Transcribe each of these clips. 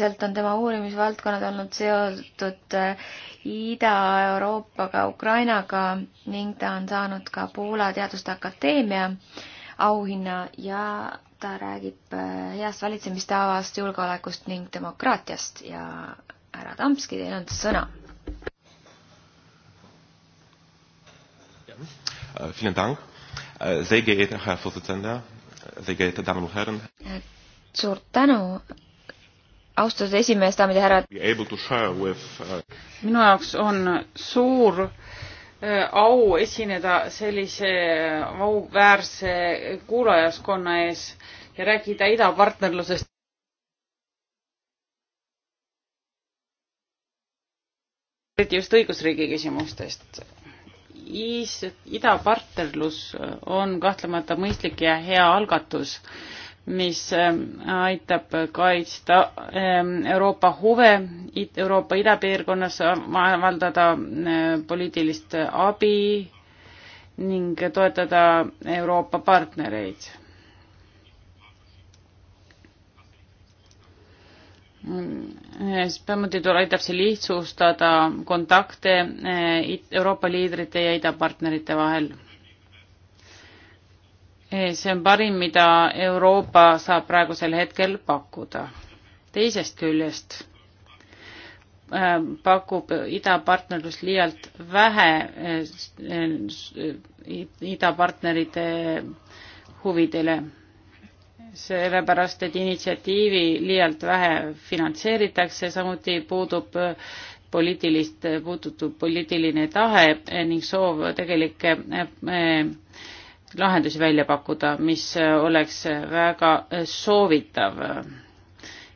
sealt on tema uurimisvaldkonnad olnud seotud äh, Ida-Euroopaga, Ukrainaga ning ta on saanud ka Poola Teaduste Akadeemia auhinna ja ta räägib äh, heast valitsemistavast, julgeolekust ning demokraatiast ja härra Tamski, teil on sõna. Äh, vielen Dank. Sehr geehrter Herr Vorsitzender, sehr geehrte Damen und Herren. Suur tänu, austatud esimees, daamid ja härrad. Uh, minu jaoks on suur äh, au esineda sellise äh, auväärse kuulajaskonna ees ja rääkida idapartnerlusest. eriti just õigusriigi küsimustest. idapartnerlus on kahtlemata mõistlik ja hea algatus mis ähm, aitab kaitsta ähm, Euroopa huve Euroopa idapiirkonnas, äh, avaldada äh, poliitilist äh, abi ning toetada Euroopa partnereid. Mm, samuti aitab see lihtsustada kontakte Euroopa liidrite ja idapartnerite vahel Eh, see on parim, mida Euroopa saab praegusel hetkel pakkuda. teisest küljest eh, pakub idapartnerlus liialt vähe eh, idapartnerite huvidele, sellepärast et initsiatiivi liialt vähe finantseeritakse, samuti puudub poliitilist, puudutub poliitiline tahe ning soov tegelikke lahendusi välja pakkuda, mis oleks väga soovitav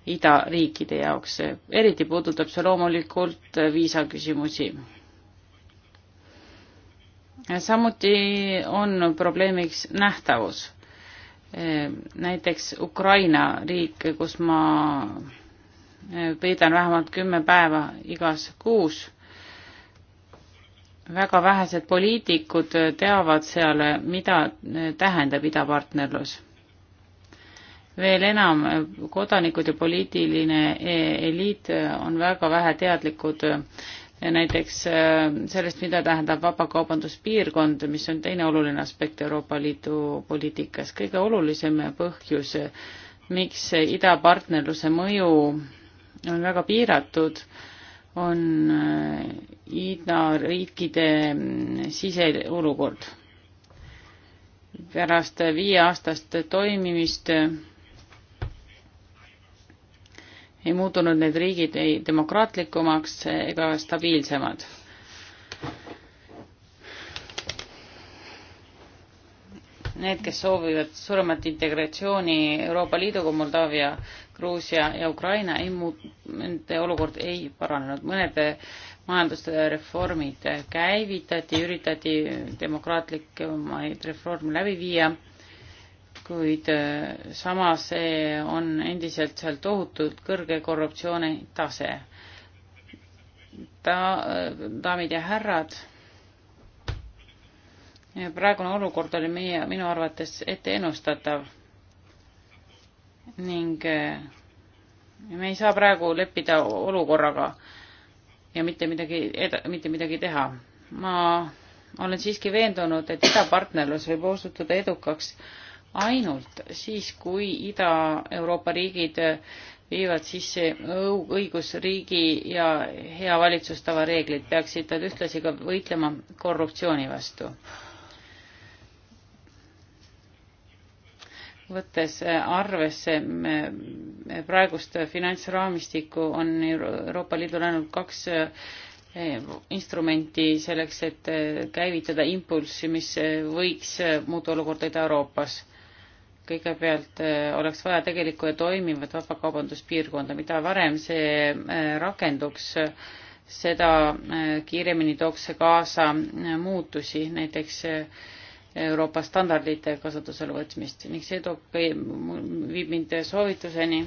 idariikide jaoks. eriti puudutab see loomulikult viisaküsimusi. samuti on probleemiks nähtavus. näiteks Ukraina riik, kus ma veedan vähemalt kümme päeva igas kuus väga vähesed poliitikud teavad seal, mida tähendab idapartnerlus. veel enam, kodanikud ja poliitiline e-, eliit on väga vähe teadlikud näiteks äh, sellest, mida tähendab vabakaubanduspiirkond, mis on teine oluline aspekt Euroopa Liidu poliitikas. kõige olulisem põhjus, miks idapartnerluse mõju on väga piiratud, on äh, idariikide mm, siseolukord. pärast viieaastast toimimist äh, ei muutunud need riigid ei demokraatlikumaks ega stabiilsemad. Need, kes soovivad suuremat integratsiooni Euroopa Liiduga Moldaavia Gruusia ja Ukraina ei mu-, nende olukord ei paranenud, mõned majanduste reformid käivitati, üritati demokraatlikumaid reforme läbi viia, kuid äh, samas äh, on endiselt seal tohutult kõrge korruptsiooni tase. ta, daamid ja härrad, praegune olukord oli meie, minu arvates ette ennustatav ning eh, me ei saa praegu leppida olukorraga ja mitte midagi, mitte midagi teha. ma olen siiski veendunud, et idapartnerlus võib osutuda edukaks ainult siis, kui Ida-Euroopa riigid viivad sisse õigusriigi ja hea valitsustava reeglid, peaksid nad ühtlasi ka võitlema korruptsiooni vastu võttes arvesse praegust finantsraamistikku, on Euroopa Liidul ainult kaks eh, instrumenti selleks, et eh, käivitada impulssi, mis eh, võiks muuta olukorda Ida-Euroopas. kõigepealt oleks vaja tegelikku ja toimivat vabakaubanduspiirkonda, mida varem see rakenduks, seda kiiremini tooks see kaasa muutusi, näiteks Euroopa standardite kasutusele võtmist ning see toob, viib mind soovituseni,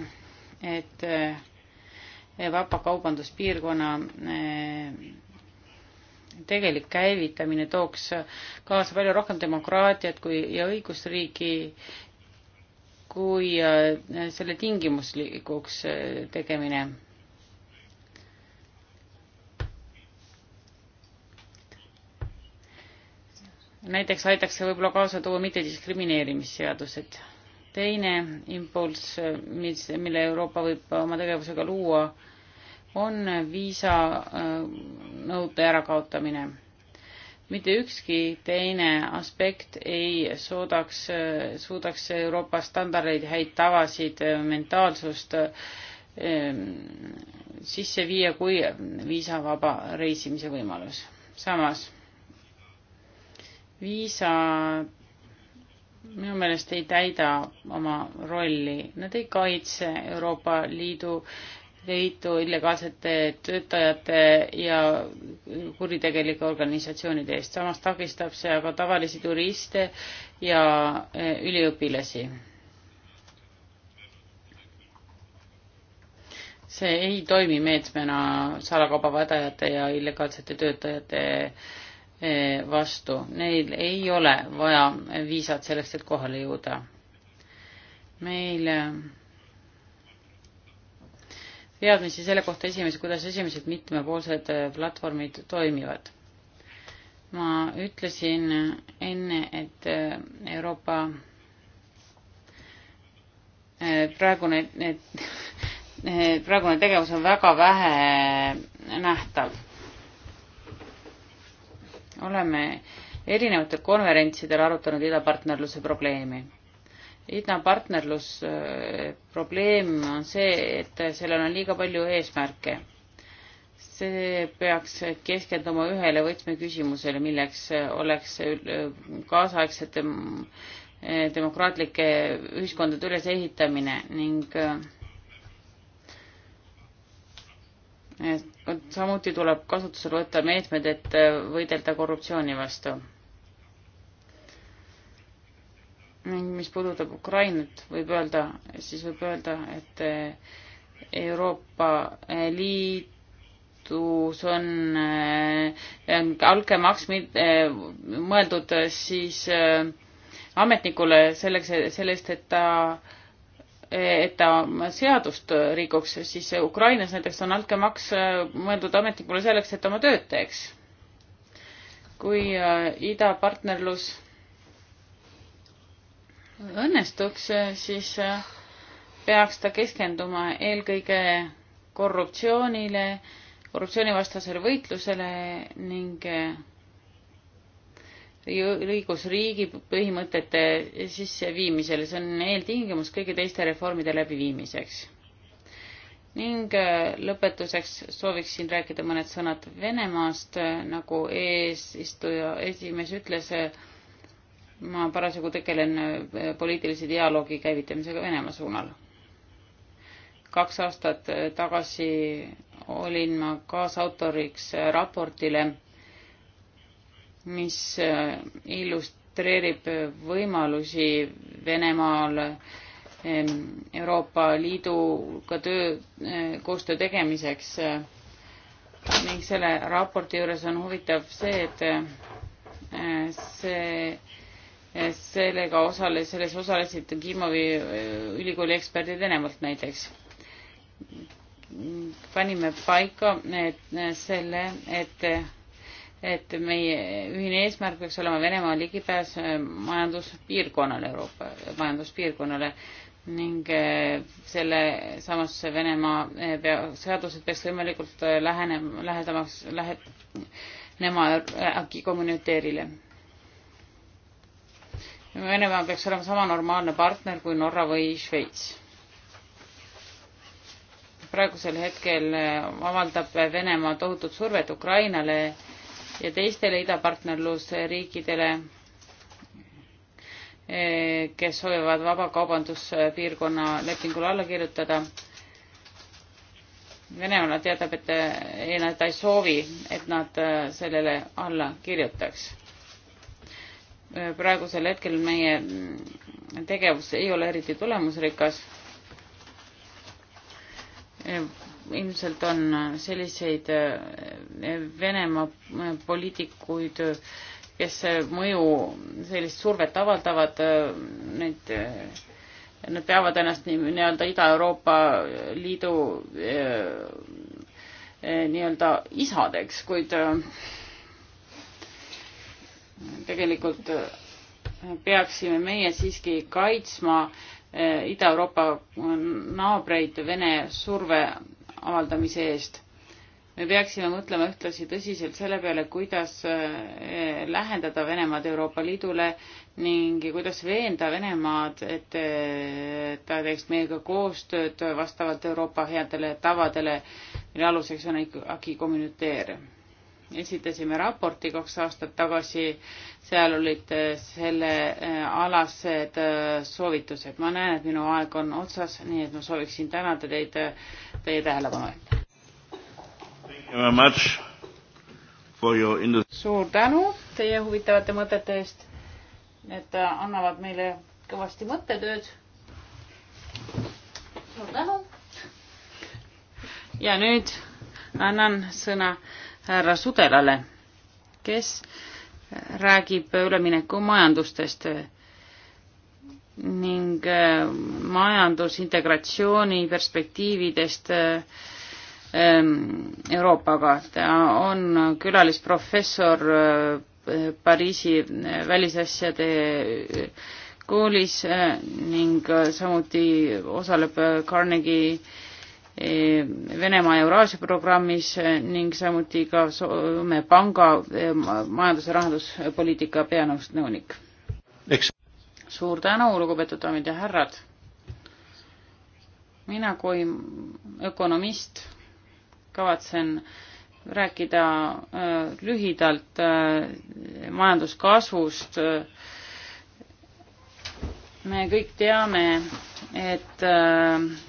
et eh, vabakaubanduspiirkonna eh, tegelik käivitamine tooks kaasa palju rohkem demokraatiat kui, ja õigusriigi kui eh, selle tingimuslikuks tegemine näiteks aitaks see võib-olla kaasa tuua mittediskrimineerimisseadused. teine impulss, mis, mille Euroopa võib oma tegevusega luua, on viisanõude äh, ärakaotamine. mitte ükski teine aspekt ei soodaks, äh, suudaks Euroopa standardeid, häid tavasid, äh, mentaalsust ähm, sisse viia kui viisavaba reisimise võimalus. samas viisa minu meelest ei täida oma rolli, nad ei kaitse Euroopa Liidu liitu illegaalsete töötajate ja kuritegelike organisatsioonide eest, samas takistab see aga tavalisi turiste ja e, üliõpilasi. see ei toimi meetmena salakaubavedajate ja illegaalsete töötajate Eh, vastu, neil ei ole vaja viisat selleks, et kohale jõuda. meil eh, teadmisi selle kohta esimesed, kuidas esimesed mitmepoolsed eh, platvormid toimivad. ma ütlesin enne, et Euroopa praegune, need, praegune tegevus on väga vähe nähtav oleme erinevatel konverentsidel arutanud idapartnerluse probleemi. idapartnerlus eh, probleem on see, et sellel on liiga palju eesmärke. see peaks keskenduma ühele võtmeküsimusele, milleks oleks eh, kaasaegsete eh, demokraatlike ühiskondade ülesehitamine ning samuti tuleb kasutusele võtta meetmed, et võidelda korruptsiooni vastu. ning mis puudutab Ukrainat, võib öelda, siis võib öelda, et eh, Euroopa Liit eh, Liidus on eh, altkäemaks mõeldud siis ametnikule selleks, sellest, et ta et ta seadust rikuks, siis Ukrainas näiteks on altkäemaks äh, mõeldud ametnikule selleks, et oma tööd teeks. kui äh, idapartnerlus õnnestuks, siis äh, peaks ta keskenduma eelkõige korruptsioonile, korruptsioonivastasele võitlusele ning õigusriigi põhimõtete sisseviimisel, see on eeltingimus kõigi teiste reformide läbiviimiseks. ning äh, lõpetuseks sooviksin rääkida mõned sõnad Venemaast, äh, nagu eesistuja, esimees ütles, äh, ma parasjagu tegelen poliitilise dialoogi käivitamisega Venemaa suunal. kaks aastat tagasi olin ma kaasautoriks raportile mis äh, illustreerib võimalusi Venemaal ähm, Euroopa Liiduga töö, äh, koostöö tegemiseks ning selle raporti juures on huvitav see, et äh, see, sellega osales, selles osalesid Kimovi ülikooli eksperdid Venemaalt näiteks. panime paika et selle, et et meie ühine eesmärk peaks olema Venemaa ligipääs äh, majanduspiirkonnale, Euroopa äh, majanduspiirkonnale ning äh, selle samas Venemaa seadused peaks võimalikult lähenema, lähedamaks, lähenema äkki kommuniteerile. Venemaa peaks olema sama normaalne partner kui Norra või Šveits praegusel hetkel avaldab Venemaa tohutut survet Ukrainale ja teistele idapartnerlusriikidele, eh, kes soovivad vabakaubanduspiirkonna lepingule alla kirjutada. Venemaa teatab, et ei, eh, nad ei soovi, et nad eh, sellele alla kirjutaks. praegusel hetkel meie mm, tegevus ei ole eriti tulemusrikas ilmselt on selliseid äh, Venemaa äh, poliitikuid, kes äh, mõju, sellist survet avaldavad, need, nad peavad ennast nii-öelda nii Ida-Euroopa Liidu nii-öelda isadeks, kuid tegelikult peaksime meie siiski kaitsma Ida-Euroopa naabreid Vene surve avaldamise eest. me peaksime mõtlema ühtlasi tõsiselt selle peale, kuidas eh, lähendada Venemaad Euroopa Liidule ning kuidas veenda Venemaad, et eh, ta teeks meiega koostööd vastavalt Euroopa headele tavadele, mille aluseks on ikkagi communautaire esitasime raporti kaks aastat tagasi, seal olid eh, sellealased eh, eh, soovitused. ma näen, et minu aeg on otsas, nii et ma sooviksin tänada teid teie tähelepanu eest. suur tänu teie huvitavate mõtete eest. Need annavad meile kõvasti mõttetööd. suur tänu. ja nüüd annan sõna härra Sudelale, kes räägib ülemineku majandustest ning äh, majandusintegratsiooni perspektiividest ähm, Euroopaga. ta on külalisprofessor äh, Pariisi äh, välisasjade koolis ning samuti osaleb Carnegie Eh, Venemaa Euraasia programmis eh, ning samuti ka Soome Panga eh, majandus- ja rahanduspoliitika peanõunik. suur tänu, lugupeetud daamid ja härrad. mina kui ökonomist kavatsen rääkida lühidalt majanduskasvust. me kõik teame, et äh,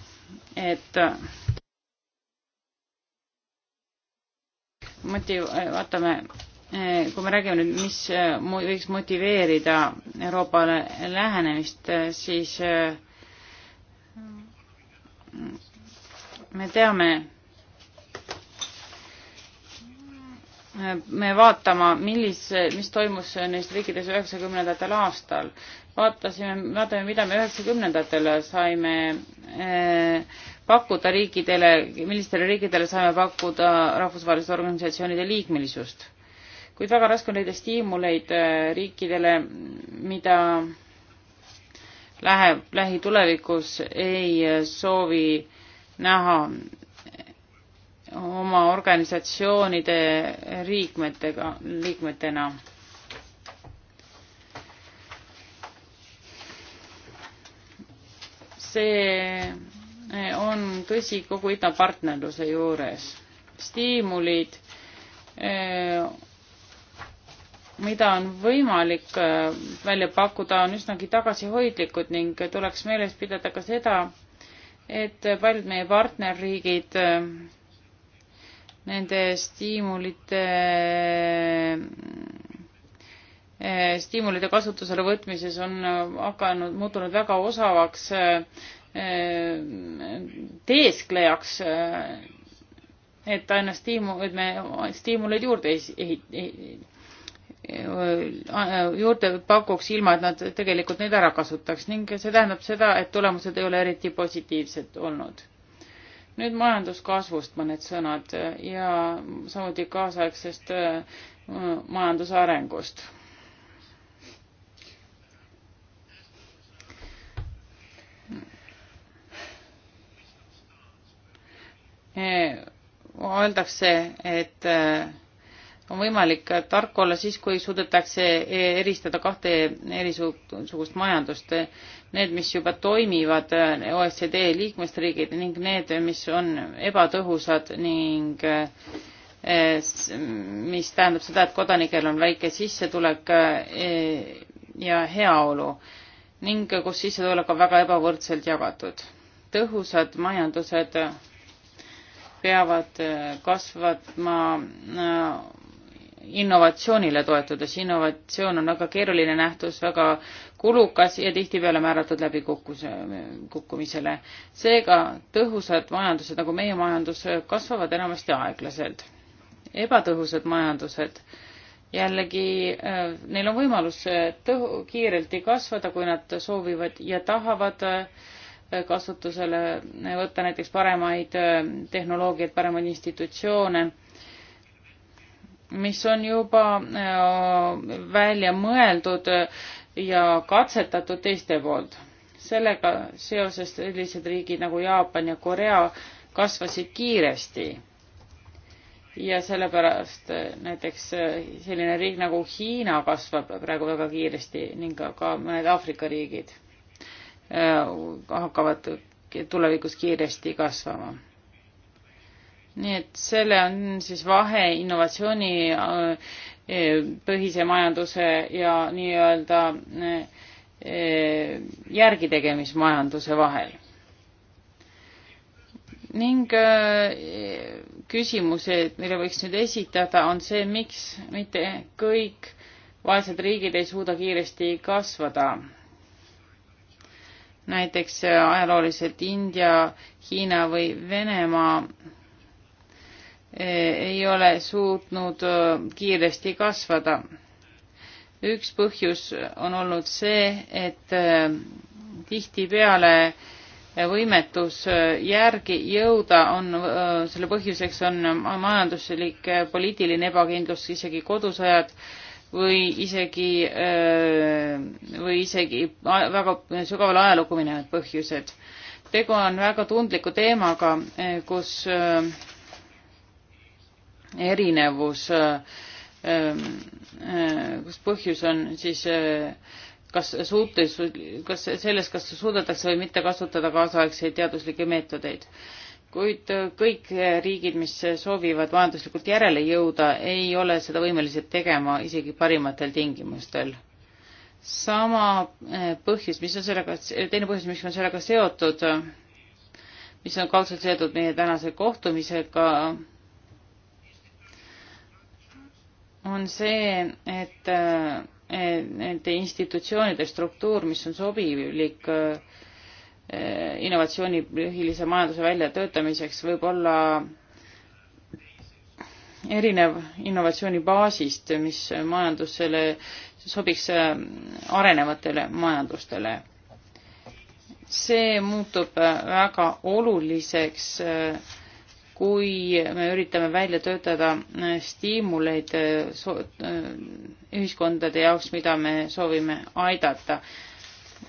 et motiv-, vaatame, kui me räägime nüüd, mis võiks motiveerida Euroopale lähenemist, siis me teame, me vaatama, millise, mis toimus neis riikides üheksakümnendatel aastal vaatasime, vaatame, mida me üheksakümnendatel saime äh, pakkuda riikidele, millistele riikidele saime pakkuda rahvusvaheliste organisatsioonide liikmelisust. kuid väga raske on leida stiimuleid äh, riikidele, mida läheb lähitulevikus, ei eh, soovi näha oma organisatsioonide liikmetega, liikmetena see eh, on tõsi kogu idapartnerluse juures. stiimulid, eh, mida on võimalik eh, välja pakkuda, on üsnagi tagasihoidlikud ning tuleks meeles pidada ka seda, et paljud meie partnerriigid nende stiimulite Eh, stiimulide kasutusele võtmises on eh, hakanud, muutunud väga osavaks eh, teesklejaks, et aina stiimu-, et me stiimuleid juurde ei, ei, juurde pakuks, ilma et nad tegelikult neid ära kasutaks ning see tähendab seda, et tulemused ei ole eriti positiivsed olnud. nüüd majanduskasvust mõned sõnad ja samuti kaasaegsest majanduse arengust Eh, öeldakse, et eh, on võimalik tark olla siis, kui suudetakse eristada kahte erisugust majandust. Need, mis juba toimivad eh, OECD liikmesriigid ning need, mis on ebatõhusad ning mis tähendab seda, et kodanikel on väike sissetulek ja heaolu ning kus sissetulek on väga ebavõrdselt jagatud. tõhusad majandused peavad äh, kasvama äh, innovatsioonile toetudes. innovatsioon on väga keeruline nähtus, väga kulukas ja tihtipeale määratud läbi kukkuse, kukkumisele. seega tõhusad majandused nagu meie majandus kasvavad enamasti aeglaselt. ebatõhusad majandused jällegi, äh, neil on võimalus tõhu-, kiirelt kasvada, kui nad soovivad ja tahavad äh, kasutusele võtta näiteks paremaid äh, tehnoloogiaid, paremaid institutsioone, mis on juba äh, välja mõeldud äh, ja katsetatud teiste poolt. sellega seoses sellised riigid nagu Jaapan ja Korea kasvasid kiiresti ja sellepärast näiteks selline riik nagu Hiina kasvab praegu väga kiiresti ning ka mõned Aafrika riigid Äh, hakkavad tulevikus kiiresti kasvama. nii et selle on siis vahe innovatsiooni äh, äh, põhise majanduse ja nii-öelda järgitegemismajanduse vahel. ning küsimused, mille võiks nüüd esitada, on see, miks mitte kõik vaesed riigid ei suuda kiiresti kasvada näiteks äh, ajalooliselt India, Hiina või Venemaa äh, ei ole suutnud äh, kiiresti kasvada. üks põhjus on olnud see, et tihtipeale võimetus järgi jõuda on, selle põhjuseks on majanduslik poliitiline ebakindlus, isegi kodusõjad või isegi, või isegi väga sügavale ajalukku minevad põhjused. tegu on väga tundliku teemaga, e, kus erinevus, kus põhjus on siis kas suutes, kas selles, kas suudetakse või mitte kasutada kaasaegseid teaduslikke meetodeid kuid äh, kõik äh, riigid, mis äh, soovivad majanduslikult järele jõuda, ei ole seda võimelised tegema isegi parimatel tingimustel. sama põhjus, mis on sellega, teine põhjus, mis on sellega seotud, mis on kaudselt seotud meie tänase kohtumisega, on see, et nende institutsioonide struktuur, mis on sobilik äh, Eh, innovatsioonipõhilise majanduse väljatöötamiseks võib olla erinev innovatsioonibaasist, mis majandusele sobiks eh, arenevatele majandustele. see muutub eh, väga oluliseks, kui me üritame välja töötada stiimuleid ühiskondade jaoks, mida me soovime aidata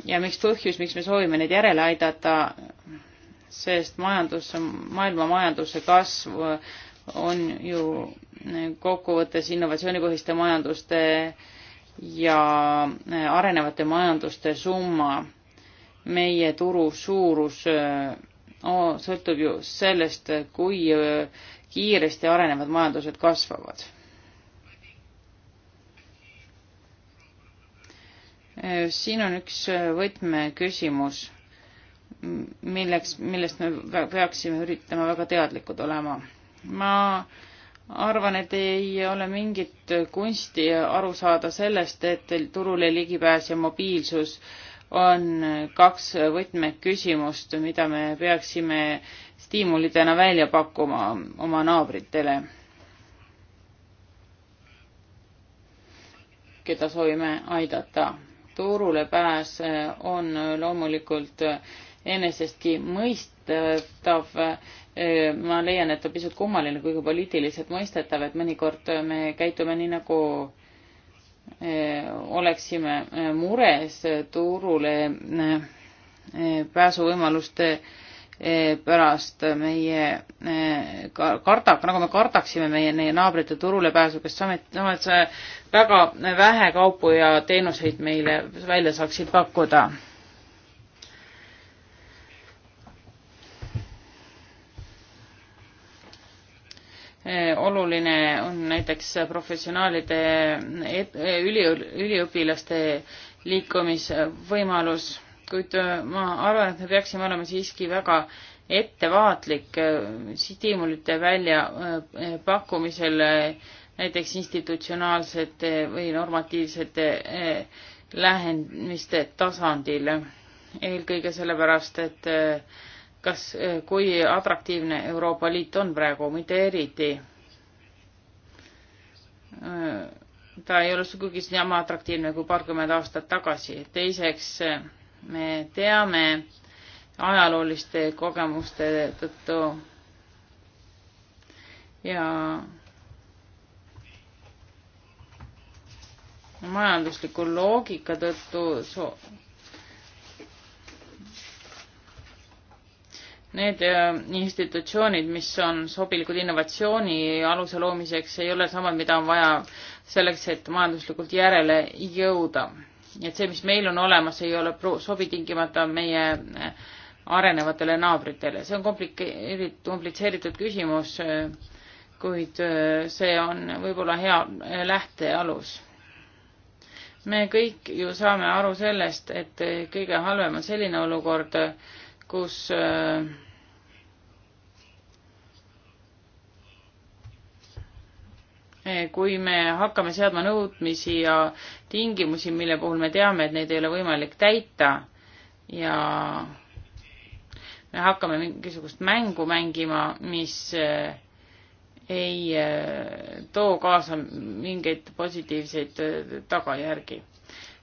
ja miks põhjus, miks me soovime neid järele aidata, sest majandus, maailma majanduse kasv on ju kokkuvõttes innovatsioonipõhiste majanduste ja arenevate majanduste summa. meie turu suurus oh, sõltub ju sellest, kui kiiresti arenevad majandused kasvavad Äh, siin on üks äh, võtmeküsimus, milleks, millest me peaksime üritama väga teadlikud olema. ma arvan, et ei ole mingit kunsti aru saada sellest, et turule ligipääs ja mobiilsus on kaks võtmeküsimust, mida me peaksime stiimulidena välja pakkuma oma naabritele, keda soovime aidata turule pääs on loomulikult enesestki mõistetav. ma leian, et on pisut kummaline, kuigi poliitiliselt mõistetav, et mõnikord me käitume nii, nagu e, oleksime mures turule e, pääsuvõimaluste Eh, pärast meie eh, kardak, nagu me kardaksime meie, meie naabrite turulepääsu, kes samet, samet eh, väga vähe kaupu ja teenuseid meile välja saaksid pakkuda. oluline on näiteks professionaalide üli, üliõpilaste liikumisvõimalus kuid äh, ma arvan, et me peaksime olema siiski väga ettevaatlik äh, stiimulite väljapakkumisel äh, näiteks institutsionaalsete või normatiivsete lähenemiste tasandil. eelkõige sellepärast, et kas, kui atraktiivne Euroopa Liit on praegu, mitte eriti. ta ei ole sugugi sama atraktiivne kui paarkümmend aastat tagasi. teiseks me teame ajalooliste kogemuste tõttu ja majandusliku loogika tõttu so need äh, institutsioonid, mis on sobilikud innovatsiooni aluse loomiseks, ei ole samad, mida on vaja selleks, et majanduslikult järele jõuda et see, mis meil on olemas, ei ole sobi tingimata meie äh, arenevatele naabritele. see on komplikeeritud, komplitseeritud küsimus, äh, kuid äh, see on võib-olla hea lähtealus. me kõik ju saame aru sellest, et kõige halvem on selline olukord, kus kui me hakkame seadma nõudmisi ja tingimusi, mille puhul me teame, et neid ei ole võimalik täita ja me hakkame mingisugust mängu mängima, mis eh, ei eh, too kaasa mingeid positiivseid eh, tagajärgi.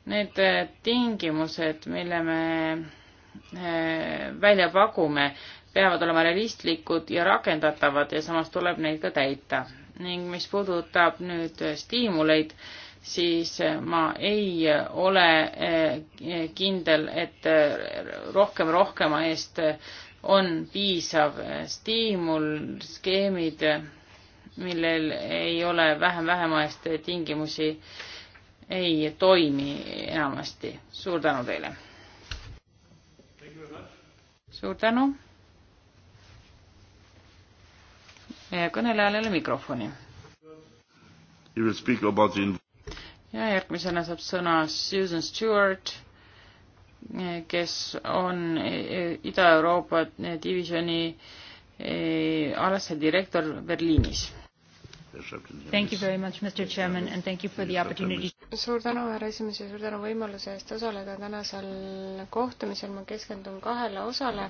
Need tingimused, mille me välja pakume, peavad olema realistlikud ja rakendatavad ja samas tuleb neid ka täita. ning mis puudutab nüüd stiimuleid, siis eh, ma ei eh, ole eh, kindel, et rohkem rohkema eest on piisav stiimul, skeemid, millel ei ole vähem vähema eest tingimusi, ei toimi enamasti. suur tänu teile! suur tänu! meie kõnelejal ei ole mikrofoni. You will speak about the ja järgmisena saab sõna Susan Stewart, kes on Ida-Euroopa divisjoni eh, alase direktor Berliinis. Thank you very much, Mr Chairman and thank you for the opportunity. suur tänu, härra esimees ja suur tänu võimaluse eest osaleda tänasel kohtumisel, ma keskendun kahele osale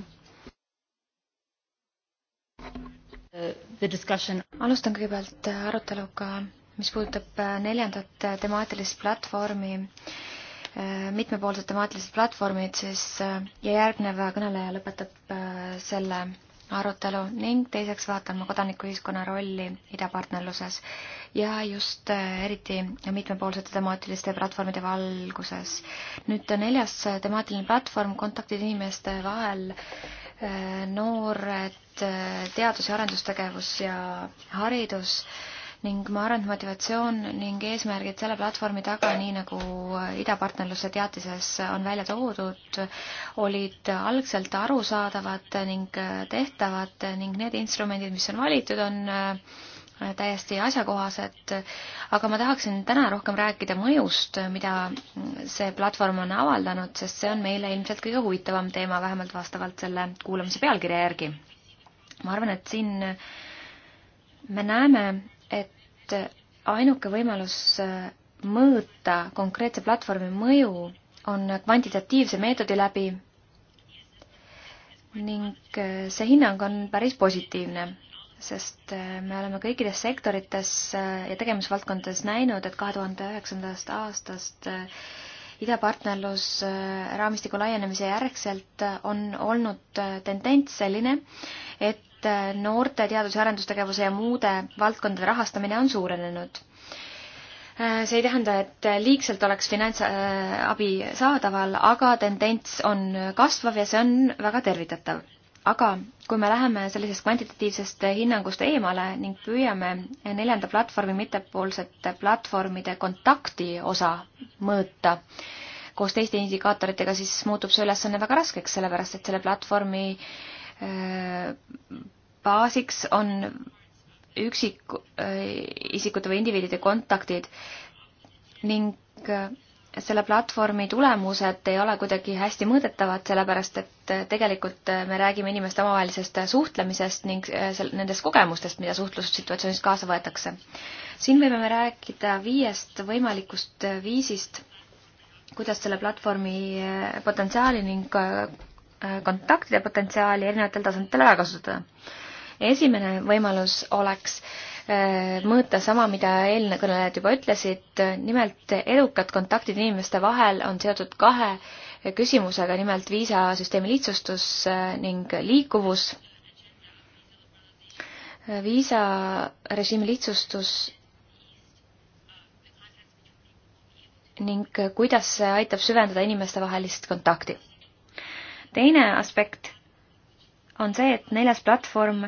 alustan kõigepealt aruteluga mis puudutab äh, neljandat äh, temaatilist platvormi, äh, mitmepoolset temaatilist platvormid, siis ja järgnev kõneleja lõpetab selle arutelu ning teiseks vaatan ma kodanikuühiskonna rolli idapartnerluses ja just eriti mitmepoolsete temaatiliste platvormide valguses. nüüd neljas temaatiline platvorm, kontaktid inimeste vahel, noored, teadus- ja arendustegevus ja haridus ning ma arvan, et motivatsioon ning eesmärgid selle platvormi taga, nii nagu äh, idapartnerluse teatises on välja toodud, olid algselt arusaadavad ning äh, tehtavad ning need instrumendid, mis on valitud, on äh, täiesti asjakohased, aga ma tahaksin täna rohkem rääkida mõjust, mida mm, see platvorm on avaldanud, sest see on meile ilmselt kõige huvitavam teema, vähemalt vastavalt selle kuulamise pealkirja järgi. ma arvan, et siin me näeme, et ainuke võimalus äh, mõõta konkreetse platvormi mõju on kvantitatiivse meetodi läbi ning äh, see hinnang on päris positiivne, sest äh, me oleme kõikides sektorites ja tegevusvaldkondades näinud, et kahe tuhande üheksandast aastast idapartnerlus raamistiku laienemise järgselt on olnud tendents selline, et et äh, noorte teadus- ja arendustegevuse ja muude valdkondade rahastamine on suurenenud. Äh, see ei tähenda, et liigselt oleks finantsabi saadaval, aga tendents on kasvav ja see on väga tervitatav. aga kui me läheme sellisest kvantitatiivsest hinnangust eemale ning püüame neljanda platvormi mittepoolsete platvormide kontakti osa mõõta, koos teiste indikaatoritega, siis muutub see ülesanne väga raskeks, sellepärast et selle platvormi äh, baasiks on üksik äh, isikute või indiviidide kontaktid ning äh, selle platvormi tulemused ei ole kuidagi hästi mõõdetavad, sellepärast et äh, tegelikult me räägime inimeste omavahelisest suhtlemisest ning sel-, nendest kogemustest, mida suhtlussituatsioonis kaasa võetakse. siin võime me rääkida viiest võimalikust viisist, kuidas selle platvormi potentsiaali ning kontaktide potentsiaali erinevatel tasanditel ära kasutada esimene võimalus oleks äh, mõõta sama, mida eelkõnelejad juba ütlesid, nimelt edukad kontaktid inimeste vahel on seotud kahe küsimusega, nimelt viisasüsteemi lihtsustus äh, ning liikuvus. Äh, viisarežiimi lihtsustus ning kuidas see aitab süvendada inimestevahelist kontakti. teine aspekt on see, et neljas platvorm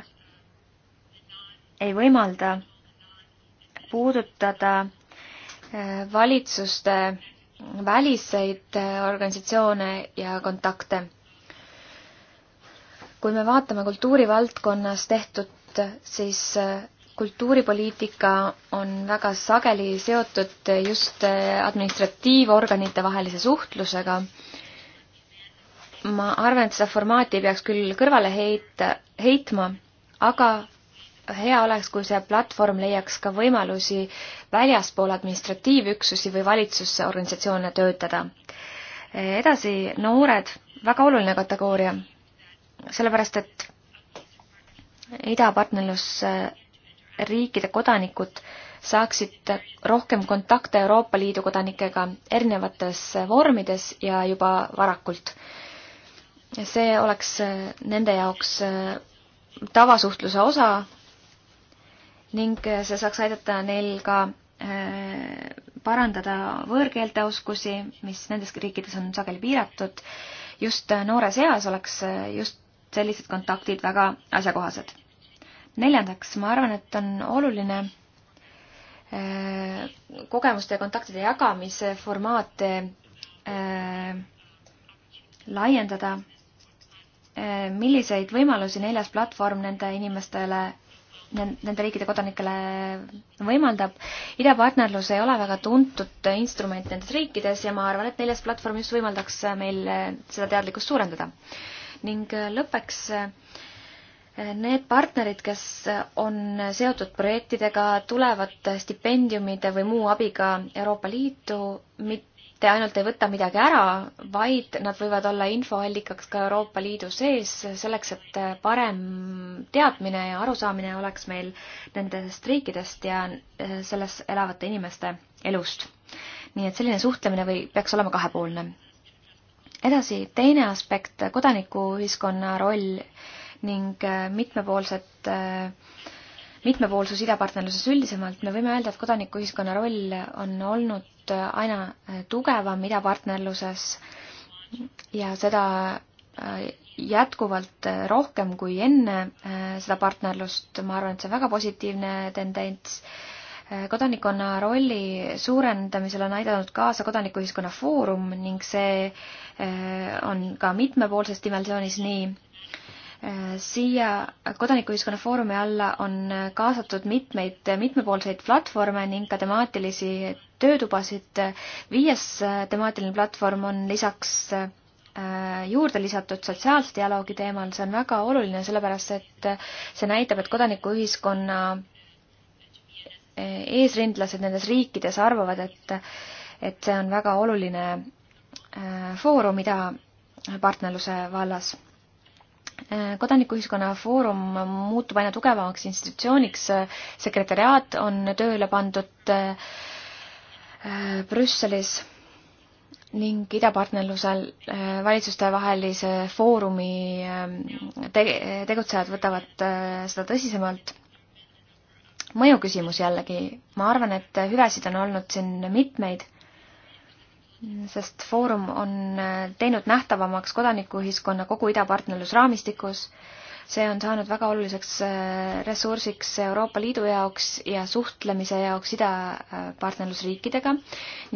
ei võimalda puudutada äh, valitsuste väliseid äh, organisatsioone ja kontakte. kui me vaatame kultuurivaldkonnas tehtud, siis äh, kultuuripoliitika on väga sageli seotud just administratiivorganite vahelise suhtlusega. ma arvan, et seda formaati ei peaks küll kõrvale heita, heitma, aga hea oleks, kui see platvorm leiaks ka võimalusi väljaspool administratiivüksusi või valitsusorganisatsioone töötada. edasi, noored, väga oluline kategooria, sellepärast et idapartnerlusriikide kodanikud saaksid rohkem kontakte Euroopa Liidu kodanikega erinevates vormides ja juba varakult. see oleks nende jaoks tavasuhtluse osa ning see saaks aidata neil ka äh, parandada võõrkeelte oskusi, mis nendes riikides on sageli piiratud. just noores eas oleks äh, just sellised kontaktid väga asjakohased. neljandaks, ma arvan, et on oluline äh, kogemuste ja kontaktide jagamise formaate laiendada. milliseid võimalusi neljas platvorm nende inimestele nende riikide kodanikele võimaldab. idapartnerlus ei ole väga tuntud instrument nendes riikides ja ma arvan, et neljas platvorm just võimaldaks meil seda teadlikkust suurendada. ning lõppeks need partnerid, kes on seotud projektidega, tulevad stipendiumide või muu abiga Euroopa Liitu, mit-, mitte ainult ei võta midagi ära, vaid nad võivad olla infoallikaks ka Euroopa Liidu sees, selleks et parem teadmine ja arusaamine oleks meil nendest riikidest ja äh, selles elavate inimeste elust. nii et selline suhtlemine või peaks olema kahepoolne. edasi, teine aspekt, kodanikuühiskonna roll ning äh, mitmepoolsed äh, mitmepoolsus idapartnerluses üldisemalt, me võime öelda, et kodanikuühiskonna roll on olnud aina tugevam idapartnerluses ja seda äh, jätkuvalt rohkem kui enne äh, seda partnerlust, ma arvan, et see on väga positiivne tendents. Äh, kodanikkonna rolli suurendamisel on aidanud kaasa Kodanikuühiskonna Foorum ning see on ka mitmepoolses dimensioonis nii siia Kodanikuühiskonna Foorumi alla on kaasatud mitmeid mitmepoolseid platvorme ning ka temaatilisi töötubasid. viies temaatiline platvorm on lisaks äh, juurde lisatud sotsiaalse dialoogi teemal, see on väga oluline, sellepärast et see näitab, et kodanikuühiskonna äh, eesrindlased nendes riikides arvavad, et, et see on väga oluline äh, foorum idapartnerluse vallas kodanikuühiskonna foorum muutub aina tugevamaks institutsiooniks, sekretäriaat on tööle pandud äh, Brüsselis ning idapartnerlusel äh, valitsustevahelise foorumi äh, tege-, tegutsejad võtavad seda tõsisemalt. mõjuküsimus jällegi, ma arvan, et hüvesid on olnud siin mitmeid sest Foorum on äh, teinud nähtavamaks kodanikuühiskonna kogu idapartnerlusraamistikus äh, see on saanud väga oluliseks äh, ressursiks Euroopa Liidu jaoks ja suhtlemise jaoks idapartnerlusriikidega.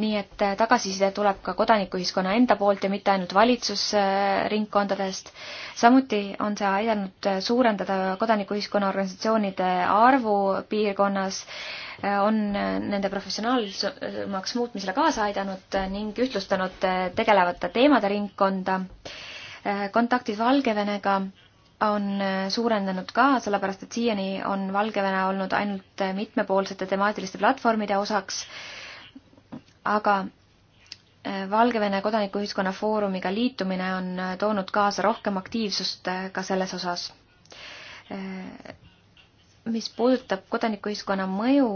nii et äh, tagasiside tuleb ka kodanikuühiskonna enda poolt ja mitte ainult valitsusringkondadest. Äh, samuti on see aidanud suurendada kodanikuühiskonna organisatsioonide arvu piirkonnas on nende professionaalsemaks muutmisele kaasa aidanud ning ühtlustanud tegelevate teemade ringkonda. kontaktid Valgevenega on äh, suurendanud ka, sellepärast et siiani on Valgevene olnud ainult äh, mitmepoolsete temaatiliste platvormide osaks, aga äh, Valgevene kodanikuühiskonna foorumiga liitumine on toonud kaasa rohkem aktiivsust ka selles osas. mis puudutab kodanikuühiskonna mõju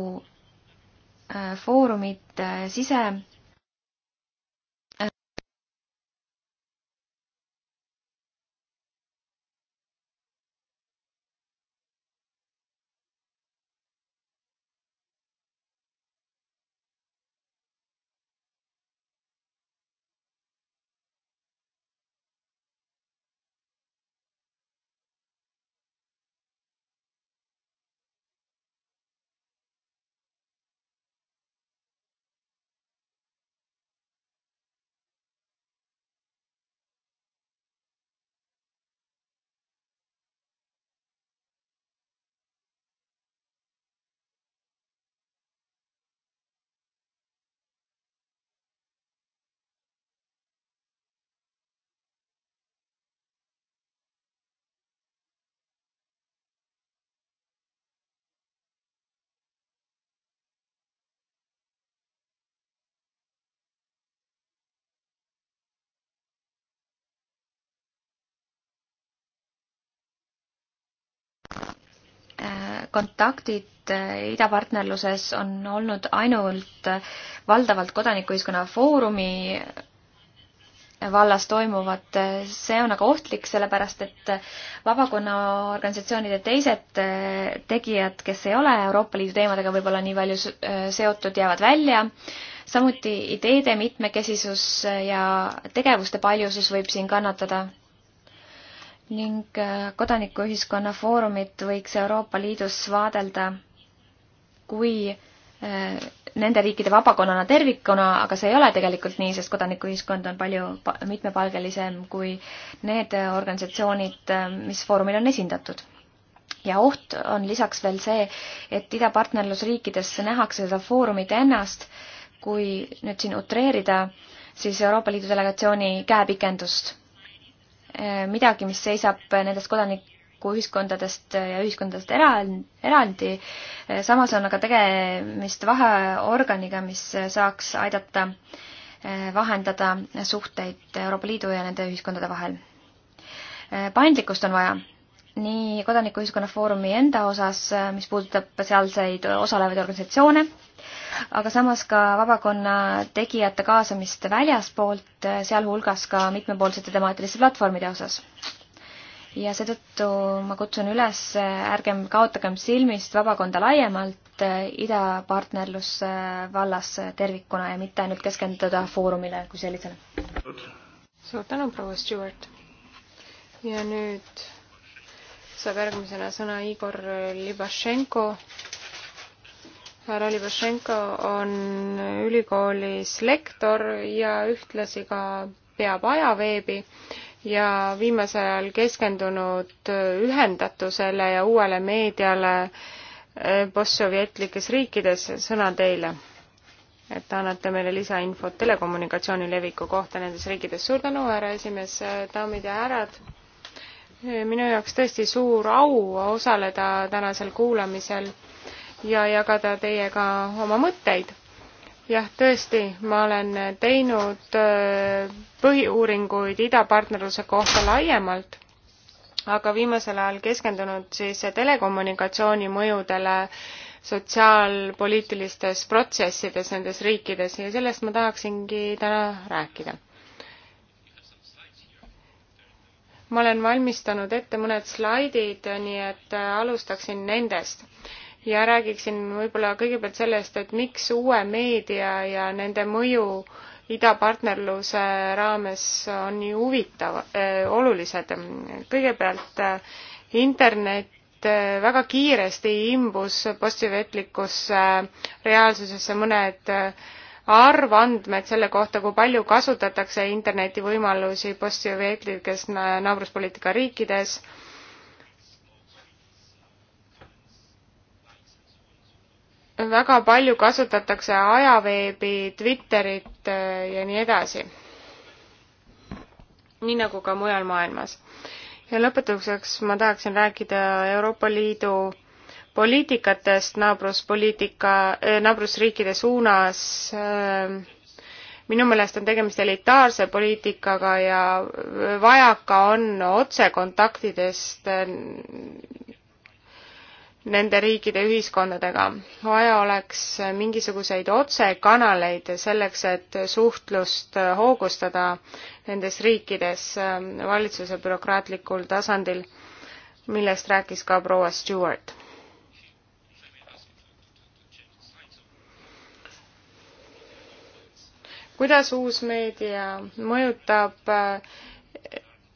foorumit sise- kontaktid äh, idapartnerluses on olnud ainult äh, valdavalt Kodanikuühiskonna Foorumi äh, vallas toimuvad, see on aga ohtlik, sellepärast et vabakonnaorganisatsioonide teised tegijad, kes ei ole Euroopa Liidu teemadega võib-olla nii palju seotud, jäävad välja. samuti ideede mitmekesisus ja tegevuste paljusus võib siin kannatada ning äh, kodanikuühiskonna foorumit võiks Euroopa Liidus vaadelda kui äh, nende riikide vabakonnana tervikuna, aga see ei ole tegelikult nii, sest kodanikuühiskond on palju mitmepalgelisem kui need äh, organisatsioonid, mis foorumil on esindatud. ja oht on lisaks veel see, et idapartnerlusriikides nähakse seda foorumit ennast, kui nüüd siin utreerida, siis Euroopa Liidu delegatsiooni käepikendust Eh, midagi, mis seisab nendest kodanikuühiskondadest ja ühiskondadest eraldi. Eh, samas on aga tegemist vaheorganiga, mis saaks aidata eh, vahendada suhteid Euroopa Liidu ja nende ühiskondade vahel. paindlikkust on vaja nii Kodanikuühiskonna Foorumi enda osas, mis puudutab sealseid osalevaid organisatsioone aga samas ka vabakonna tegijate kaasamist väljaspoolt, eh, sealhulgas ka mitmepoolsete temaatiliste platvormide osas. ja seetõttu ma kutsun üles, eh, ärgem kaotagem silmist vabakonda laiemalt eh, idapartnerlus vallas tervikuna ja mitte ainult keskenduda Foorumile kui sellisele. suur tänu, proua Stewart! ja nüüd saab järgmisena sõna Igor Libašenko härra Libašenko on ülikoolis lektor ja ühtlasi ka peab ajaveebi ja viimasel ajal keskendunud ühendatusele ja uuele meediale eh, postsovjetlikes riikides. sõna teile, et annate meile lisainfot telekommunikatsiooni leviku kohta nendes riikides. suur tänu, härra esimees, daamid ja härrad! minu jaoks tõesti suur au osaleda tänasel kuulamisel ja jagada teiega oma mõtteid. jah, tõesti, ma olen teinud äh, põhiuuringuid idapartnerluse kohta laiemalt, aga viimasel ajal keskendunud siis telekommunikatsiooni mõjudele sotsiaalpoliitilistes protsessides nendes riikides ja sellest ma tahaksingi täna rääkida. ma olen valmistanud ette mõned slaidid, nii et äh, alustaksin nendest ja räägiksin võib-olla kõigepealt sellest, et miks uue meedia ja nende mõju idapartnerluse raames on nii huvitav äh,, olulised. kõigepealt äh, internet äh, väga kiiresti imbus postivetlikusse äh, reaalsusesse mõned äh, arvandmed selle kohta, kui palju kasutatakse interneti võimalusi postiveetlikes naabruspoliitika riikides äh, väga palju kasutatakse ajaveebi, Twitterit äh, ja nii edasi. nii nagu ka mujal maailmas. ja lõpetuseks ma tahaksin rääkida Euroopa Liidu poliitikatest naabruspoliitika, äh, naabrusriikide suunas. Ähm, minu meelest on tegemist elitaarse poliitikaga ja vajaka on otsekontaktidest äh, nende riikide ühiskondadega. vaja oleks mingisuguseid otsekanaleid selleks, et suhtlust hoogustada nendes riikides ähm, valitsuse bürokraatlikul tasandil, millest rääkis ka proua Stewart. kuidas uus meedia mõjutab äh,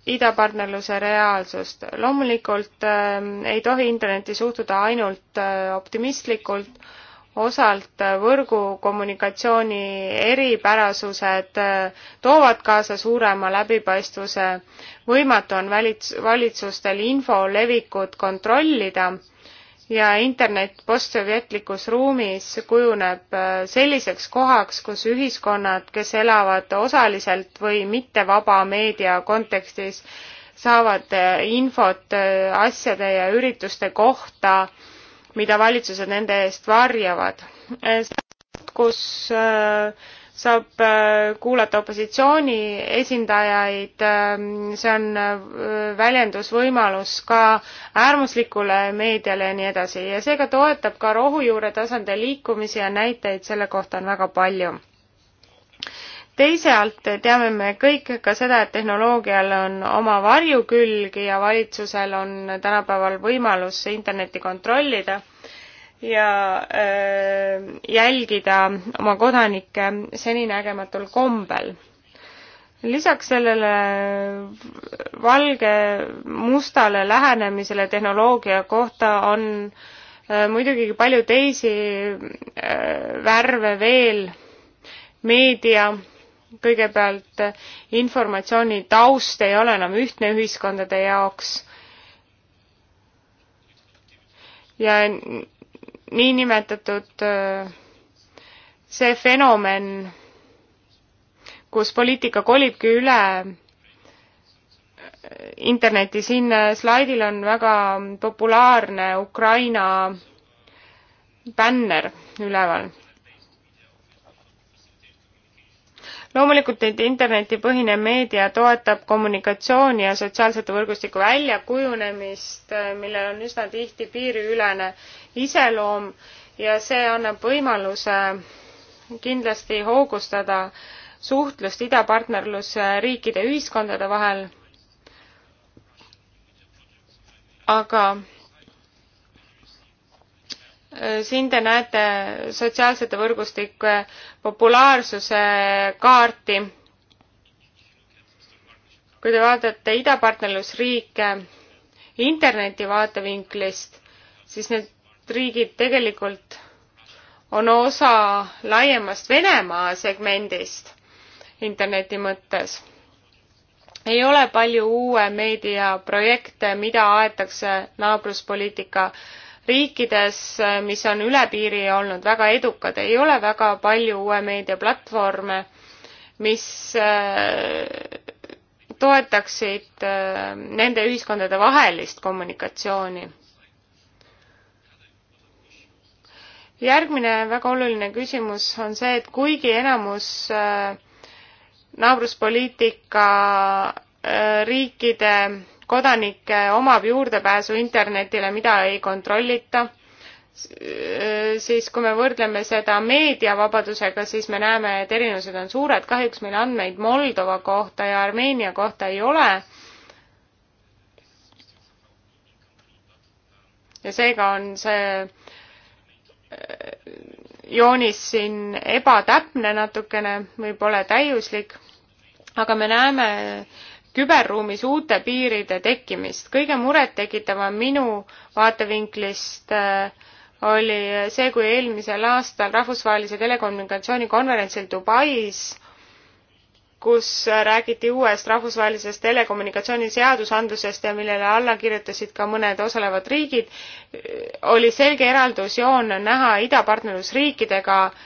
idapartnerluse reaalsust. loomulikult äh, ei tohi internetti suhtuda ainult äh, optimistlikult, osalt äh, võrgukommunikatsiooni eripärasused äh, toovad kaasa suurema läbipaistvuse. võimatu on valits-, valitsustel info levikut kontrollida äh, ja internet postsovjetlikus ruumis kujuneb äh, selliseks kohaks, kus ühiskonnad, kes elavad osaliselt või mitte vaba meedia kontekstis, saavad äh, infot äh, asjade ja ürituste kohta, mida valitsused nende eest varjavad. kus äh, saab äh, kuulata opositsiooni esindajaid, ähm, see on äh, väljendusvõimalus ka äärmuslikule meediale ja nii edasi ja seega toetab ka rohujuure tasandil liikumisi ja näiteid selle kohta on väga palju. teisalt teame me kõik ka seda, et tehnoloogial on oma varjukülgi ja valitsusel on tänapäeval võimalus internetti kontrollida ja öö, äh, jälgida oma kodanikke seninägematul kombel. lisaks sellele valge-mustale lähenemisele tehnoloogia kohta on öö, äh, muidugi palju teisi öö, äh, värve veel, meedia, kõigepealt informatsiooni taust ei ole enam ühtne ühiskondade jaoks ja niinimetatud äh, see fenomen, kus poliitika kolibki üle äh, interneti, siin äh, slaidil on väga populaarne Ukraina bänner üleval loomulikult internetipõhine meedia toetab kommunikatsiooni ja sotsiaalsete võrgustiku väljakujunemist, äh, millel on üsna tihti piiriülene iseloom ja see annab võimaluse kindlasti hoogustada suhtlust idapartnerlusriikide ühiskondade vahel. aga siin te näete sotsiaalsete võrgustike populaarsuse kaarti. kui te vaatate idapartnerlusriike interneti vaatevinklist, siis need riigid tegelikult on osa laiemast Venemaa segmendist interneti mõttes. ei ole palju uue meediaprojekte, mida aetakse naabruspoliitika äh, riikides, mis on üle piiri olnud väga edukad, ei ole väga palju uue meedia platvorme, mis äh, toetaksid äh, nende ühiskondade vahelist kommunikatsiooni. järgmine väga oluline küsimus on see, et kuigi enamus äh, naabruspoliitika riikide kodanikke omab juurdepääsu internetile, mida ei kontrollita, siis kui me võrdleme seda meediavabadusega, siis me näeme, et erinevused on suured, kahjuks meil andmeid Moldova kohta ja Armeenia kohta ei ole. ja seega on see äh, joonis siin ebatäpne natukene, võib-olla täiuslik, aga me näeme, küberruumis uute piiride tekkimist. kõige murettekitavam minu vaatevinklist äh, oli see, kui eelmisel aastal rahvusvahelise telekommunikatsiooni konverentsil Dubais kus räägiti uuest rahvusvahelisest telekommunikatsiooniseadusandlusest ja millele alla kirjutasid ka mõned osalevad riigid, oli selge eraldusjoon näha idapartnerlusriikidega äh,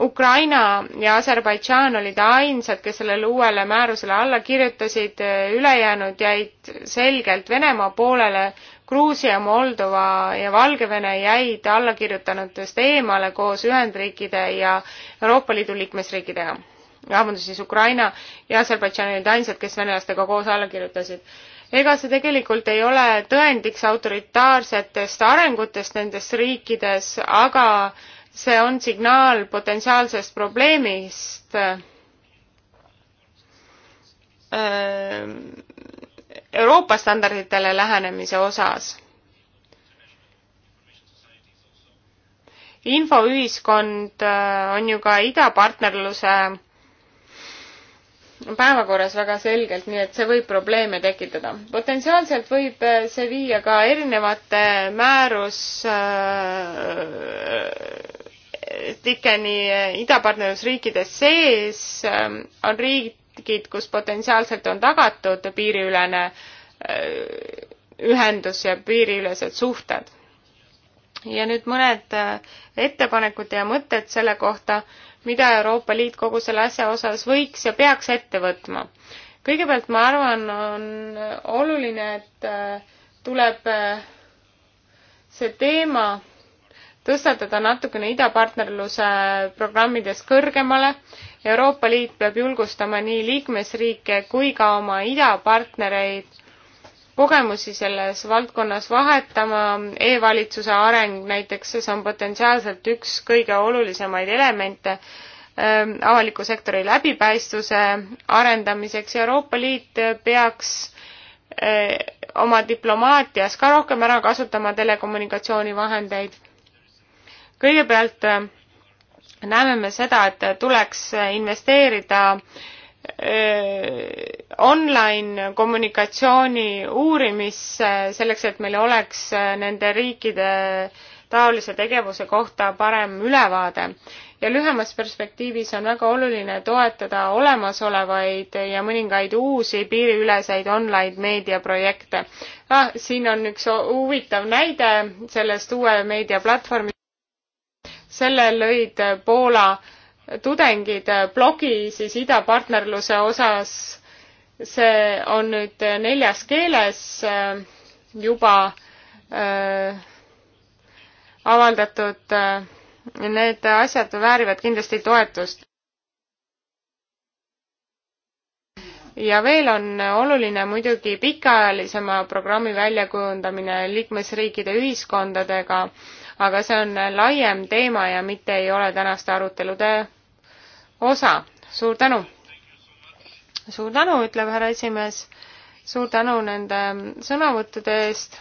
Ukraina ja Aserbaidžaan olid ainsad, kes sellele uuele määrusele alla kirjutasid, ülejäänud jäid selgelt Venemaa poolele, Gruusia, Moldova ja Valgevene jäid allakirjutanutest eemale koos Ühendriikide ja Euroopa Liidu liikmesriikidega. vabandust, siis Ukraina ja Aserbaidžaan olid ainsad, kes venelastega koos alla kirjutasid ega see tegelikult ei ole tõendiks autoritaarsetest arengutest nendes riikides, aga äh, see on signaal potentsiaalsest probleemist Euroopa standarditele lähenemise osas. infoühiskond äh, on ju ka idapartnerluse päevakorras väga selgelt, nii et see võib probleeme tekitada. potentsiaalselt võib äh, see viia ka erinevate määrustikeni äh, äh, idapartnerlusriikide sees äh, on riigid, kus potentsiaalselt on tagatud piiriülene äh, ühendus ja piiriülesed suhted. ja nüüd mõned äh, ettepanekud ja mõtted selle kohta, mida Euroopa Liit kogu selle asja osas võiks ja peaks ette võtma. kõigepealt ma arvan, on oluline, et äh, tuleb äh, see teema tõstatada natukene idapartnerluse programmides kõrgemale. Euroopa Liit peab julgustama nii liikmesriike kui ka oma idapartnereid kogemusi selles valdkonnas vahetama e, e-valitsuse areng näiteks, see on potentsiaalselt üks kõige olulisemaid elemente ähm, avaliku sektori läbipaistvuse arendamiseks ja Euroopa Liit peaks äh, oma diplomaatias ka rohkem ära kasutama telekommunikatsioonivahendeid. kõigepealt äh, näeme me seda, et tuleks investeerida äh, Äh, online kommunikatsiooni uurimisse selleks, et meil oleks äh, nende riikide taolise tegevuse kohta parem ülevaade. ja lühemas perspektiivis on väga oluline toetada olemasolevaid ja mõningaid uusi piiriüleseid online meediaprojekte ah,. siin on üks huvitav näide sellest uue meediaplatvormi. selle lõid Poola äh, tudengid blogi siis idapartnerluse osas, see on nüüd neljas keeles äh, juba äh, avaldatud äh,. Need asjad väärivad kindlasti toetust. ja veel on oluline muidugi pikaajalisema programmi väljakujundamine liikmesriikide ühiskondadega, aga see on laiem teema ja mitte ei ole tänaste arutelude osa. suur tänu! suur tänu, ütleb härra esimees, suur tänu nende sõnavõttude eest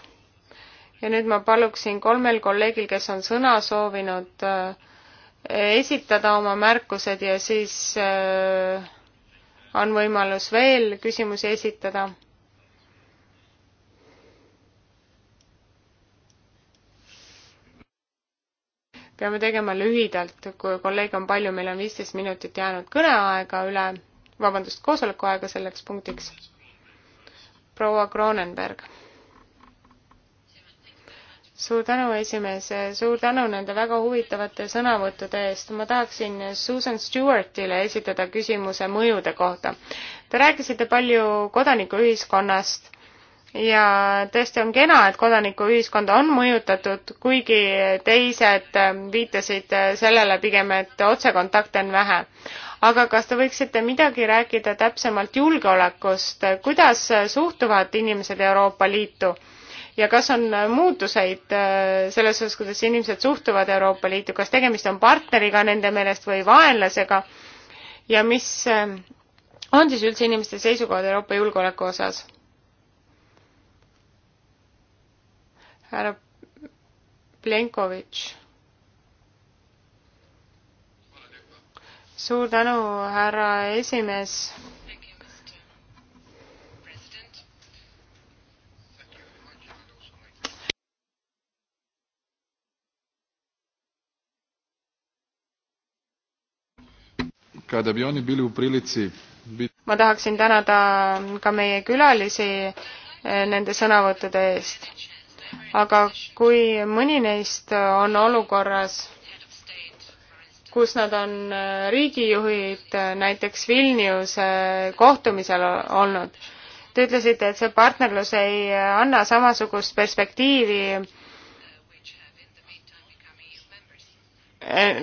ja nüüd ma paluksin kolmel kolleegil, kes on sõna soovinud, eh, esitada oma märkused ja siis eh, on võimalus veel küsimusi esitada peame tegema lühidalt, kui kolleeg on palju, meil on viisteist minutit jäänud kõneaega üle, vabandust, koosoleku aega selleks punktiks. proua Kronenberg. suur tänu, esimees, suur tänu nende väga huvitavate sõnavõttude eest. ma tahaksin Susan Stewartile esitada küsimuse mõjude kohta. Te rääkisite palju kodanikuühiskonnast ja tõesti on kena, et kodanikuühiskonda on mõjutatud, kuigi teised ähm, viitasid äh, sellele pigem, et otsekontakte on vähe. aga kas te võiksite midagi rääkida täpsemalt julgeolekust, kuidas äh, suhtuvad inimesed Euroopa Liitu? ja kas on äh, muutuseid selles osas, kuidas inimesed suhtuvad Euroopa Liitu, kas tegemist on partneriga nende meelest või vaenlasega ja mis on siis üldse inimeste seisukohad Euroopa julgeoleku osas? härra Plenkovitš. suur tänu, härra esimees kada bi oni bili u prilici ma tahaksin tänada ka meie külalisi eh, nende sõnavõttude eest aga kui mõni neist on olukorras, kus nad on äh, riigijuhid äh, näiteks Vilniuse kohtumisel olnud, te ütlesite, et see partnerlus ei äh, anna samasugust perspektiivi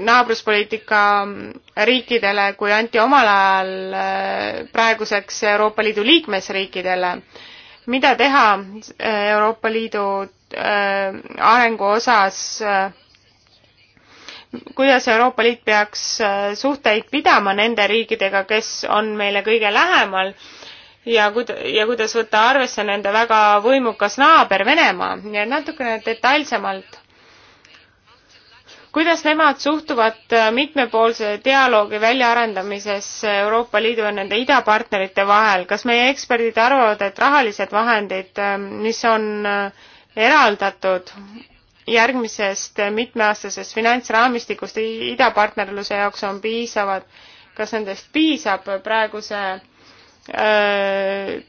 naabruspoliitika riikidele, kui anti omal ajal praeguseks Euroopa Liidu liikmesriikidele. mida teha Euroopa Liidu Äh, arengu osas, äh, kuidas Euroopa Liit peaks äh, suhteid pidama nende riikidega, kes on meile kõige lähemal ja kuid-, ja kuidas võtta arvesse nende väga võimukas naaber Venemaa ja natukene detailsemalt kuidas nemad suhtuvad mitmepoolse dialoogi väljaarendamisesse Euroopa Liidu ja nende idapartnerite vahel, kas meie eksperdid arvavad, et rahalised vahendid, mis on äh, eraldatud järgmisest mitmeaastasest finantsraamistikust idapartnerluse jaoks on piisavad, kas nendest piisab praeguse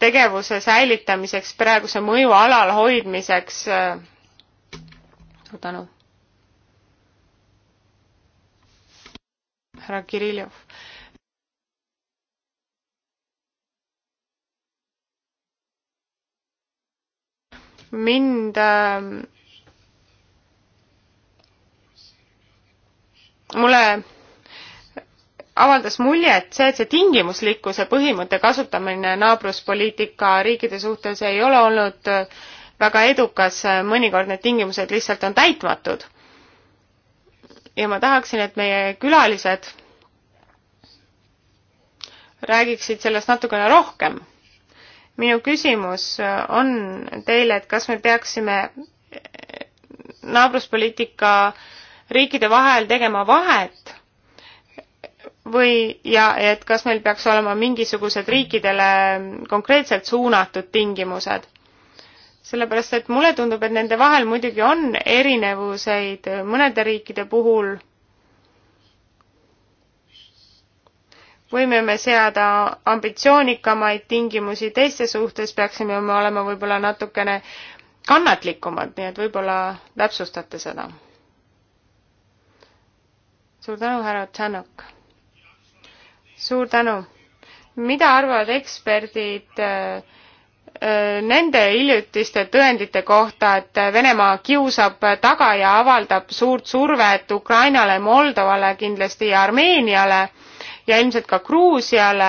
tegevuse säilitamiseks, praeguse mõju alal hoidmiseks? suur tänu. härra Kirillov mind ähm, mulle avaldas mulje, et see, et see tingimuslikkuse põhimõtte kasutamine naabruspoliitika riikide suhtes ei ole olnud äh, väga edukas, mõnikord need tingimused lihtsalt on täitmatud. ja ma tahaksin, et meie külalised räägiksid sellest natukene rohkem minu küsimus on teile, et kas me peaksime naabruspoliitika riikide vahel tegema vahet või, ja et kas meil peaks olema mingisugused riikidele konkreetselt suunatud tingimused? sellepärast, et mulle tundub, et nende vahel muidugi on erinevuseid mõnede riikide puhul võime me seada ambitsioonikamaid tingimusi teiste suhtes, peaksime me olema võib-olla natukene kannatlikumad, nii et võib-olla täpsustate seda. suur tänu, härra Tšanok. suur tänu. mida arvavad eksperdid äh, Äh, nende hiljutiste tõendite kohta, et Venemaa kiusab taga ja avaldab suurt survet Ukrainale, Moldovale kindlasti ja Armeeniale ja ilmselt ka Gruusiale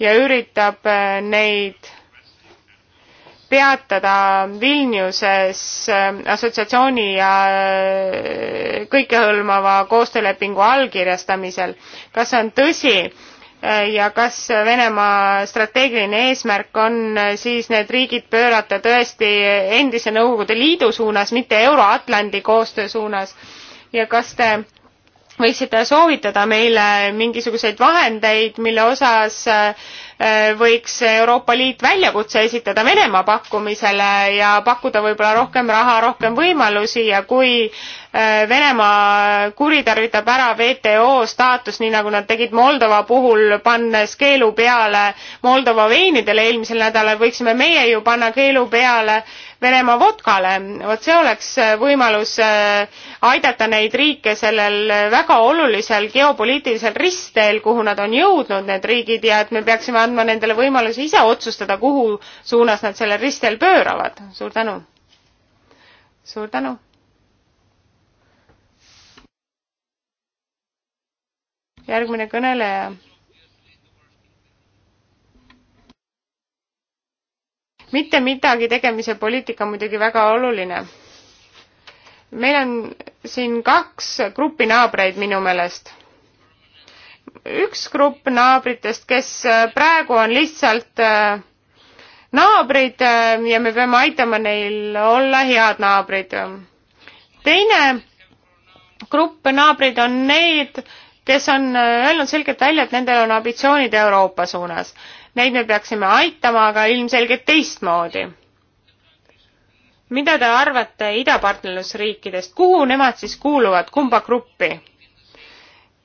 ja üritab äh, neid peatada Vilniuses äh, assotsiatsiooni ja kõikehõlmava koostöölepingu allkirjastamisel. kas see on tõsi? ja kas Venemaa strateegiline eesmärk on siis need riigid pöörata tõesti endise Nõukogude Liidu suunas, mitte Euro-Atlandi koostöö suunas ja kas te võiksite soovitada meile mingisuguseid vahendeid, mille osas äh, võiks Euroopa Liit väljakutse esitada Venemaa pakkumisele ja pakkuda võib-olla rohkem raha, rohkem võimalusi ja kui äh, Venemaa kuritarvitab ära WTO staatust, nii nagu nad tegid Moldova puhul, pannes keelu peale Moldova veinidele eelmisel nädalal, võiksime meie ju panna keelu peale äh, Venemaa vodkale. vot see oleks äh, võimalus äh, aidata neid riike sellel äh, väga olulisel geopoliitilisel ristteel, kuhu nad on jõudnud, need riigid, ja et me peaksime andma nendele võimaluse ise otsustada, kuhu suunas nad sellel ristteel pööravad. suur tänu! suur tänu! järgmine kõneleja mitte midagi tegemise poliitika on muidugi väga oluline. meil on siin kaks gruppi naabreid minu meelest. üks grupp naabritest, kes äh, praegu on lihtsalt äh, naabrid äh, ja me peame aitama neil olla head naabrid. teine grupp naabreid on need, kes on öelnud selgelt välja, et nendel on ambitsioonid Euroopa suunas. Neid me peaksime aitama, aga ilmselgelt teistmoodi. mida te arvate idapartnerlusriikidest, kuhu nemad siis kuuluvad, kumba gruppi?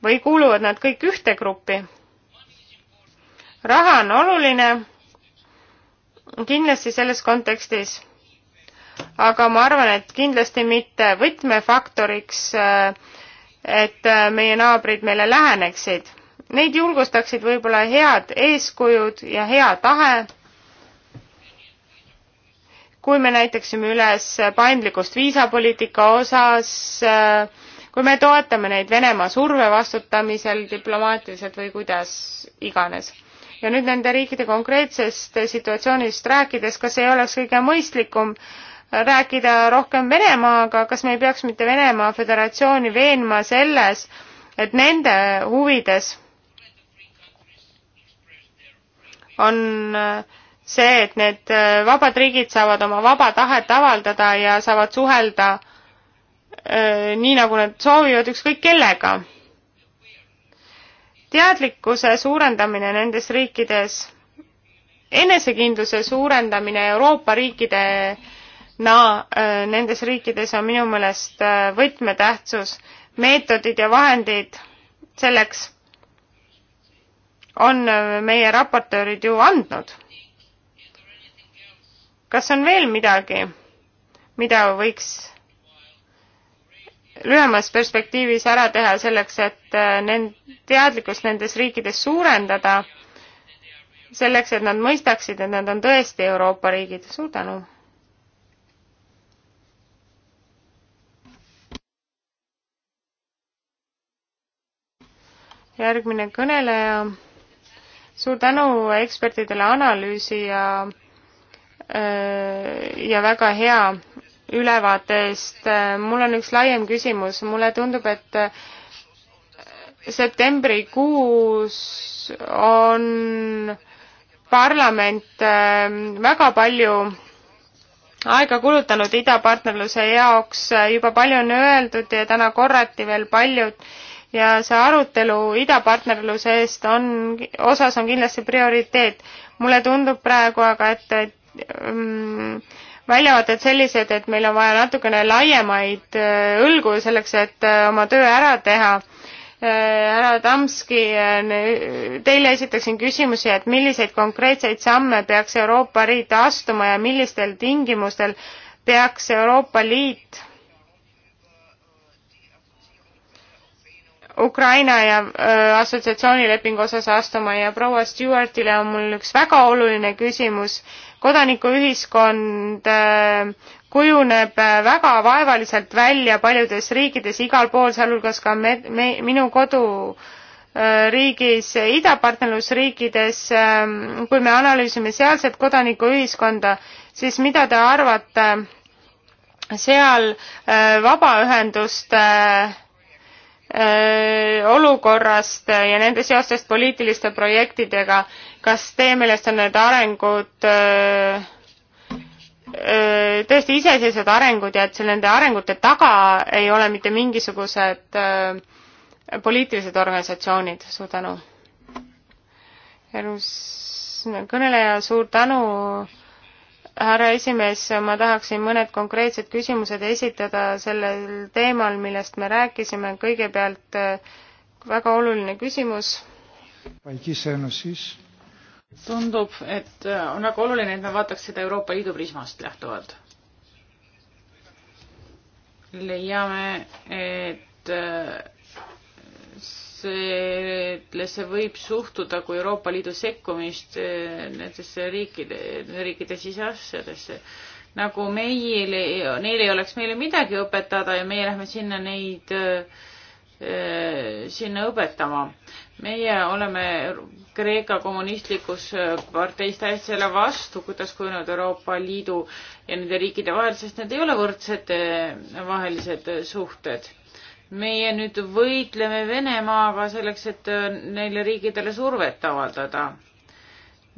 või kuuluvad nad kõik ühte gruppi? raha on oluline kindlasti selles kontekstis, aga ma arvan, et kindlasti mitte võtmefaktoriks, äh, et äh, meie naabrid meile läheneksid Neid julgustaksid võib-olla head eeskujud ja hea tahe. kui me näitaksime üles paindlikkust viisapoliitika osas, kui me toetame neid Venemaa surve vastutamisel diplomaatiliselt või kuidas iganes. ja nüüd nende riikide konkreetsest situatsioonist rääkides, kas ei oleks kõige mõistlikum rääkida rohkem Venemaaga, kas me ei peaks mitte Venemaa Föderatsiooni veenma selles, et nende huvides on äh, see, et need äh, vabad riigid saavad oma vaba tahet avaldada ja saavad suhelda äh, nii, nagu nad soovivad, ükskõik kellega. teadlikkuse suurendamine nendes riikides, enesekindluse suurendamine Euroopa riikidena nendes riikides on minu meelest võtmetähtsus, meetodid ja vahendid selleks on äh, meie raportöörid ju andnud. kas on veel midagi, mida võiks lühemas perspektiivis ära teha selleks, et äh, nend-, teadlikkust nendes riikides suurendada, selleks, et nad mõistaksid, et nad on tõesti Euroopa riigid. suur tänu! järgmine kõneleja suur tänu ekspertidele analüüsi ja äh, ja väga hea ülevaate eest. mul on üks laiem küsimus, mulle tundub, et äh, septembrikuus on parlament äh, väga palju aega kulutanud idapartnerluse jaoks, juba palju on öeldud ja täna korrati veel paljud äh, ja see arutelu idapartnerluse eest on, osas on kindlasti prioriteet. mulle tundub praegu aga, et, et mm, väljavaated sellised, et meil on vaja natukene laiemaid äh, õlgu selleks, et äh, oma töö ära teha. Äh, härra Tamski, teile esitaksin küsimusi, et milliseid konkreetseid samme peaks Euroopa Liit astuma ja millistel tingimustel peaks Euroopa Liit Ukraina ja äh, assotsiatsioonilepingu osas astuma ja proua Stewartile on mul üks väga oluline küsimus. kodanikuühiskond äh, kujuneb äh, väga vaevaliselt välja paljudes riikides, igal pool, sealhulgas ka me, me, minu koduriigis äh,, idapartnerlusriikides äh,, kui me analüüsime sealset kodanikuühiskonda, siis mida te arvate seal äh, vabaühenduste äh, Äh, olukorrast äh, ja nende seostest poliitiliste projektidega. kas teie meelest on need arengud äh, tõesti iseseisvad arengud ja et seal nende arengute taga ei ole mitte mingisugused poliitilised organisatsioonid? suur tänu. järgmine kõneleja, suur tänu härra esimees, ma tahaksin mõned konkreetsed küsimused esitada sellel teemal, millest me rääkisime. kõigepealt äh, väga oluline küsimus. tundub, et äh, on väga oluline, et me vaataks seda Euroopa Liidu prismast lähtuvalt. leiame, et äh, sellesse võib suhtuda kui Euroopa Liidu sekkumist eh, nendesse riikide, riikide siseasjadesse. nagu meil, neil ei oleks meile midagi õpetada ja meie lähme sinna neid, eh, sinna õpetama. meie oleme Kreeka kommunistlikus parteis täiesti selle vastu, kuidas kujunevad Euroopa Liidu ja nende riikide vahel, sest need ei ole võrdsed eh, vahelised suhted meie nüüd võitleme Venemaaga selleks, et äh, neile riikidele survet avaldada.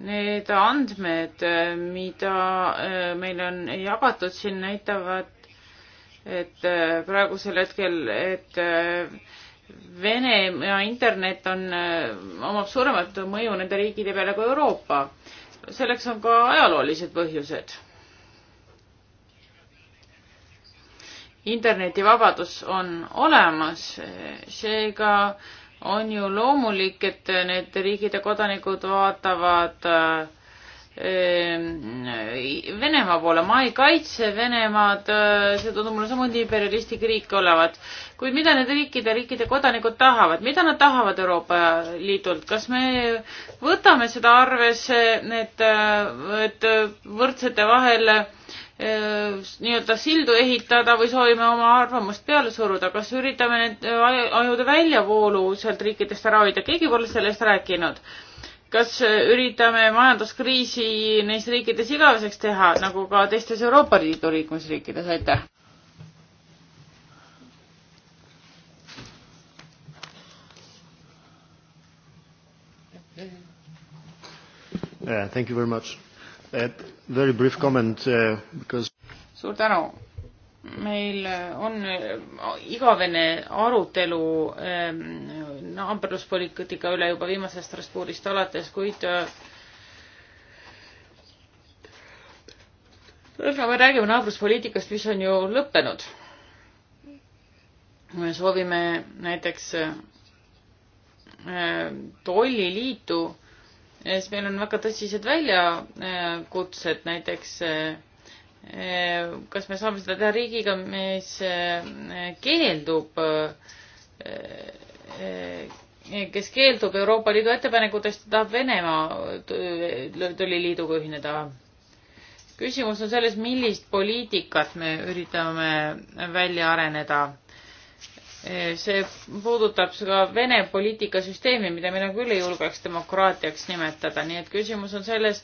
Need andmed, äh, mida äh, meil on jagatud siin, näitavad, et praegusel hetkel, et Venemaa internet on, omab suuremat mõju nende riikide peale kui Euroopa. selleks on ka ajaloolised põhjused internetivabadus on olemas, seega on ju loomulik, et need riigide kodanikud vaatavad äh, Venemaa poole, ma ei kaitse Venemaad, äh, see tundub mulle samuti imperialistlik riik olevat, kuid mida need riikide, riikide kodanikud tahavad, mida nad tahavad Euroopa Liidult, kas me võtame seda arvesse, need, äh, et võrdsete vahel äh, Äh, nii-öelda sildu ehitada või soovime oma arvamust peale suruda, kas üritame need äh, ajude väljavoolu sealt riikidest ära hoida, keegi pole sellest rääkinud. kas äh, üritame majanduskriisi neis riikides igaveseks teha, nagu ka teistes Euroopa Liidu liikmesriikides, aitäh! Yeah, thank you very much. Very brief comment uh, because suur tänu. meil äh, on äh, igavene arutelu ähm, naabruspoliitika üle juba viimasest Strasbourgist alates, kuid äh, ühesõnaga me räägime naabruspoliitikast, mis on ju lõppenud. me soovime näiteks äh, tolliliitu siis meil on väga tõsised väljakutsed, näiteks kas me saame seda teha riigiga, mis keeldub, kes keeldub Euroopa Liidu ettepanekutest ja tahab Venemaa tuli liiduga ühineda. küsimus on selles, millist poliitikat me üritame välja areneda see puudutab ka Vene poliitikasüsteemi, mida mina nagu küll ei julgeks demokraatiaks nimetada, nii et küsimus on selles,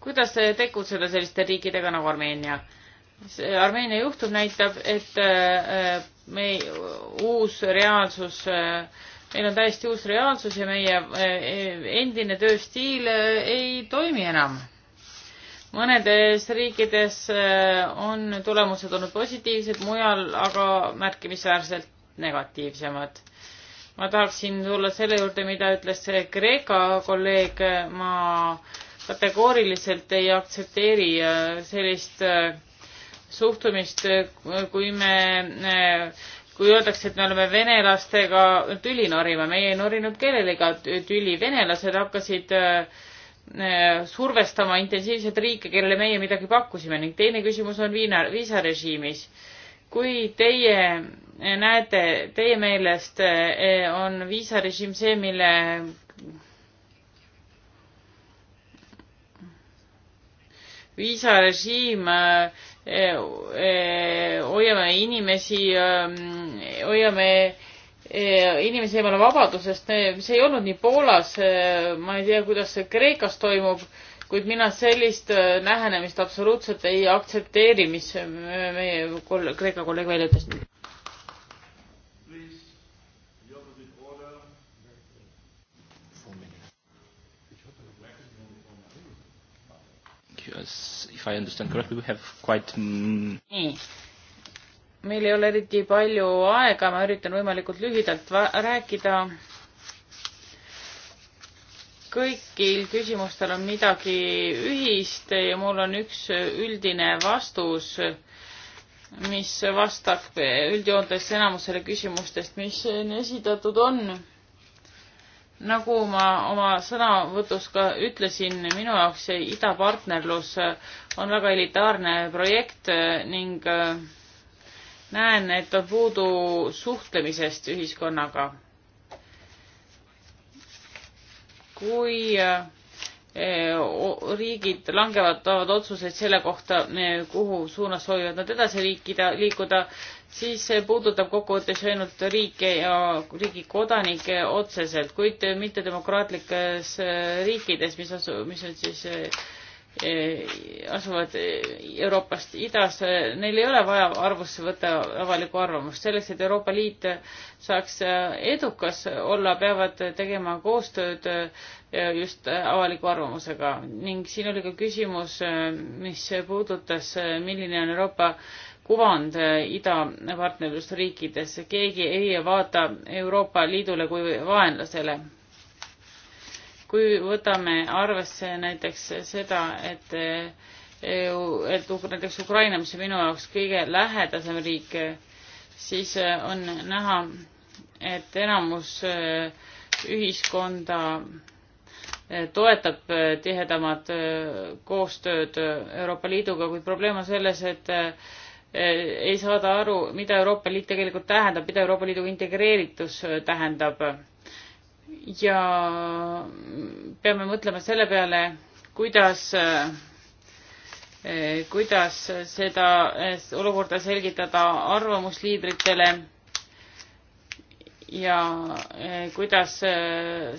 kuidas tegutseda selliste riikidega nagu Armeenia. see Armeenia juhtum näitab, et äh, me uus reaalsus, äh, meil on täiesti uus reaalsus ja meie äh, endine tööstiil ei toimi enam. mõnedes riikides on tulemused olnud positiivsed, mujal aga märkimisväärselt negatiivsemad. ma tahaksin tulla selle juurde, mida ütles Kreeka kolleeg, ma kategooriliselt ei aktsepteeri äh, sellist äh, suhtumist, äh, kui me kui öeldakse, et me oleme venelastega tüli norima, meie ei norinud kellelegi tüli, venelased hakkasid survestama intensiivselt riike, kellele meie midagi pakkusime ning teine küsimus on viina, viisarežiimis. kui teie näete, teie meelest eh, on viisarežiim see, mille viisarežiim eh, eh, hoiame inimesi, hoiame inimesi eemale vabadusest, see ei olnud nii Poolas, ma ei tea, kuidas see Kreekas toimub, kuid mina sellist lähenemist absoluutselt ei aktsepteeri, mis meie kol-, Kreeka kolleeg välja ütles. as if I understand correctly, we have quite mm... nii, meil ei ole eriti palju aega, ma üritan võimalikult lühidalt rääkida. kõikil küsimustel on midagi ühist ja mul on üks üldine vastus, mis vastab üldjoontes enamusele küsimustest, mis esitatud on nagu ma oma sõnavõtus ka ütlesin, minu jaoks see idapartnerlus äh, on väga elitaarne projekt äh, ning äh, näen, et on puudu suhtlemisest ühiskonnaga. kui riigid langevad, toovad otsuseid selle kohta, kuhu suunas soovivad nad edasi liikida, liikuda, siis see puudutab kokkuvõttes ainult riike ja riigi kodanikke otseselt, kuid mittedemokraatlikes äh, riikides, mis asu-, mis on siis äh, äh, asuvad Euroopast idas, neil ei ole vaja arvusse võtta avalikku arvamust. selleks, et Euroopa Liit saaks edukas olla, peavad tegema koostööd just avaliku arvamusega ning siin oli ka küsimus, mis puudutas, milline on Euroopa kuvand eh, idapartnerlusriikides, keegi ei vaata Euroopa Liidule kui vaenlasele. kui võtame arvesse näiteks seda, et eh, et näiteks Ukraina, mis on minu jaoks kõige lähedasem riik, siis eh, on näha, et enamus ühiskonda toetab tihedamat koostööd Euroopa Liiduga, kuid probleem on selles, et Eh, ei saada aru, mida Euroopa Liit tegelikult tähendab, mida Euroopa Liidu integreeritus eh, tähendab. ja peame mõtlema selle peale, kuidas, eh, kuidas seda olukorda selgitada arvamusliidritele ja kuidas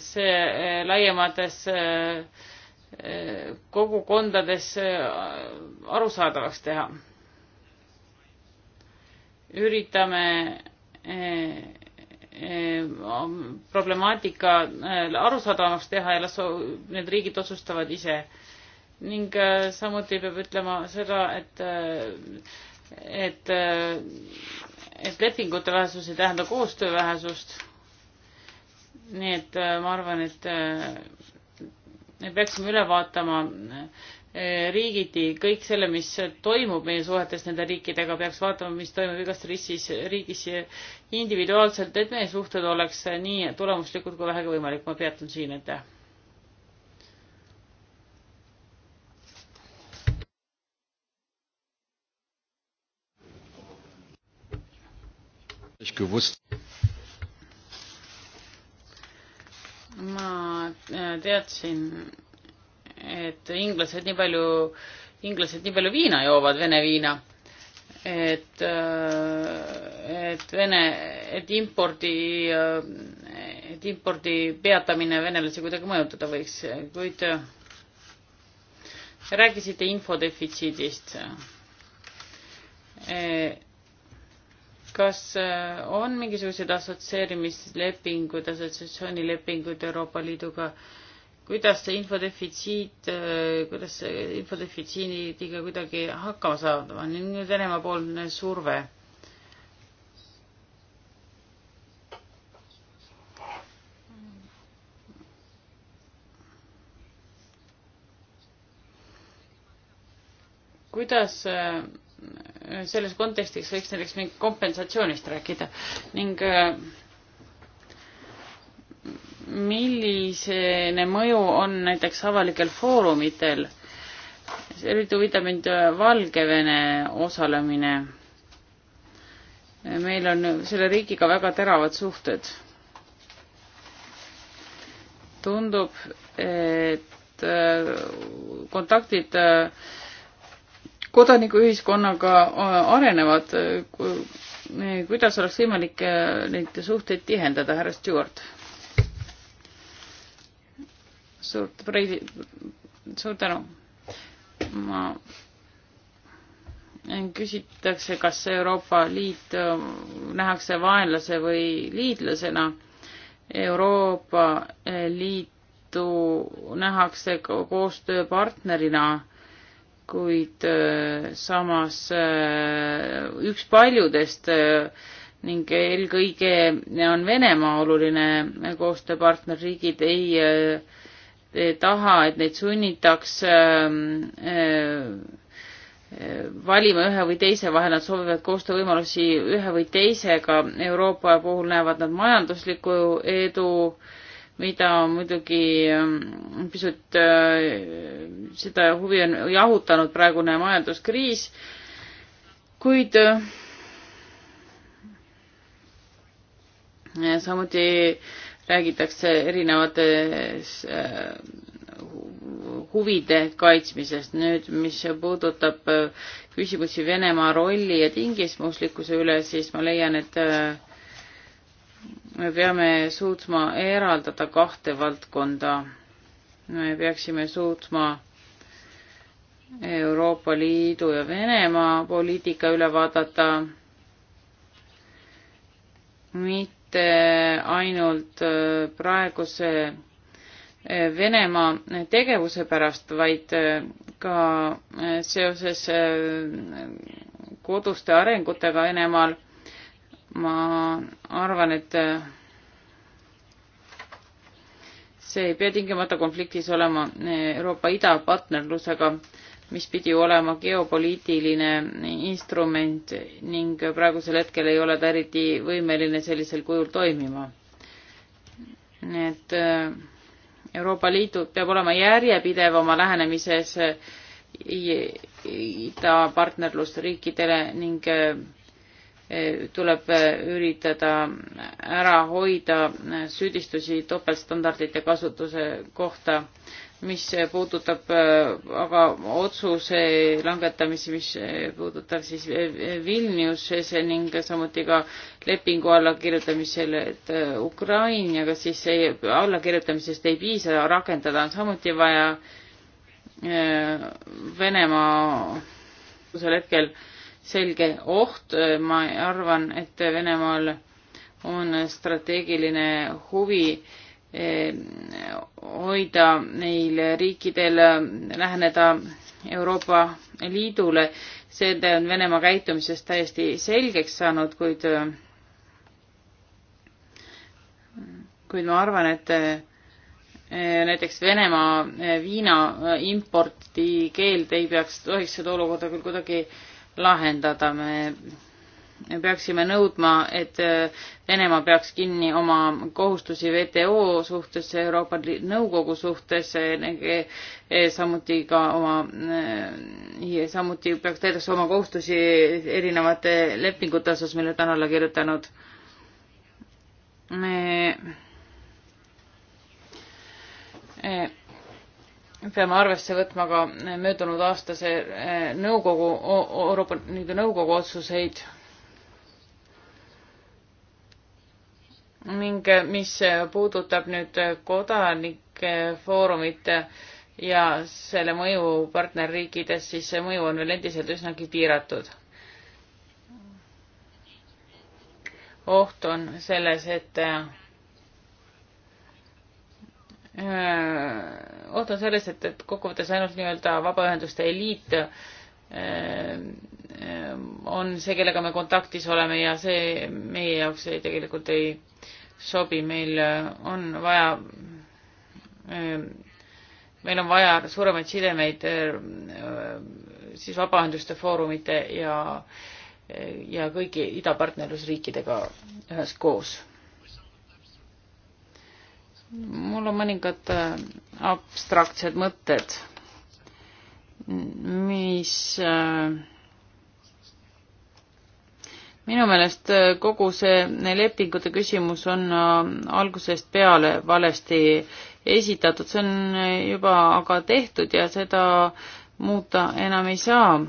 see laiemates kogukondades arusaadavaks teha üritame eh, eh, problemaatika eh, arusaadavamaks teha ja las need riigid otsustavad ise. ning samuti peab ütlema seda, et, et, et lepingute vähesus ei tähenda koostöö vähesust. nii et ma arvan, et me peaksime üle vaatama äh, riigiti kõik selle, mis toimub meie suhetes nende riikidega, peaks vaatama, mis toimub igas riigis, riigis individuaalselt, et meie suhted oleks nii tulemuslikud kui vähegi võimalik. ma peatun siin, aitäh. ma äh, teadsin et inglased nii palju, inglased nii palju viina joovad, vene viina, et, et vene, et impordi, et impordi peatamine venelasi kuidagi mõjutada võiks, kuid rääkisite infodefitsiidist. kas on mingisuguseid assotsieerimislepinguid, assotsiatsioonilepinguid Euroopa Liiduga äh, kuidas see infodefitsiit, äh, kuidas see infodefitsiidiga kuidagi hakkama saada, on nüüd Venemaa poolne surve. kuidas äh, selles kontekstis võiks näiteks mingit kompensatsioonist rääkida ning äh, milline mõju on näiteks avalikel foorumitel? eriti huvitab mind äh, Valgevene osalemine. meil on selle riigiga väga teravad suhted. tundub, et äh, kontaktid äh, kodanikuühiskonnaga arenevad. kuidas oleks võimalik neid suhteid tihendada, härra Stewart? suurt preidi-, suur tänu. ma, küsitakse, kas Euroopa Liit äh, nähakse vaenlase või liitlasena. Euroopa äh, Liitu nähakse koostööpartnerina, kuid äh, samas üks paljudest ning eelkõige on Venemaa oluline koostööpartner, riigid ei äh, taha, et neid sunnitaks ähm, äh, valima ühe või teise vahel, nad soovivad koostöövõimalusi ühe või teisega. Euroopa puhul näevad nad majanduslikku edu, mida muidugi ähm, pisut, äh, seda huvi on jahutanud praegune majanduskriis, kuid äh, samuti räägitakse erinevates äh, huvide kaitsmisest. nüüd, mis puudutab äh, küsimusi Venemaa rolli ja tingimuslikkuse üle, siis ma leian, et äh, me peame suutma eraldada kahte valdkonda. me peaksime suutma Euroopa Liidu ja Venemaa poliitika üle vaadata, mitte mitte äh, ainult äh, praeguse äh, Venemaa tegevuse pärast, vaid ka seoses koduste arengutega Venemaal. ma arvan, et see ei pea tingimata konfliktis olema Euroopa idapartnerlusega mis pidi olema geopoliitiline instrument ning praegusel hetkel ei ole ta eriti võimeline sellisel kujul toimima. nii et äh, Euroopa Liidu peab olema järjepidev oma lähenemises äh, idapartnerlusriikidele ning äh, tuleb üritada ära hoida süüdistusi topeltstandardite kasutuse kohta mis puudutab äh, aga otsuse langetamisi, mis äh, puudutab siis äh, Vilniuses ning samuti ka lepingu allakirjutamisel, et Ukrainaga siis ei, allakirjutamisest ei piisa, rakendada on samuti vaja Venemaa praegusel hetkel selge oht, ma arvan, et Venemaal on strateegiline huvi Eh, hoida neil riikidel läheneda Euroopa Liidule. see on Venemaa käitumisest täiesti selgeks saanud, kuid, kuid ma arvan, et eh, näiteks Venemaa eh, viina impordi keeld ei peaks, tohiks seda olukorda küll kuidagi lahendada. me peaksime nõudma, et äh, Venemaa peaks kinni oma kohustusi WTO suhtes, Euroopa Nõukogu suhtes, e, samuti ka oma, äh, samuti peaks täidaks oma kohustusi erinevate lepingute osas, mille ta on alla kirjutanud. me e, peame arvesse võtma ka möödunud aastase e, nõukogu, Euroopa Liidu Nõukogu otsuseid ning eh, mis eh, puudutab nüüd eh, kodanike foorumit ja selle mõju partnerriikides, siis see mõju on veel endiselt üsnagi piiratud. oht on selles, et oht on selles, et, et kokkuvõttes ainult nii-öelda vabaühenduste eliit öö, Ehm, on see, kellega me kontaktis oleme ja see meie jaoks ei, tegelikult ei sobi, meil äh, on vaja, ehm, meil on vaja suuremaid sidemeid ehm, siis vabaühenduste foorumite ja, äh, ja kõigi idapartnerlusriikidega üheskoos. mul on mõningad äh, abstraktsed mõtted, mis äh, minu meelest äh, kogu see lepingute küsimus on äh, algusest peale valesti esitatud, see on äh, juba aga tehtud ja seda muuta enam ei saa.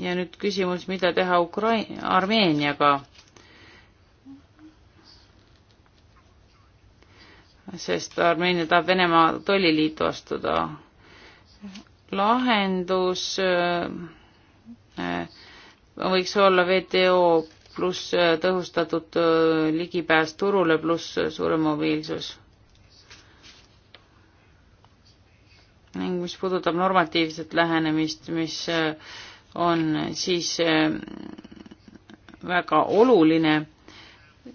ja nüüd küsimus, mida teha Ukraina, Armeeniaga? sest Armeenia tahab Venemaa tolliliitu astuda. lahendus äh, võiks olla WTO pluss äh, tõhustatud äh, ligipääs turule pluss suurem mobiilsus. ning mis puudutab normatiivset lähenemist, mis äh, on siis väga oluline,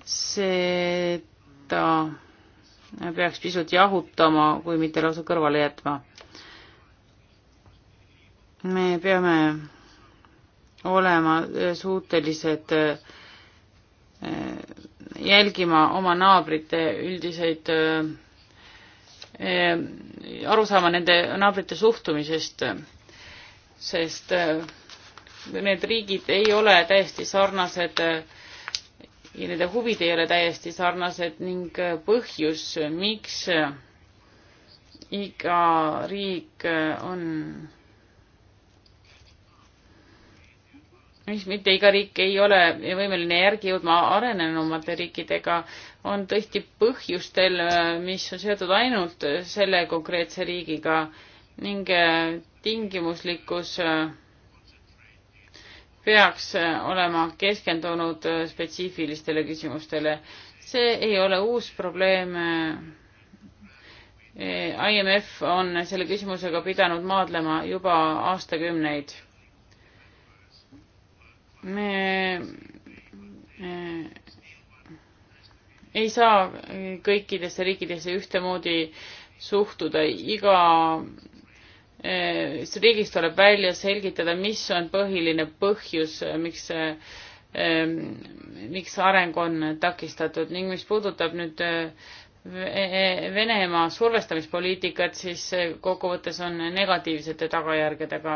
seda peaks pisut jahutama, kui mitte lausa kõrvale jätma. me peame olema eh, suutelised eh, jälgima oma naabrite üldiseid, eh, aru saama nende naabrite suhtumisest, sest need riigid ei ole täiesti sarnased ja nende huvid ei ole täiesti sarnased ning põhjus, miks iga riik on mis mitte iga riik ei ole võimeline järgi jõudma arenenumate riikidega, on tõesti põhjustel, mis on seotud ainult selle konkreetse riigiga ning äh, tingimuslikkus äh, peaks äh, olema keskendunud spetsiifilistele küsimustele. see ei ole uus probleem. IMF on selle küsimusega pidanud maadlema juba aastakümneid me ei saa kõikidesse riikidesse ühtemoodi suhtuda, iga eh, riigis tuleb välja selgitada, mis on põhiline põhjus, miks see, eh, miks areng on takistatud ning mis puudutab nüüd eh, Venemaa survestamispoliitikat, siis kokkuvõttes on negatiivsete tagajärgedega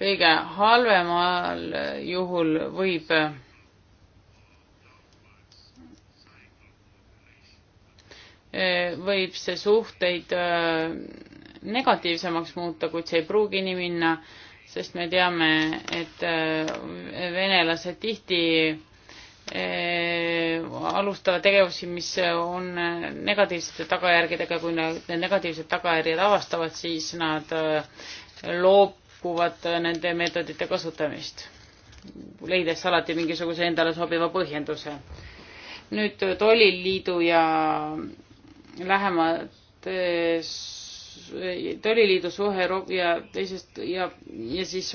kõige halvemal juhul võib võib see suhteid äh, negatiivsemaks muuta, kuid see ei pruugi nii minna, sest me teame, et äh, venelased tihti äh, alustavad tegevusi, mis on negatiivsete tagajärgedega, kui need negatiivsed tagajärjed avastavad, siis nad loob, pakuvad äh, nende meetodite kasutamist, leides alati mingisuguse endale sobiva põhjenduse. nüüd äh, tolliliidu ja lähemad äh, tolliliidu suhe ja teisest ja, ja siis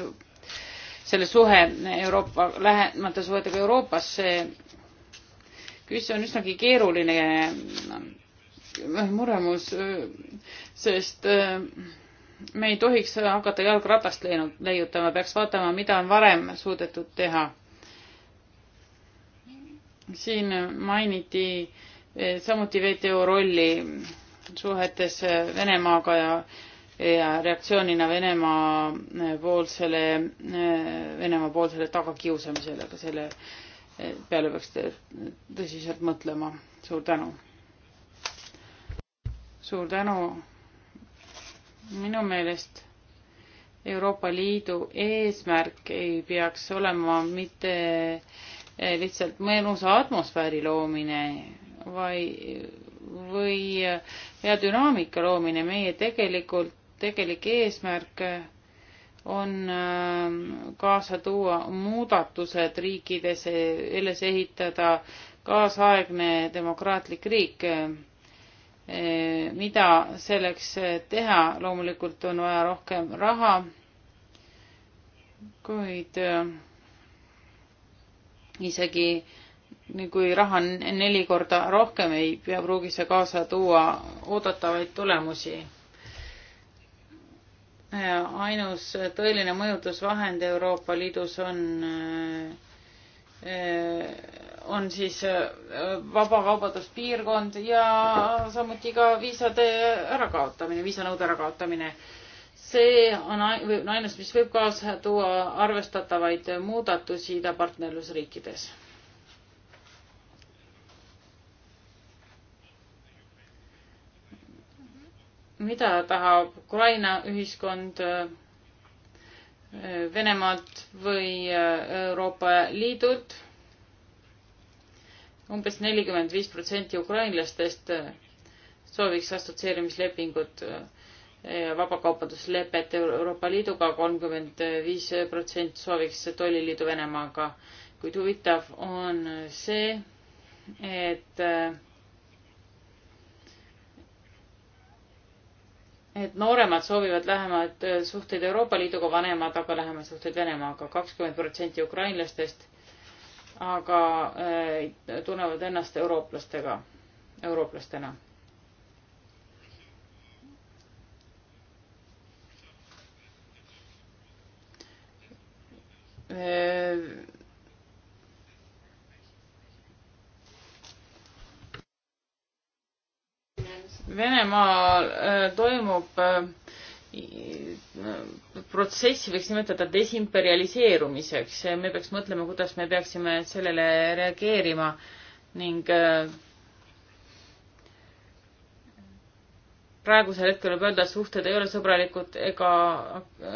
selle suhe Euroopa, lähemate suhetega Euroopas, see küsimus on üsnagi keeruline muremus, sest äh, me ei tohiks hakata jalgratast leinud, leiutama, peaks vaatama, mida on varem suudetud teha. siin mainiti eh, samuti WTO rolli suhetes eh, Venemaaga ja, ja reaktsioonina Venemaa eh, poolsele, Venemaa poolsele tagakiusamisele, aga selle peale peaks tõsiselt mõtlema. suur tänu. suur tänu minu meelest Euroopa Liidu eesmärk ei peaks olema mitte eh, lihtsalt mõnusa atmosfääri loomine vai, või eh, hea dünaamika loomine. meie tegelikult, tegelik eesmärk on eh, kaasa tuua muudatused riikides, üles ehitada kaasaegne demokraatlik riik Eh, mida selleks eh, teha, loomulikult on vaja rohkem raha, kuid eh, isegi kui raha on neli korda rohkem, ei pea pruugi see kaasa tuua oodatavaid tulemusi. ainus tõeline mõjutusvahend Euroopa Liidus on on siis äh, äh, vabakaubanduspiirkond ja samuti ka viisade ärakaotamine, viisanõude ärakaotamine. see on ainus, mis võib kaasa tuua arvestatavaid muudatusi idapartnerlusriikides. mida tahab Ukraina ühiskond äh, Venemaalt või Euroopa Liidult umbes nelikümmend viis protsenti ukrainlastest äh, sooviks assotsieerimislepingut, äh, vabakaubanduslepet Euroopa Liiduga, kolmkümmend viis protsenti sooviks tolliliidu Venemaaga. kuid huvitav on see, et äh, et nooremad soovivad lähemaid suhteid Euroopa Liiduga, vanemad aga lähemaid suhteid Venemaaga. kakskümmend protsenti ukrainlastest aga äh, tunnevad ennast eurooplastega, eurooplastena. Äh, Venemaal äh, toimub protsessi võiks nimetada desimperialiseerumiseks. me peaks mõtlema, kuidas me peaksime sellele reageerima ning äh, praegusel hetkel võib öelda, et suhted ei ole sõbralikud ega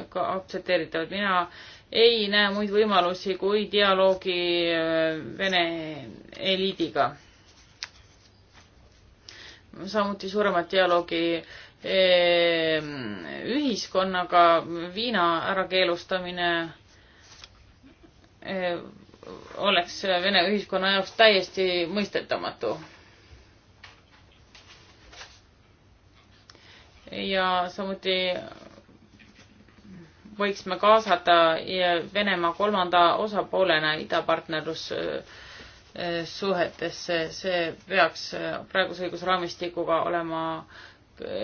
ka aktsepteeritavad. mina ei näe muid võimalusi kui dialoogi äh, Vene eliidiga. samuti suuremat dialoogi äh, Ehm, ühiskonnaga, viina ärakeelustamine eh, oleks Vene ühiskonna jaoks täiesti mõistetamatu. ja samuti võiks me kaasata Venemaa kolmanda osapoolena idapartnerlussuhetesse, see peaks praeguse õigusraamistikuga olema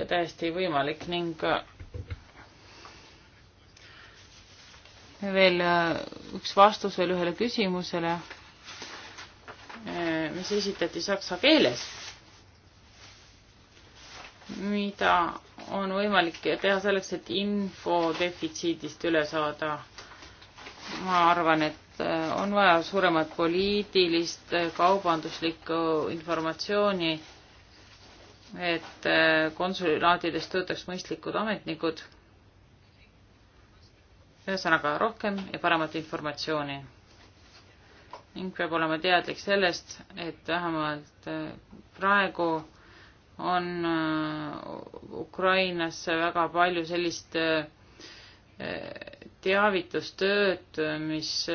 täiesti võimalik ning äh, veel äh, üks vastus veel ühele küsimusele, äh, mis esitati saksa keeles, mida on võimalik teha selleks, et infodefitsiidist üle saada. ma arvan, et on vaja suuremat poliitilist, kaubanduslikku informatsiooni et äh, konsulaadides töötaks mõistlikud ametnikud. ühesõnaga rohkem ja paremat informatsiooni. ning peab olema teadlik sellest, et vähemalt äh, praegu on äh, Ukrainas väga palju sellist teavitustööd, mis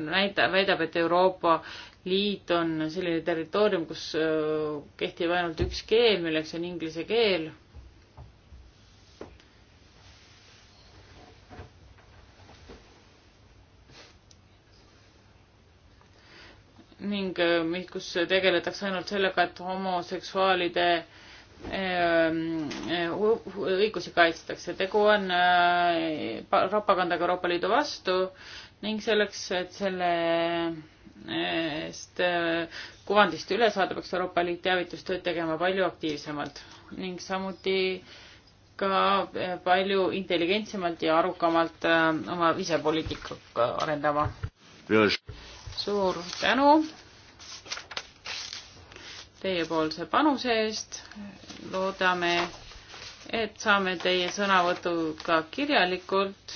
näita-, väidab, et Euroopa liit on selline territoorium, kus äh, kehtib ainult üks keel, milleks on inglise keel. ning äh, kus tegeletakse ainult sellega, et homoseksuaalide ähm, äh, õigusi kaitstakse. tegu on propagandaga Euroopa Liidu vastu ning selleks, et selle eest äh, kuvandist üle saada, peaks Euroopa Liit teavitustööd tegema palju aktiivsemalt ning samuti ka äh, palju intelligentsemalt ja arukamalt äh, oma visepoliitikat arendama. suur tänu teiepoolse panuse eest. loodame, et saame teie sõnavõtu ka kirjalikult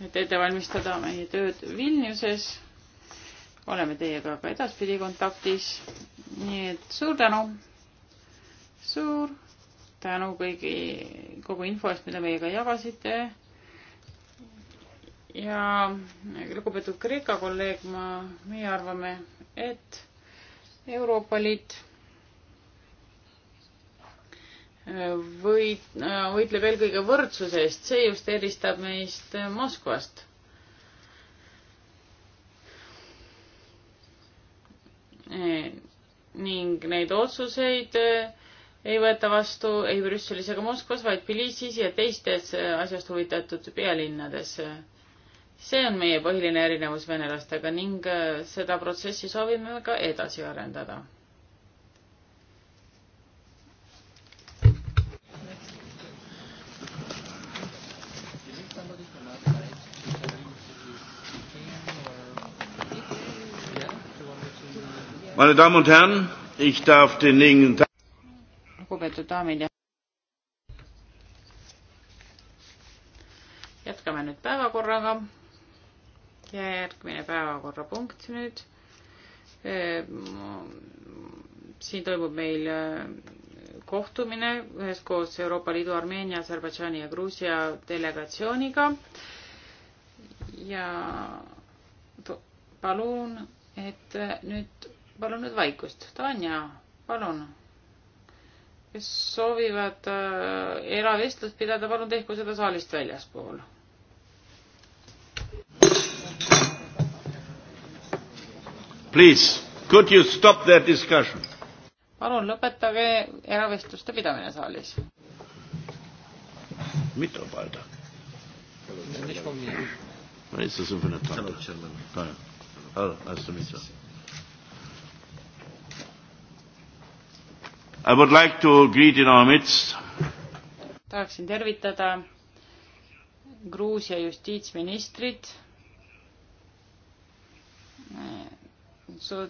et ette valmistada meie tööd Vilniuses. oleme teiega ka edaspidi kontaktis. nii et suur tänu. suur tänu kõigi, kogu info eest, mida meiega jagasite. ja lugupeetud Kreeka kolleeg, ma, meie arvame, et Euroopa Liit või võitleb eelkõige võrdsuse eest, see just eristab meist Moskvast. ning neid otsuseid eh, ei võeta vastu ei Brüsselis ega Moskvas, vaid Tbilisis ja teistes asjast huvitatud pealinnades. see on meie põhiline erinevus venelastega ning eh, seda protsessi soovime ka edasi arendada Meine Damen und Herren, ich darf den nächsten Tag. Lugupeetud daamid ja jätkame nüüd päevakorraga. ja järgmine päevakorrapunkt nüüd. siin toimub meil e, kohtumine üheskoos Euroopa Liidu, Armeenia, Aserbaidžaani ja Gruusia delegatsiooniga. ja palun, et nüüd palun nüüd vaikust. Tanja, palun. kes soovivad äh, eravestlust pidada, palun tehku seda saalist väljaspool. Please, could you stop that discussion? palun lõpetage eravestluste pidamine saalis. mitu palda? Nicht von mir. Was ist das denn für eine Tante? Hallo, Herr Minister. I would like to greet in our midst. tahaksin tervitada Gruusia justiitsministrit.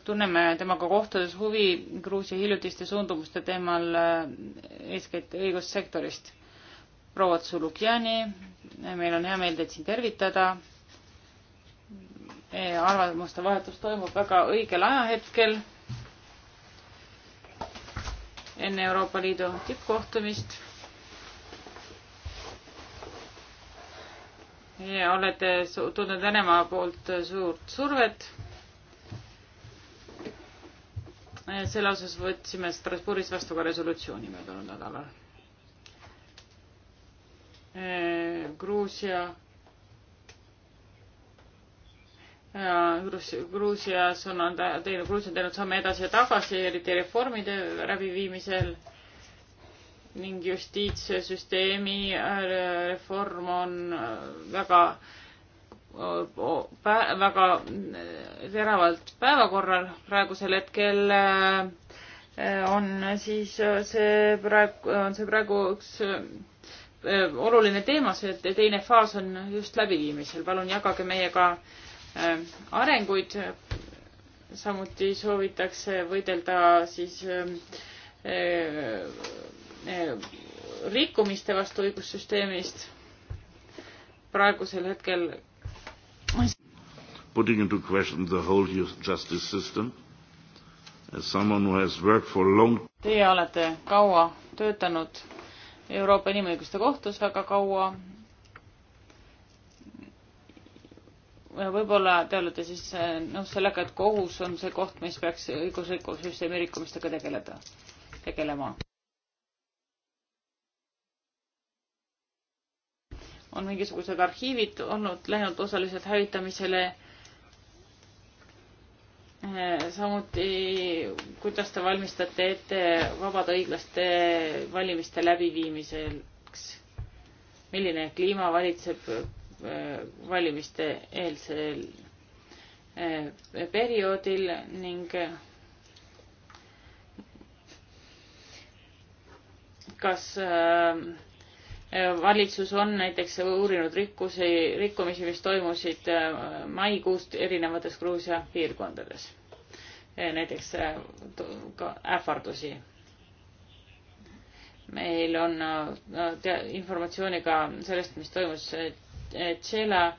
tunneme temaga kohtades huvi Gruusia hiljutiste suundumuste teemal eeskätt õigussektorist. proua Tsulukjani, meil on hea meel teid siin tervitada. arvamuste vahetus toimub väga õigel ajahetkel enne Euroopa Liidu tippkohtumist. ja olete tundnud Venemaa poolt suurt survet. selle osas võtsime Strasbourgis vastu ka resolutsiooni möödunud nädalal. Äh, Gruusia Gruusias on teinud, Gruusia on teinud samme edasi ja tagasi, eriti reformide läbiviimisel ning justiitssüsteemi äh, reform on äh, väga, väga äh, teravalt päevakorral praegusel hetkel on siis see praegu, on see praegu üks oluline teema, see teine faas on just läbiviimisel. palun jagage meiega ka Äh, arenguid. samuti soovitakse võidelda siis ähm, äh, äh, rikkumiste vastu õigussüsteemist. praegusel hetkel. Putting into question the whole justice system as someone who has worked for long. Teie olete kaua töötanud Euroopa Inimõiguste Kohtus väga kaua võib-olla te olete siis äh, nõus sellega, et kohus on see koht, mis peaks õigusliku süsteemi rikkumistega tegeleda, tegelema. on mingisugused arhiivid olnud läinud osaliselt hävitamisele. Äh, samuti, kuidas te valmistate ette vabade õiglaste valimiste läbiviimiseks? milline kliima valitseb Äh, valimiste eelsel äh, perioodil ning äh, kas valitsus on näiteks uurinud rikkusi, rikkumisi, mis toimusid maikuust erinevates Gruusia piirkondades, näiteks ka ähvardusi meil on informatsiooni ka sellest, mis toimus Tšela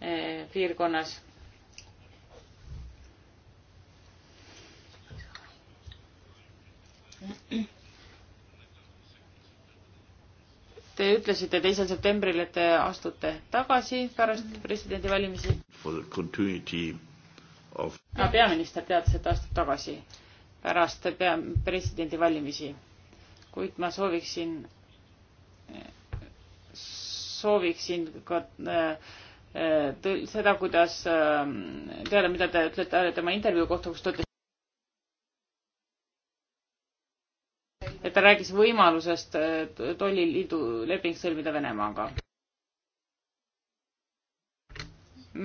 eh, piirkonnas. Te ütlesite teisel septembril, et te astute tagasi pärast presidendivalimisi. Of... No, peaminister teatas, et astub tagasi pärast pea, presidendivalimisi, kuid ma sooviksin eh, sooviksin ka äh, äh, seda, kuidas äh, teada, mida te ütlete tema intervjuu kohta, kus ta ütles, et ta rääkis võimalusest tolliliidu leping sõlmida Venemaaga.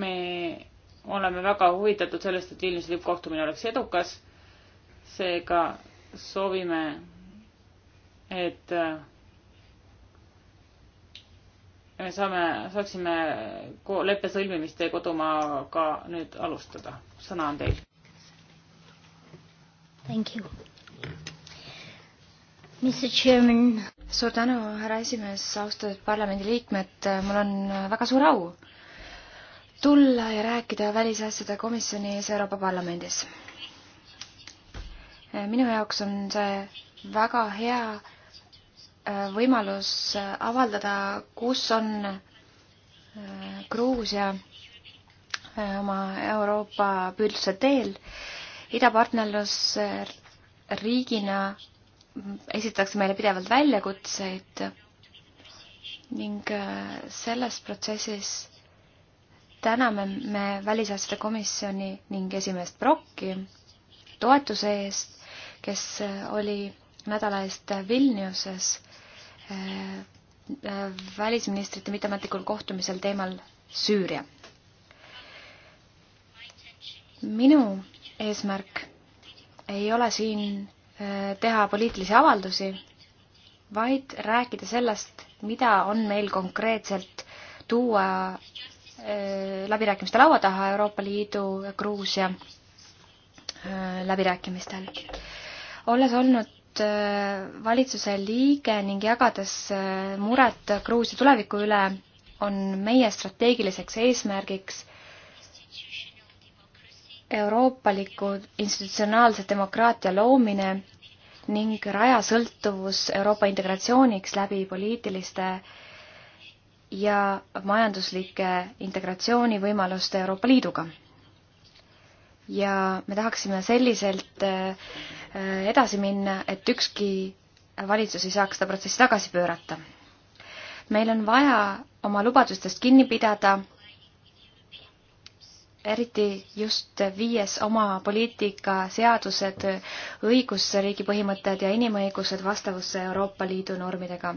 me oleme väga huvitatud sellest, et Vilniuse tippkohtumine oleks edukas. seega soovime, et ja me saame, saaksime leppe sõlmimist teie kodumaaga nüüd alustada. sõna on teil. Thank you. Mr Chairman. suur tänu, härra esimees, austatud parlamendiliikmed, mul on väga suur au tulla ja rääkida välisasjade komisjoni ees Euroopa Parlamendis. minu jaoks on see väga hea Äh, võimalus äh, avaldada, kus on äh, Gruusia oma Euroopa püüdluse teel. idapartnerlus riigina esitatakse meile pidevalt väljakutseid ning selles protsessis täname me Välisasjade Komisjoni ning esimeest Brocki toetuse eest, kes oli nädala eest Vilniuses Äh, äh, välisministrite mitteametlikul kohtumisel teemal Süüria. minu eesmärk ei ole siin äh, teha poliitilisi avaldusi, vaid rääkida sellest, mida on meil konkreetselt tuua läbirääkimiste laua taha Euroopa Liidu ja Gruusia läbirääkimistel. olles olnud olnud äh, valitsuse liige ning jagades äh, muret Gruusia tuleviku üle, on meie strateegiliseks eesmärgiks euroopaliku institutsionaalse demokraatia loomine ning rajasõltuvus Euroopa integratsiooniks läbi poliitiliste ja majanduslike integratsioonivõimaluste Euroopa Liiduga ja me tahaksime selliselt äh, edasi minna, et ükski valitsus ei saaks seda protsessi tagasi pöörata. meil on vaja oma lubadustest kinni pidada, eriti just viies oma poliitika seadused, õigusriigi põhimõtted ja inimõigused vastavusse Euroopa Liidu normidega.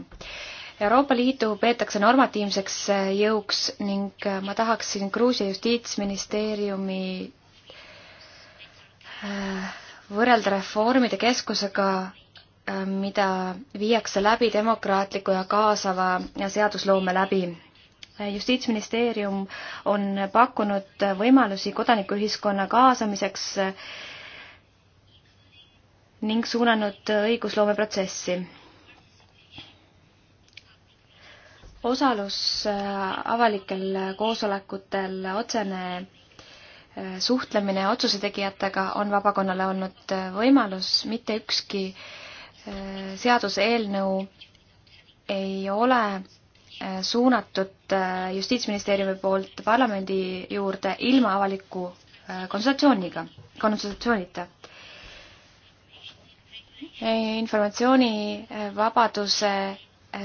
Euroopa Liidu peetakse normatiivseks jõuks ning ma tahaksin Gruusia justiitsministeeriumi võrrelda reformide keskusega, äh, mida viiakse läbi demokraatliku ja kaasava seadusloome läbi. justiitsministeerium on pakkunud võimalusi kodanikuühiskonna kaasamiseks äh, ning suunanud õigusloomeprotsessi osalus äh, avalikel koosolekutel, otsene suhtlemine otsuse tegijatega on vabakonnale olnud äh, võimalus, mitte ükski äh, seaduseelnõu ei ole äh, suunatud Justiitsministeeriumi poolt parlamendi juurde ilma avaliku konsultatsiooniga, konsultatsioonita. informatsioonivabaduse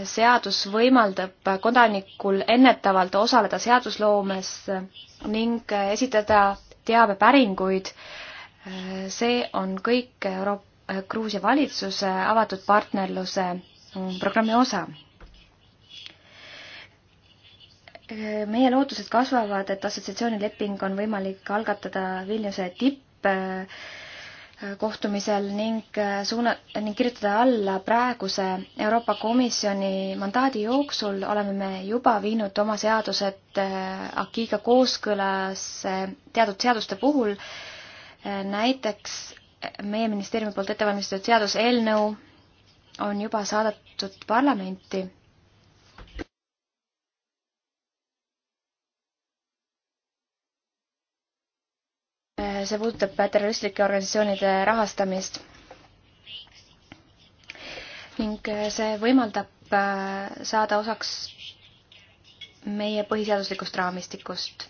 seadus võimaldab kodanikul ennetavalt osaleda seadusloomes ning esitada teabepäringuid. see on kõik Euroopa Gruusia valitsuse avatud partnerluse programmi osa. meie lootused kasvavad, et assotsiatsioonileping on võimalik algatada Vilniuse tipp kohtumisel ning äh, suuna-, ning kirjutada alla praeguse Euroopa Komisjoni mandaadi jooksul oleme me juba viinud oma seadused äh, AKI-ga kooskõlas teatud seaduste puhul, äh, näiteks meie ministeeriumi poolt ettevalmistatud seaduseelnõu on juba saadetud parlamenti see puudutab terroristlike organisatsioonide rahastamist. ning see võimaldab äh, saada osaks meie põhiseaduslikust raamistikust.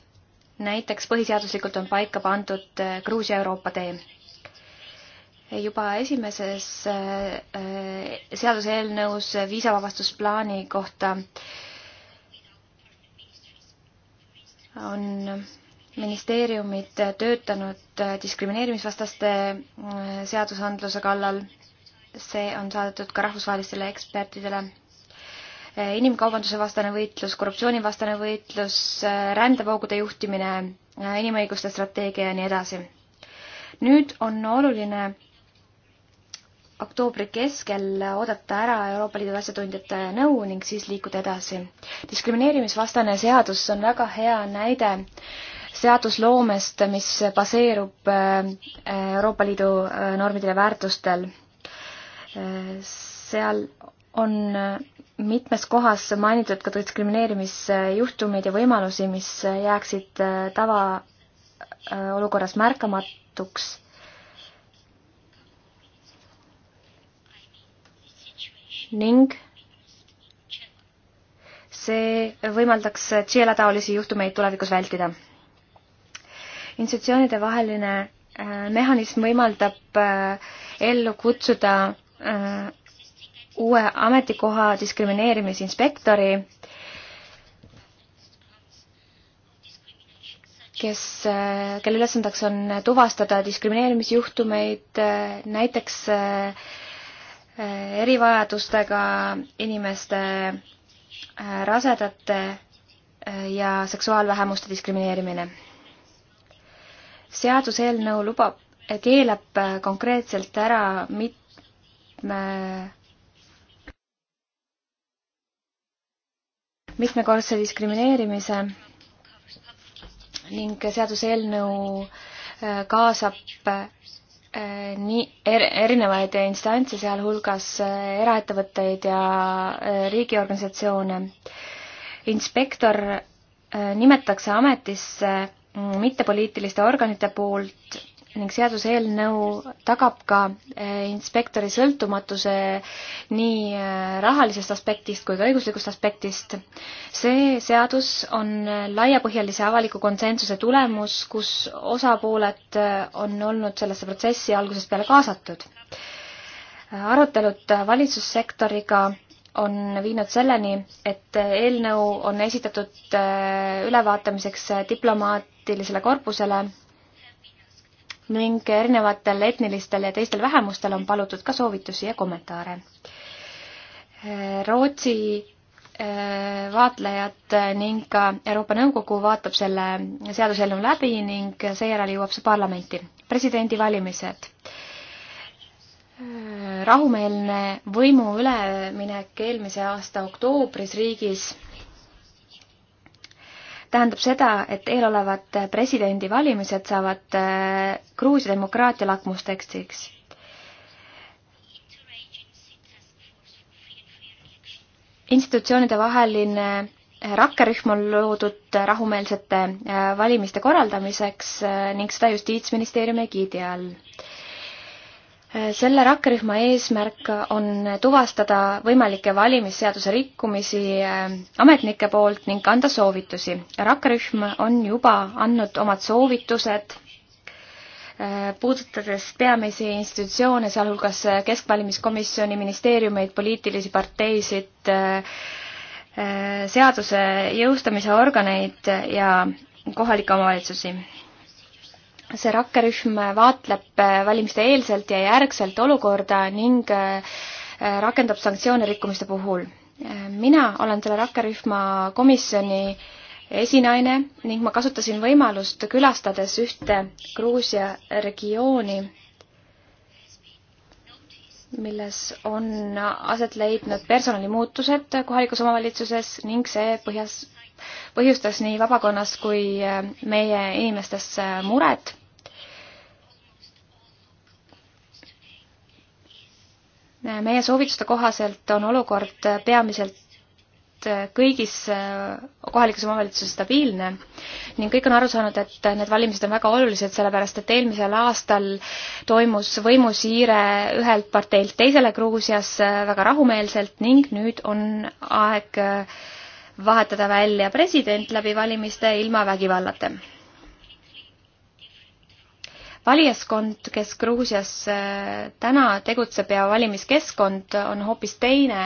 näiteks põhiseaduslikult on paika pandud äh, Gruusia Euroopa tee. juba esimeses äh, seaduseelnõus viisavabastusplaani kohta on ministeeriumid töötanud diskrimineerimisvastaste äh, seadusandluse kallal. see on saadetud ka rahvusvahelistele ekspertidele. Äh, inimkaubanduse vastane võitlus, korruptsioonivastane võitlus, äh, rändevoogude juhtimine, inimõiguste strateegia ja nii edasi. nüüd on oluline oktoobri keskel oodata ära Euroopa Liidu asjatundjate nõu ning siis liikuda edasi. diskrimineerimisvastane seadus on väga hea näide äh, seadusloomest, mis baseerub äh, Euroopa Liidu äh, normidel ja väärtustel. Äh, seal on mitmes kohas mainitud ka diskrimineerimisjuhtumeid ja võimalusi, mis jääksid tavaolukorras märkamatuks. ning see võimaldaks Tšiela taolisi juhtumeid tulevikus vältida institutsioonide vaheline äh, mehhanism võimaldab äh, ellu kutsuda äh, uue ametikoha diskrimineerimisinspektori, kes, kelle ülesandeks on tuvastada diskrimineerimisjuhtumeid näiteks erivajadustega inimeste, rasedate ja seksuaalvähemuste diskrimineerimine seaduseelnõu lubab, keelab konkreetselt ära mitme mitmekordse diskrimineerimise ning seaduseelnõu äh, kaasab äh, nii er, erinevaid instantse, sealhulgas äh, eraettevõtteid ja riigiorganisatsioone. inspektor nimetatakse ametisse mittepoliitiliste organite poolt ning seaduseelnõu tagab ka eh, inspektori sõltumatuse nii eh, rahalisest aspektist kui ka õiguslikust aspektist. see seadus on eh, laiapõhjalise avaliku konsensuse tulemus, kus osapooled on olnud sellesse protsessi algusest peale kaasatud. arutelud valitsussektoriga on viinud selleni, et eelnõu on esitatud ülevaatamiseks diplomaat, poliitilisele korpusele ning erinevatel etnilistel ja teistel vähemustel on palutud ka soovitusi ja kommentaare. Rootsi eh, vaatlejad ning ka Euroopa Nõukogu vaatab selle seaduseelnõu läbi ning seejärel jõuab see parlamenti. presidendivalimised. Eh, rahumeelne võimu üleminek eelmise aasta oktoobris riigis tähendab seda, et eelolevad presidendivalimised saavad äh, Gruusia demokraatia lakmustekstiks. institutsioonide vaheline äh, rakkerühm on loodud äh, rahumeelsete valimiste korraldamiseks ning seda Justiitsministeeriumi egiidi all selle rakkerühma eesmärk on tuvastada võimalikke valimisseaduse rikkumisi äh, ametnike poolt ning anda soovitusi. rakkerühm on juba andnud omad soovitused, äh, puudutades peamisi institutsioone, sealhulgas äh, Keskvalimiskomisjoni, ministeeriumeid, poliitilisi parteisid, seaduse jõustamise organeid ja kohalikke omavalitsusi see rakkerühm vaatleb äh, valimiste eelselt ja järgselt olukorda ning äh, äh, rakendab sanktsioone rikkumiste puhul. mina olen selle rakkerühma komisjoni esinaine ning ma kasutasin võimalust külastades ühte Gruusia regiooni, milles on aset leidnud personalimuutused kohalikus omavalitsuses ning see põhjas, põhjustas nii vabakonnas kui meie inimestes muret. meie soovituste kohaselt on olukord peamiselt kõigis kohalikes omavalitsuses stabiilne ning kõik on aru saanud, et need valimised on väga olulised, sellepärast et eelmisel aastal toimus võimusiire ühelt parteilt teisele Gruusias väga rahumeelselt ning nüüd on aeg vahetada välja president läbi valimiste ilma vägivallata valijaskond, kes Gruusias äh, täna tegutseb ja valimiskeskkond on hoopis teine,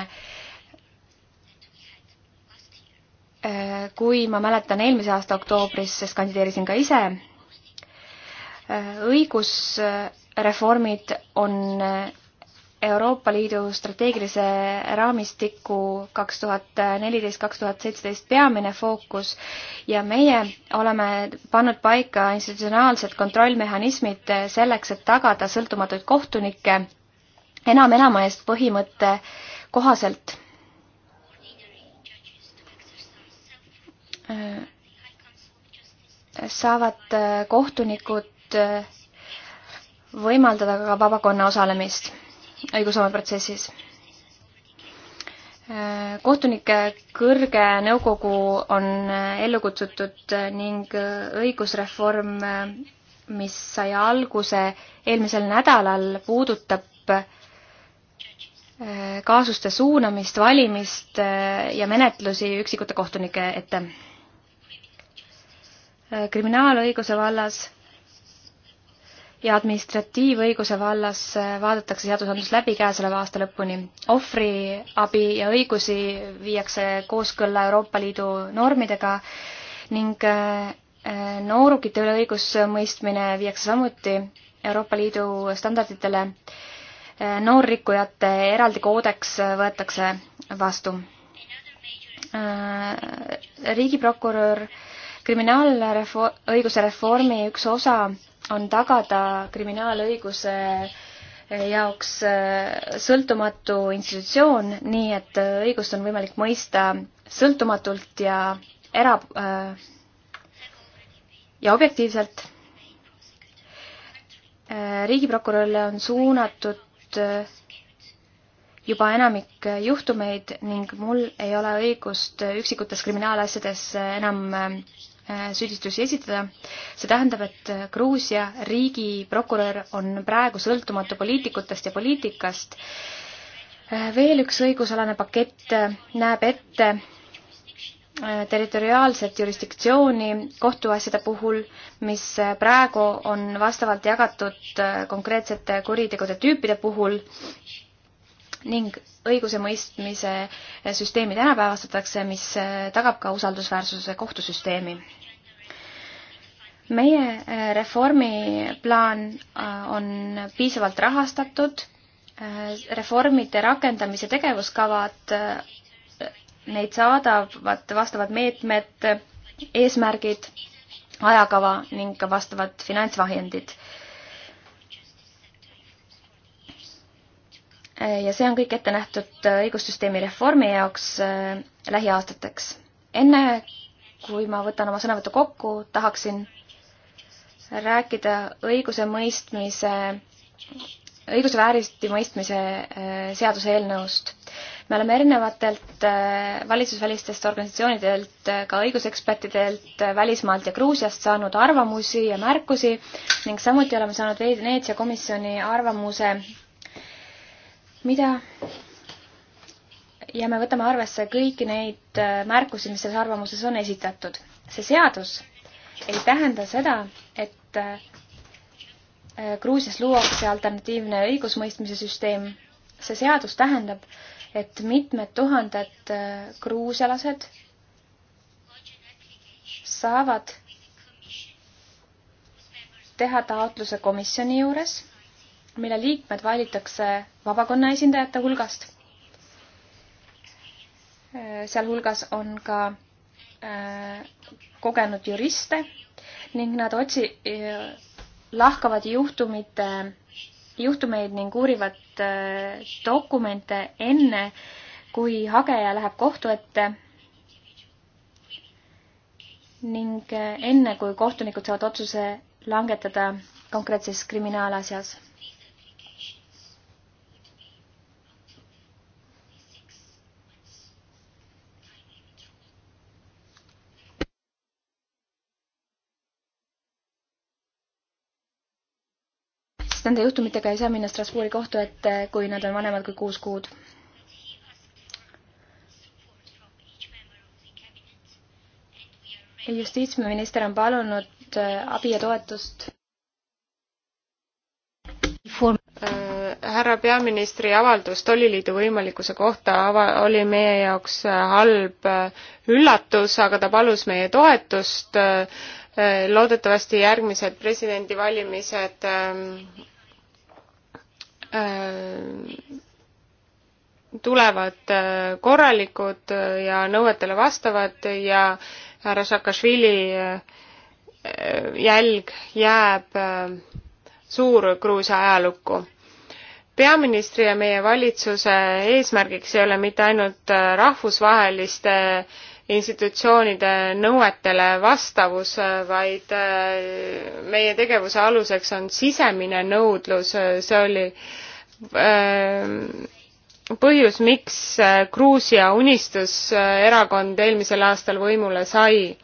äh, kui ma mäletan eelmise aasta oktoobris, sest kandideerisin ka ise. Äh, õigusreformid on Euroopa Liidu strateegilise raamistiku kaks tuhat neliteist, kaks tuhat seitseteist peamine fookus ja meie oleme pannud paika institutsionaalsed kontrollmehhanismid selleks, et tagada sõltumatuid kohtunikke enam enama eest põhimõtte kohaselt saavad kohtunikud võimaldada ka vabakonna osalemist õigusloomeprotsessis. kohtunike kõrge nõukogu on ellu kutsutud ning õigusreform, mis sai alguse eelmisel nädalal, puudutab kaasuste suunamist, valimist ja menetlusi üksikute kohtunike ette. kriminaalõiguse vallas ja administratiivõiguse vallas äh, vaadatakse seadusandlus läbi käesoleva aasta lõpuni. ohvriabi ja õigusi viiakse kooskõlla Euroopa Liidu normidega ning äh, äh, noorukite üle õigusmõistmine viiakse samuti Euroopa Liidu standarditele. noorrikkujate eraldi koodeks võetakse vastu. riigiprokurör kriminaalreform, õiguse reformi üks osa on tagada kriminaalõiguse jaoks äh, sõltumatu institutsioon, nii et äh, õigust on võimalik mõista sõltumatult ja era- äh, ja objektiivselt. riigiprokurörile on suunatud juba enamik juhtumeid ning mul ei ole õigust üksikutes kriminaalasjades enam Äh, süüdistusi esitada. see tähendab, et Gruusia riigiprokurör on praegu sõltumatu poliitikutest ja poliitikast. Äh, veel üks õigusalane pakett äh, näeb ette territoriaalset jurisdiktsiooni kohtuasjade puhul, mis praegu on vastavalt jagatud konkreetsete kuritegude tüüpide puhul ning õigusemõistmise süsteemi tänapäevastatakse, mis tagab ka usaldusväärsuse kohtusüsteemi. meie äh, reformiplaan äh, on piisavalt rahastatud, äh, reformide rakendamise tegevuskavad, neid saadavad vastavad meetmed, eesmärgid, ajakava ning ka vastavad finantsvahendid ja see on kõik ette nähtud äh, õigussüsteemi reformi jaoks äh, lähiaastateks. enne kui ma võtan oma sõnavõtu kokku, tahaksin rääkida õigusemõistmise, õiguse vääristi mõistmise äh, seaduseelnõust. me oleme erinevatelt valitsusvälistest organisatsioonidelt, ka õigusekspertidelt välismaalt ja Gruusiast saanud arvamusi ja märkusi ning samuti oleme saanud Veneetsia komisjoni arvamuse mida ja me võtame arvesse kõiki neid äh, märkusi, mis selles arvamuses on esitatud. see seadus ei tähenda seda, et äh, äh, Gruusias luuakse alternatiivne õigusmõistmise süsteem. see seadus tähendab, et mitmed tuhanded gruusialased saavad teha taotluse komisjoni juures mille liikmed valitakse vabakonna esindajate hulgast. sealhulgas on ka äh, kogenud juriste ning nad otsi-, äh, lahkavad juhtumite, juhtumeid ning uurivad äh, dokumente enne, kui hageja läheb kohtu ette ning enne, kui kohtunikud saavad otsuse langetada konkreetses kriminaalasjas sest nende juhtumitega ei saa minna Strasbourgi kohtu ette, kui nad on vanemad kui kuus kuud. justiitsminister on palunud äh, abi ja toetust härra peaministri avaldus tolliliidu võimalikkuse kohta ava-, oli meie jaoks äh, halb äh, üllatus, aga ta palus meie toetust. loodetavasti järgmised presidendivalimised ähm, Äh, tulevad äh, korralikud äh, ja nõuetele vastavad ja härra Saakašvili jälg jääb Suur-Gruusia ajalukku. peaministri ja meie valitsuse eesmärgiks ei ole mitte ainult rahvusvaheliste äh, institutsioonide nõuetele vastavus, vaid äh, meie tegevuse aluseks on sisemine nõudlus, see oli äh, põhjus, miks äh, Gruusia Unistuserakond eelmisel aastal võimule sai.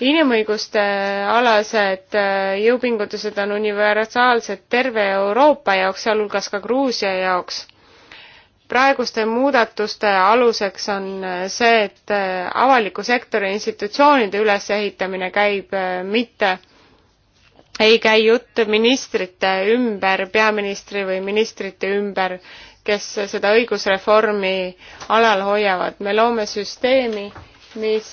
inimõiguste alased jõupingutused on universaalsed terve Euroopa jaoks, sealhulgas ka Gruusia jaoks praeguste muudatuste aluseks on äh, see, et äh, avaliku sektori institutsioonide ülesehitamine käib äh, mitte ei käi jutt ministrite ümber, peaministri või ministrite ümber, kes seda õigusreformi alal hoiavad. me loome süsteemi, mis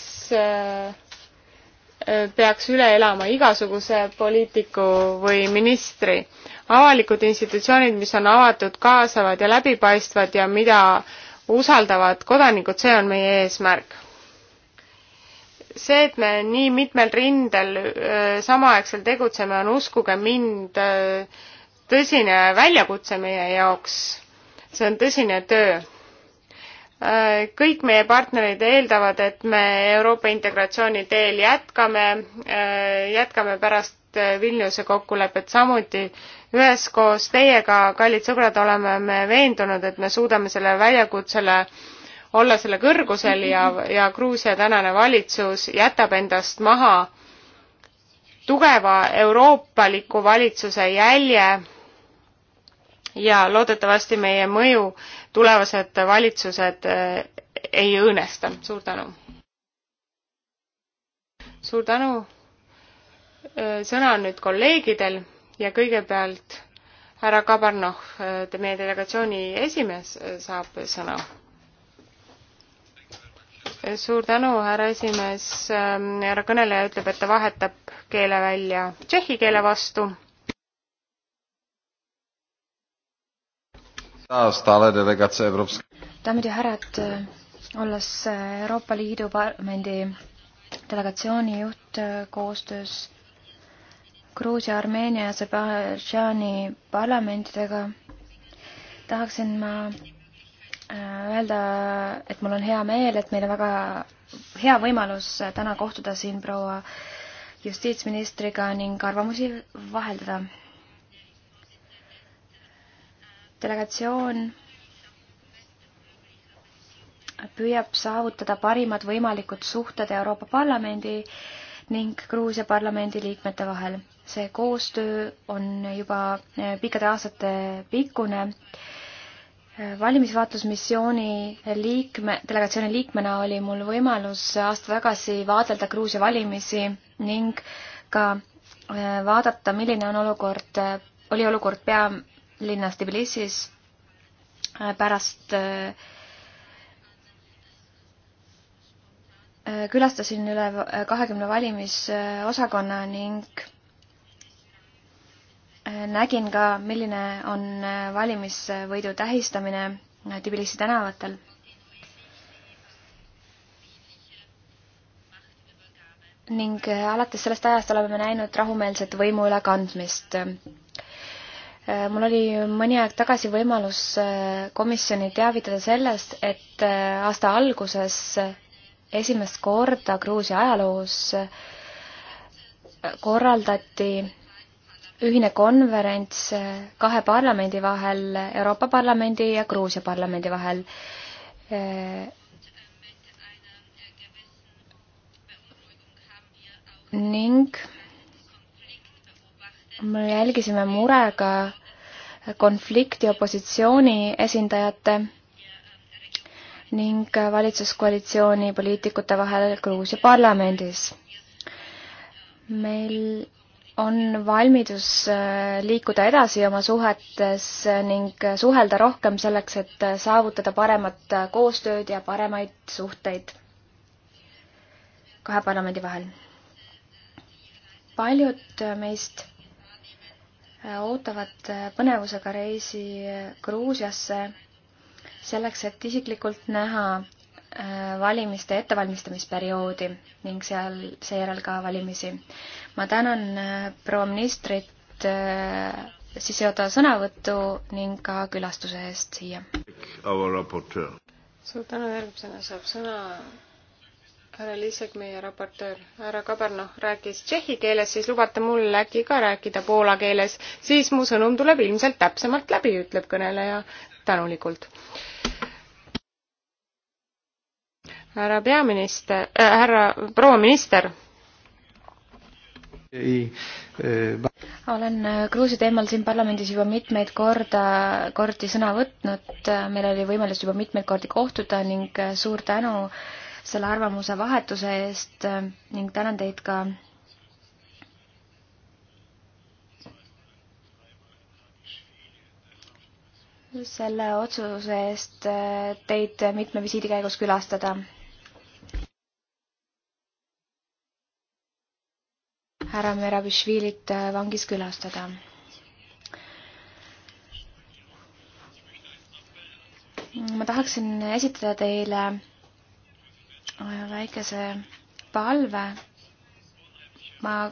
peaks üle elama igasuguse poliitiku või ministri avalikud institutsioonid, mis on avatud, kaasavad ja läbipaistvad ja mida usaldavad kodanikud, see on meie eesmärk. see, et me nii mitmel rindel samaaegselt tegutseme, on uskuge mind tõsine väljakutse meie jaoks. see on tõsine töö kõik meie partnerid eeldavad, et me Euroopa integratsiooni teel jätkame, jätkame pärast Vilniuse kokkulepet samuti üheskoos teiega, kallid sõbrad, oleme me veendunud, et me suudame sellele väljakutsele olla selle kõrgusel ja, ja Gruusia tänane valitsus jätab endast maha tugeva euroopaliku valitsuse jälje ja loodetavasti meie mõju tulevased valitsused eh, ei õõnesta. suur tänu! suur tänu! Eh, sõna on nüüd kolleegidel ja kõigepealt härra Kabarnov, meie delegatsiooni esimees, saab sõna. suur tänu, härra esimees, ähm, härra kõneleja ütleb, et ta vahetab keele välja tšehhi keele vastu. daamid ja härrad, olles Euroopa Liidu Parlamendi delegatsiooni juht äh, koostöös Gruusia, Armeenia ja Aserbaidžaani parlamentidega, tahaksin ma äh, öelda, et mul on hea meel, et meil on väga hea võimalus äh, täna kohtuda siin proua justiitsministriga ning arvamusi vaheldada. delegatsioon püüab saavutada parimad võimalikud suhted Euroopa Parlamendi äh, ning Gruusia parlamendi liikmete vahel. see koostöö on juba eh, pikkade aastate pikkune. Eh, valimisvaatlusmissiooni liikme, delegatsiooni liikmena oli mul võimalus aasta tagasi vaadelda Gruusia valimisi ning ka eh, vaadata, milline on olukord, oli olukord pealinnas Tbilisis pärast äh, Äh, külastasin üle äh, kahekümne valimisosakonna ning äh, nägin ka, milline on valimisvõidu tähistamine Tbilisi tänavatel ning alates sellest ajast oleme näinud rahumeelset võimu ülekandmist. mul oli mõni aeg tagasi võimalus komisjoni teavitada sellest, et aasta alguses esimest korda Gruusia ajaloos korraldati ühine konverents kahe parlamendi vahel, Euroopa Parlamendi ja Gruusia parlamendi vahel. ning me jälgisime murega konflikti opositsiooni esindajate ning valitsuskoalitsiooni poliitikute vahel Gruusia parlamendis. meil on valmidus äh, liikuda edasi oma suhetes ning suhelda rohkem selleks, et saavutada paremat koostööd ja paremaid suhteid kahe parlamendi vahel. paljud meist äh, ootavad äh, põnevusega reisi Gruusiasse selleks, et isiklikult näha äh, valimiste ettevalmistamisperioodi ning seal seejärel ka valimisi. ma tänan äh, proua ministrit äh, sissejuhatava sõnavõtu ning ka külastuse eest siia. suur tänu, järgmisena saab sõna härra Liisek, meie raportöör. härra Kaberno rääkis tšehhi keeles, siis lubate mul äkki ka rääkida poola keeles, siis mu sõnum tuleb ilmselt täpsemalt läbi, ütleb kõneleja tänulikult. härra peaminister äh,, härra proua minister ei äh, olen äh, Gruusia teemal siin parlamendis juba mitmeid korda, kordi sõna võtnud, meil oli võimalus juba mitmeid kordi kohtuda ning äh, suur tänu selle arvamuse vahetuse eest ning tänan teid ka selle otsuse eest äh, teid mitme visiidi käigus külastada. härra Merabišvilit äh, vangis külastada. ma tahaksin esitada teile äh, väikese palve. ma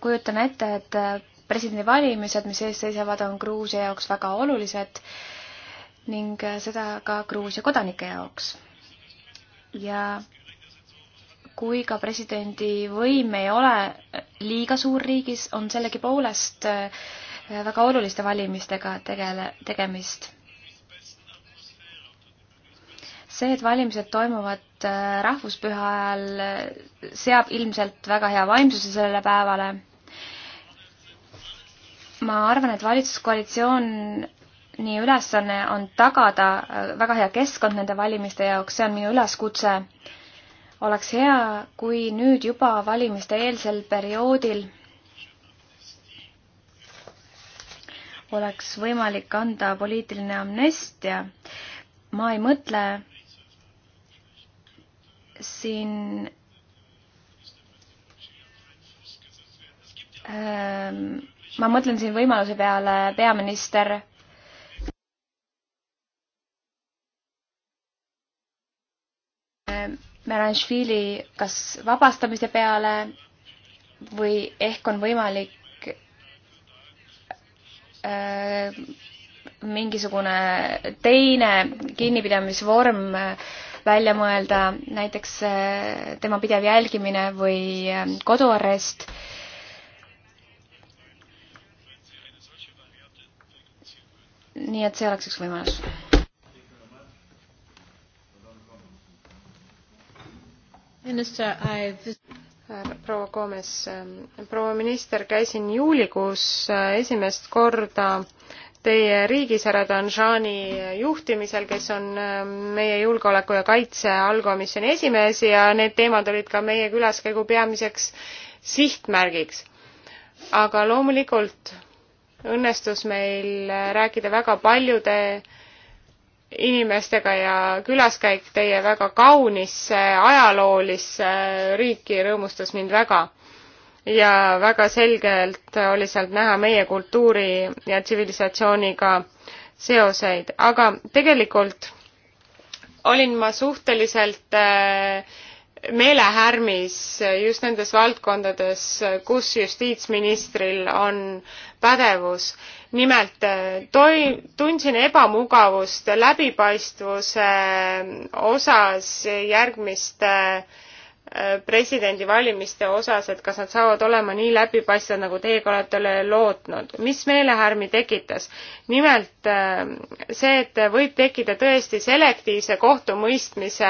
kujutan ette, et presidendivalimised, mis ees seisavad, on Gruusia jaoks väga olulised ning seda ka Gruusia kodanike jaoks. ja kui ka presidendi võim ei ole liiga suur riigis, on sellegipoolest äh, väga oluliste valimistega tegele, tegemist. see, et valimised toimuvad äh, rahvuspüha ajal, äh, seab ilmselt väga hea vaimsuse sellele päevale ma arvan, et valitsuskoalitsiooni ülesanne on tagada äh, väga hea keskkond nende valimiste jaoks, see on minu üleskutse. oleks hea, kui nüüd juba valimiste eelsel perioodil oleks võimalik anda poliitiline amnestia. ma ei mõtle siin ähm, ma mõtlen siin võimaluse peale, peaminister Meranšvili kas vabastamise peale või ehk on võimalik äh, mingisugune teine kinnipidamisvorm äh, välja mõelda, näiteks äh, tema pidev jälgimine või äh, koduarest äh, nii et see oleks üks võimalus. minister, I proua Gomes, ähm, proua minister, käisin juulikuus äh, esimest korda teie riigis härra Danjani juhtimisel, kes on ähm, meie julgeoleku ja kaitse allkomisjoni esimees ja need teemad olid ka meie külaskäigu peamiseks sihtmärgiks. aga loomulikult õnnestus meil rääkida väga paljude inimestega ja külaskäik teie väga kaunisse ajaloolisse riiki rõõmustas mind väga. ja väga selgelt oli sealt näha meie kultuuri ja tsivilisatsiooniga seoseid, aga tegelikult olin ma suhteliselt äh, meelehärmis just nendes valdkondades, kus justiitsministril on pädevus. nimelt eh, toi-, tundsin ebamugavust läbipaistvuse osas järgmiste eh, presidendivalimiste osas, et kas nad saavad olema nii läbipaistvad, nagu teiega olete lootnud. mis meelehärmi tekitas? nimelt eh, see, et võib tekkida tõesti selektiivse kohtumõistmise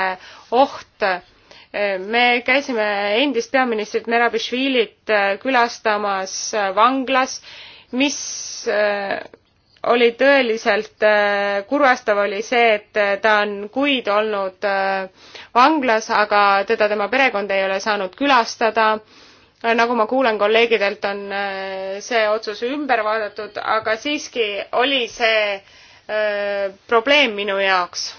oht me käisime endist peaministrit Merabišvilit äh, külastamas äh, vanglas, mis äh, oli tõeliselt kurvastav, oli see, et ta on kuid olnud vanglas, aga teda tema perekond ei ole saanud külastada. nagu ma kuulen kolleegidelt, on see otsus ümber vaadatud, aga siiski oli see probleem minu jaoks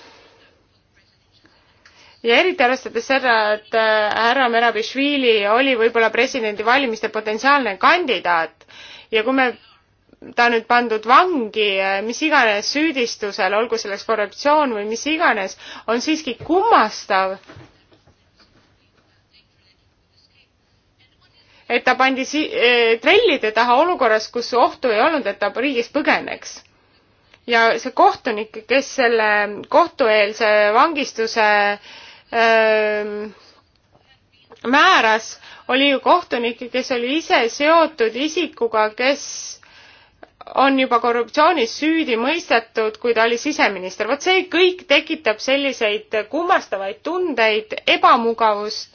ja eriti arvestades seda, et äh, härra Merabišvili oli võib-olla presidendivalimiste potentsiaalne kandidaat ja kui me ta nüüd pandud vangi äh, mis iganes süüdistusel, olgu selleks korruptsioon või mis iganes, on siiski kummastav, et ta pandi si-, äh, trellide taha olukorras, kus ohtu ei olnud, et ta riigist põgeneks ja see kohtunik, kes selle kohtueelse vangistuse äh, öö, ähm, määras, oli ju kohtunik, kes oli ise seotud isikuga, kes on juba korruptsioonis süüdi mõistetud, kui ta oli siseminister. vot see kõik tekitab selliseid kummastavaid tundeid, ebamugavust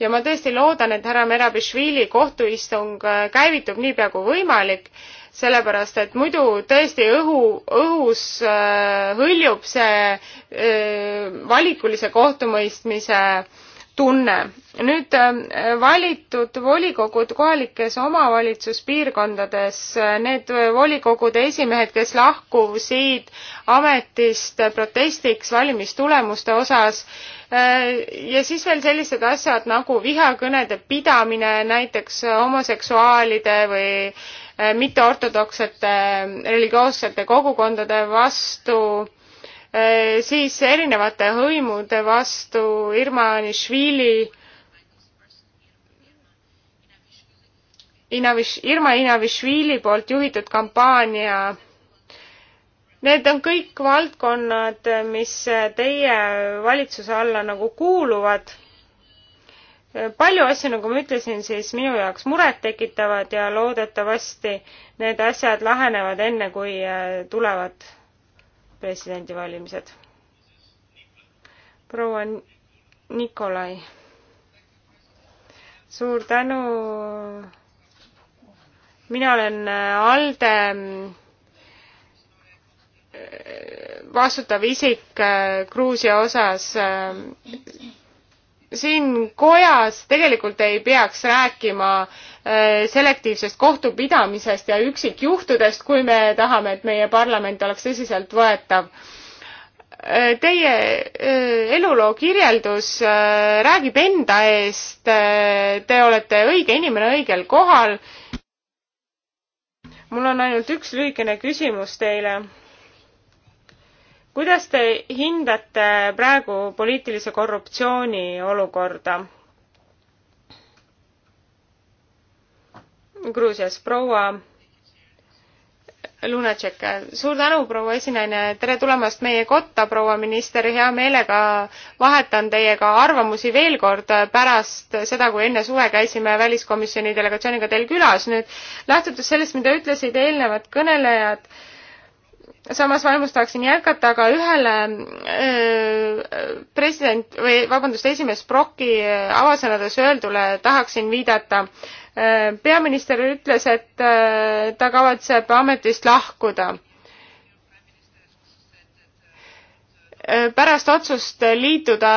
ja ma tõesti loodan, et härra Merabišvili kohtuistung äh, käivitub niipea kui võimalik sellepärast et muidu tõesti õhu, õhus äh, hõljub see äh, valikulise kohtumõistmise tunne. nüüd äh, valitud volikogud kohalikes omavalitsuspiirkondades, äh, need volikogude esimehed, kes lahkusid ametist protestiks valimistulemuste osas, äh, ja siis veel sellised asjad nagu vihakõnede pidamine näiteks homoseksuaalide või äh, Äh, mitteortodoksete äh, religioossete kogukondade vastu, äh, siis erinevate hõimude vastu, Irmanišvili, Inaviš-, Irma Inavišvili poolt juhitud kampaania need on kõik valdkonnad, mis teie valitsuse alla nagu kuuluvad palju asju, nagu ma ütlesin, siis minu jaoks muret tekitavad ja loodetavasti need asjad lahenevad enne, kui äh, tulevad presidendivalimised. proua Nikolai, suur tänu. mina olen äh, ALDE mm, äh, vastutav isik Gruusia osas siin kojas tegelikult ei peaks rääkima äh, selektiivsest kohtupidamisest ja üksikjuhtudest, kui me tahame, et meie parlament oleks tõsiseltvõetav. Äh, teie äh, eluloo kirjeldus räägib enda eest, te olete õige inimene õigel kohal. mul on ainult üks lühikene küsimus teile kuidas te hindate praegu poliitilise korruptsiooni olukorda Gruusias? proua Lunatšek, suur tänu, proua esinaine, tere tulemast meie kotta, proua minister, hea meelega vahetan teiega arvamusi veel kord pärast seda, kui enne suve käisime väliskomisjoni delegatsiooniga teil külas. nüüd lähtudes sellest, mida ütlesid eelnevad kõnelejad äh,, samas vaimus tahaksin jätkata, aga ühele öö, president või vabandust, esimees Brocki avasõnades öeldule tahaksin viidata. peaminister ütles, et öö, ta kavatseb ametist lahkuda. pärast otsust liituda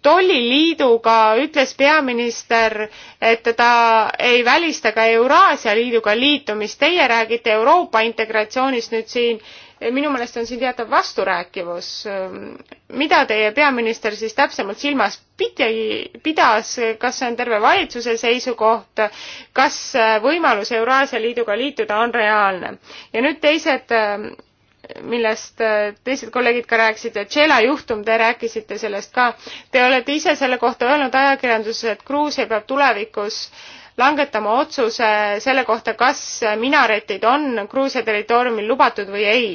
tolliliiduga ütles peaminister, et ta ei välista ka Euraasia Liiduga liitumist. Teie räägite Euroopa integratsioonist nüüd siin. minu meelest on siin teatav vasturääkivus. mida teie peaminister siis täpsemalt silmas pidi, pidas, kas see on terve valitsuse seisukoht, kas võimalus Euraasia Liiduga liituda on reaalne? ja nüüd teised millest äh, teised kolleegid ka rääkisid, Tšela juhtum, te rääkisite sellest ka. Te olete ise selle kohta öelnud ajakirjanduses, et Gruusia peab tulevikus langetama otsuse selle kohta, kas minaretid on Gruusia territooriumil lubatud või ei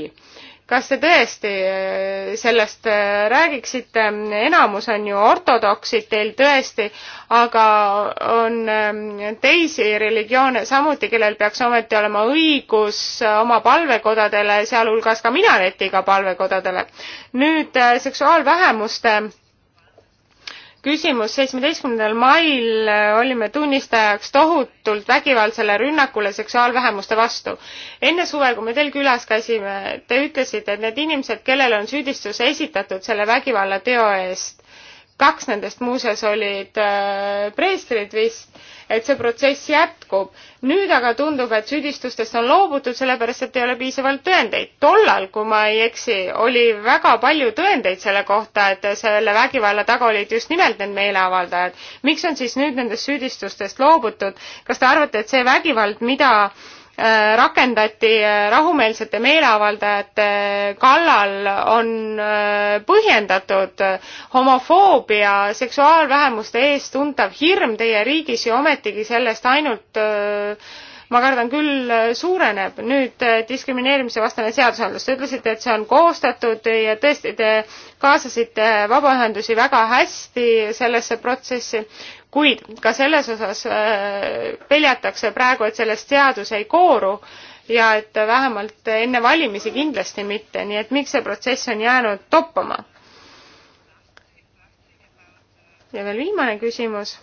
kas te tõesti äh, sellest äh, räägiksite, enamus on ju ortodoksid teil tõesti, aga on ähm, teisi religioone samuti, kellel peaks ometi olema õigus äh, oma palvekodadele, sealhulgas ka minaretiga palvekodadele. nüüd seksuaalvähemuste küsimus, seitsmeteistkümnendal mail äh, olime tunnistajaks tohutult vägivaldsele rünnakule seksuaalvähemuste vastu. enne suve, kui me teil külas käisime, te ütlesite, et need inimesed, kellele on süüdistus esitatud selle vägivallateo eest, kaks nendest muuseas olid äh, preestrid vist, et see protsess jätkub. nüüd aga tundub, et süüdistustest on loobutud, sellepärast et ei ole piisavalt tõendeid. tollal, kui ma ei eksi, oli väga palju tõendeid selle kohta, et selle vägivalla taga olid just nimelt need meeleavaldajad. miks on siis nüüd nendest süüdistustest loobutud? kas te arvate, et see vägivald, mida Äh, rakendati äh, rahumeelsete meeleavaldajate kallal, on äh, põhjendatud homofoobia, seksuaalvähemuste ees tuntav hirm teie riigis ja ometigi sellest ainult ma kardan küll, suureneb. nüüd diskrimineerimise vastane seadusandlus, te ütlesite, et see on koostatud ja tõesti, te kaasasite vabaühendusi väga hästi sellesse protsessi kuid ka selles osas äh, peljatakse praegu, et sellest seadus ei kooru ja et vähemalt enne valimisi kindlasti mitte, nii et miks see protsess on jäänud toppama? ja veel viimane küsimus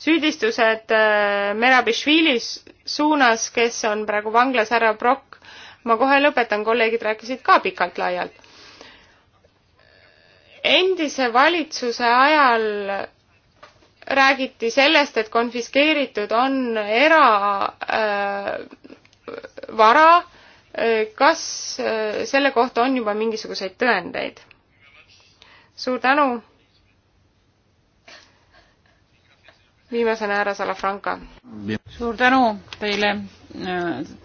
süüdistused äh, Merabišvili suunas, kes on praegu vanglas, härra Brock. ma kohe lõpetan, kolleegid rääkisid ka pikalt-laialt endise valitsuse ajal räägiti sellest, et konfiskeeritud on eravara äh,, kas äh, selle kohta on juba mingisuguseid tõendeid? suur tänu. viimasena härra Salafranca. suur tänu teile.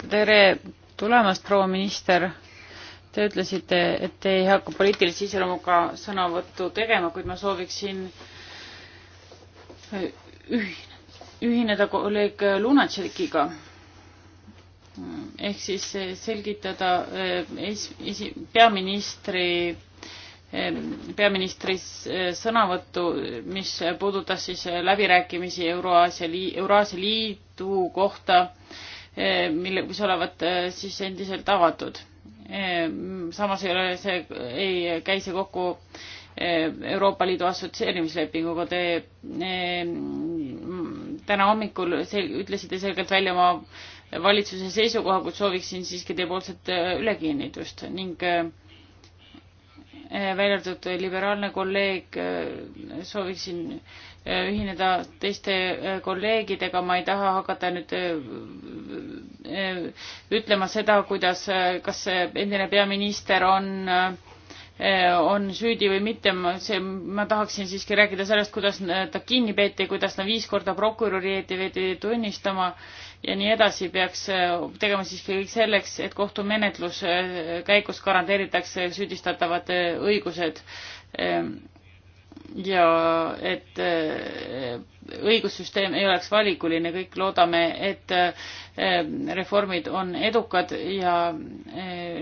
tere tulemast, proua minister Te ütlesite, et te ei hakka poliitilise iseloomuga sõnavõttu tegema, kuid ma sooviksin äh, ühineda kolleeg Lunatšekiga ehk siis äh, selgitada äh, peaministri, peaministri sõnavõttu, mis puudutas siis läbirääkimisi Euroaasia Liidu, Euraasia Liidu kohta, mille, mis olevat siis endiselt avatud Ehm, samas ei ole see, ei käi see kokku ehm, Euroopa Liidu assotsieerimislepinguga. Te ehm, täna hommikul ütlesite selgelt välja oma valitsuse seisukoha, kuid sooviksin siiski teiepoolset äh, ülekinnitust ning äh, Eh, välja arvatud eh, liberaalne kolleeg, eh, sooviksin ühineda teiste kolleegidega, ma ei taha hakata nüüd ütlema seda, kuidas, kas endine peaminister on, on süüdi või mitte, ma, see, ma tahaksin siiski rääkida sellest, kuidas ta kinni peeti, kuidas ta viis korda prokuröri eeti, veeti tunnistama äh, ja nii edasi, peaks äh, tegema siiski kõik selleks, et kohtumenetlus äh, käigus garanteeritakse süüdistatavate äh, õigused ähm, ja et õigussüsteem ei oleks valikuline, kõik loodame, et reformid on edukad ja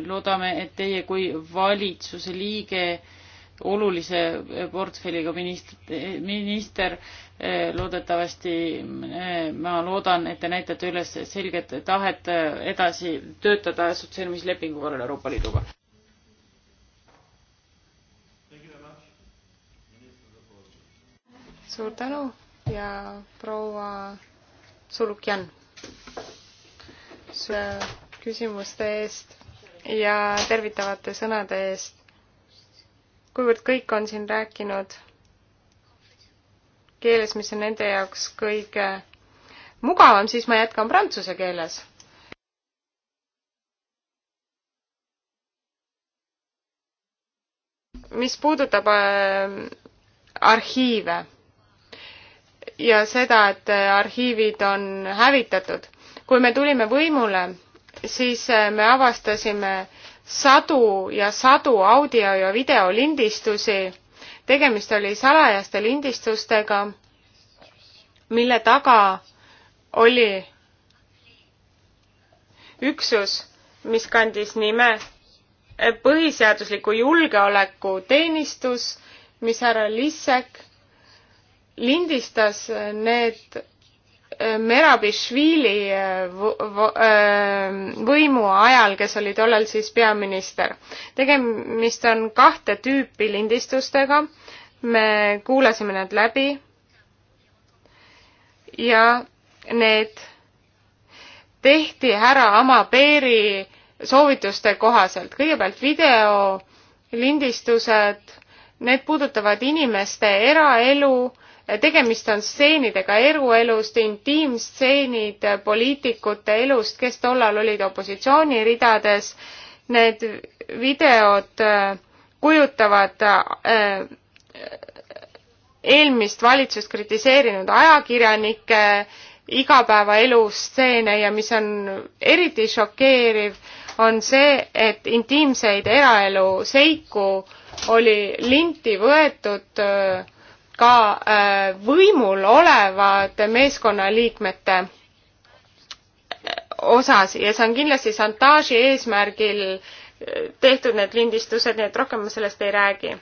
loodame, et teie kui valitsuse liige olulise portfelliga minister, minister Eh, loodetavasti eh, ma loodan, et te näitate üles selget tahet eh, edasi töötada sotsiaalmislepingu korral Euroopa Liiduga. suur tänu ja proua Sulukjan küsimuste eest ja tervitavate sõnade eest. kuivõrd kõik on siin rääkinud keeles, mis on nende jaoks kõige mugavam, siis ma jätkan prantsuse keeles mis puudutab äh, arhiive ja seda, et äh, arhiivid on hävitatud. kui me tulime võimule, siis äh, me avastasime sadu ja sadu audio ja videolindistusi tegemist oli salajaste lindistustega, mille taga oli üksus, mis kandis nime eh, põhiseadusliku julgeoleku teenistus, mis härra Lissek lindistas need eh, Merabišvili eh, võimu ajal, kes oli tollal siis peaminister. tegemist on kahte tüüpi lindistustega me kuulasime nad läbi ja need tehti ära Amapeeri soovituste kohaselt. kõigepealt videolindistused, need puudutavad inimeste eraelu, tegemist on stseenidega eruelust, intiimstseenid poliitikute elust, kes tollal olid opositsiooniridades. Need videod kujutavad äh, eelmist valitsust kritiseerinud ajakirjanike igapäevaelu stseene ja mis on eriti šokeeriv, on see, et intiimseid eraelu seiku oli linti võetud äh, ka äh, võimul olevate meeskonnaliikmete äh, osas ja see on kindlasti šantaaži eesmärgil tehtud, need lindistused, nii et rohkem ma sellest ei räägi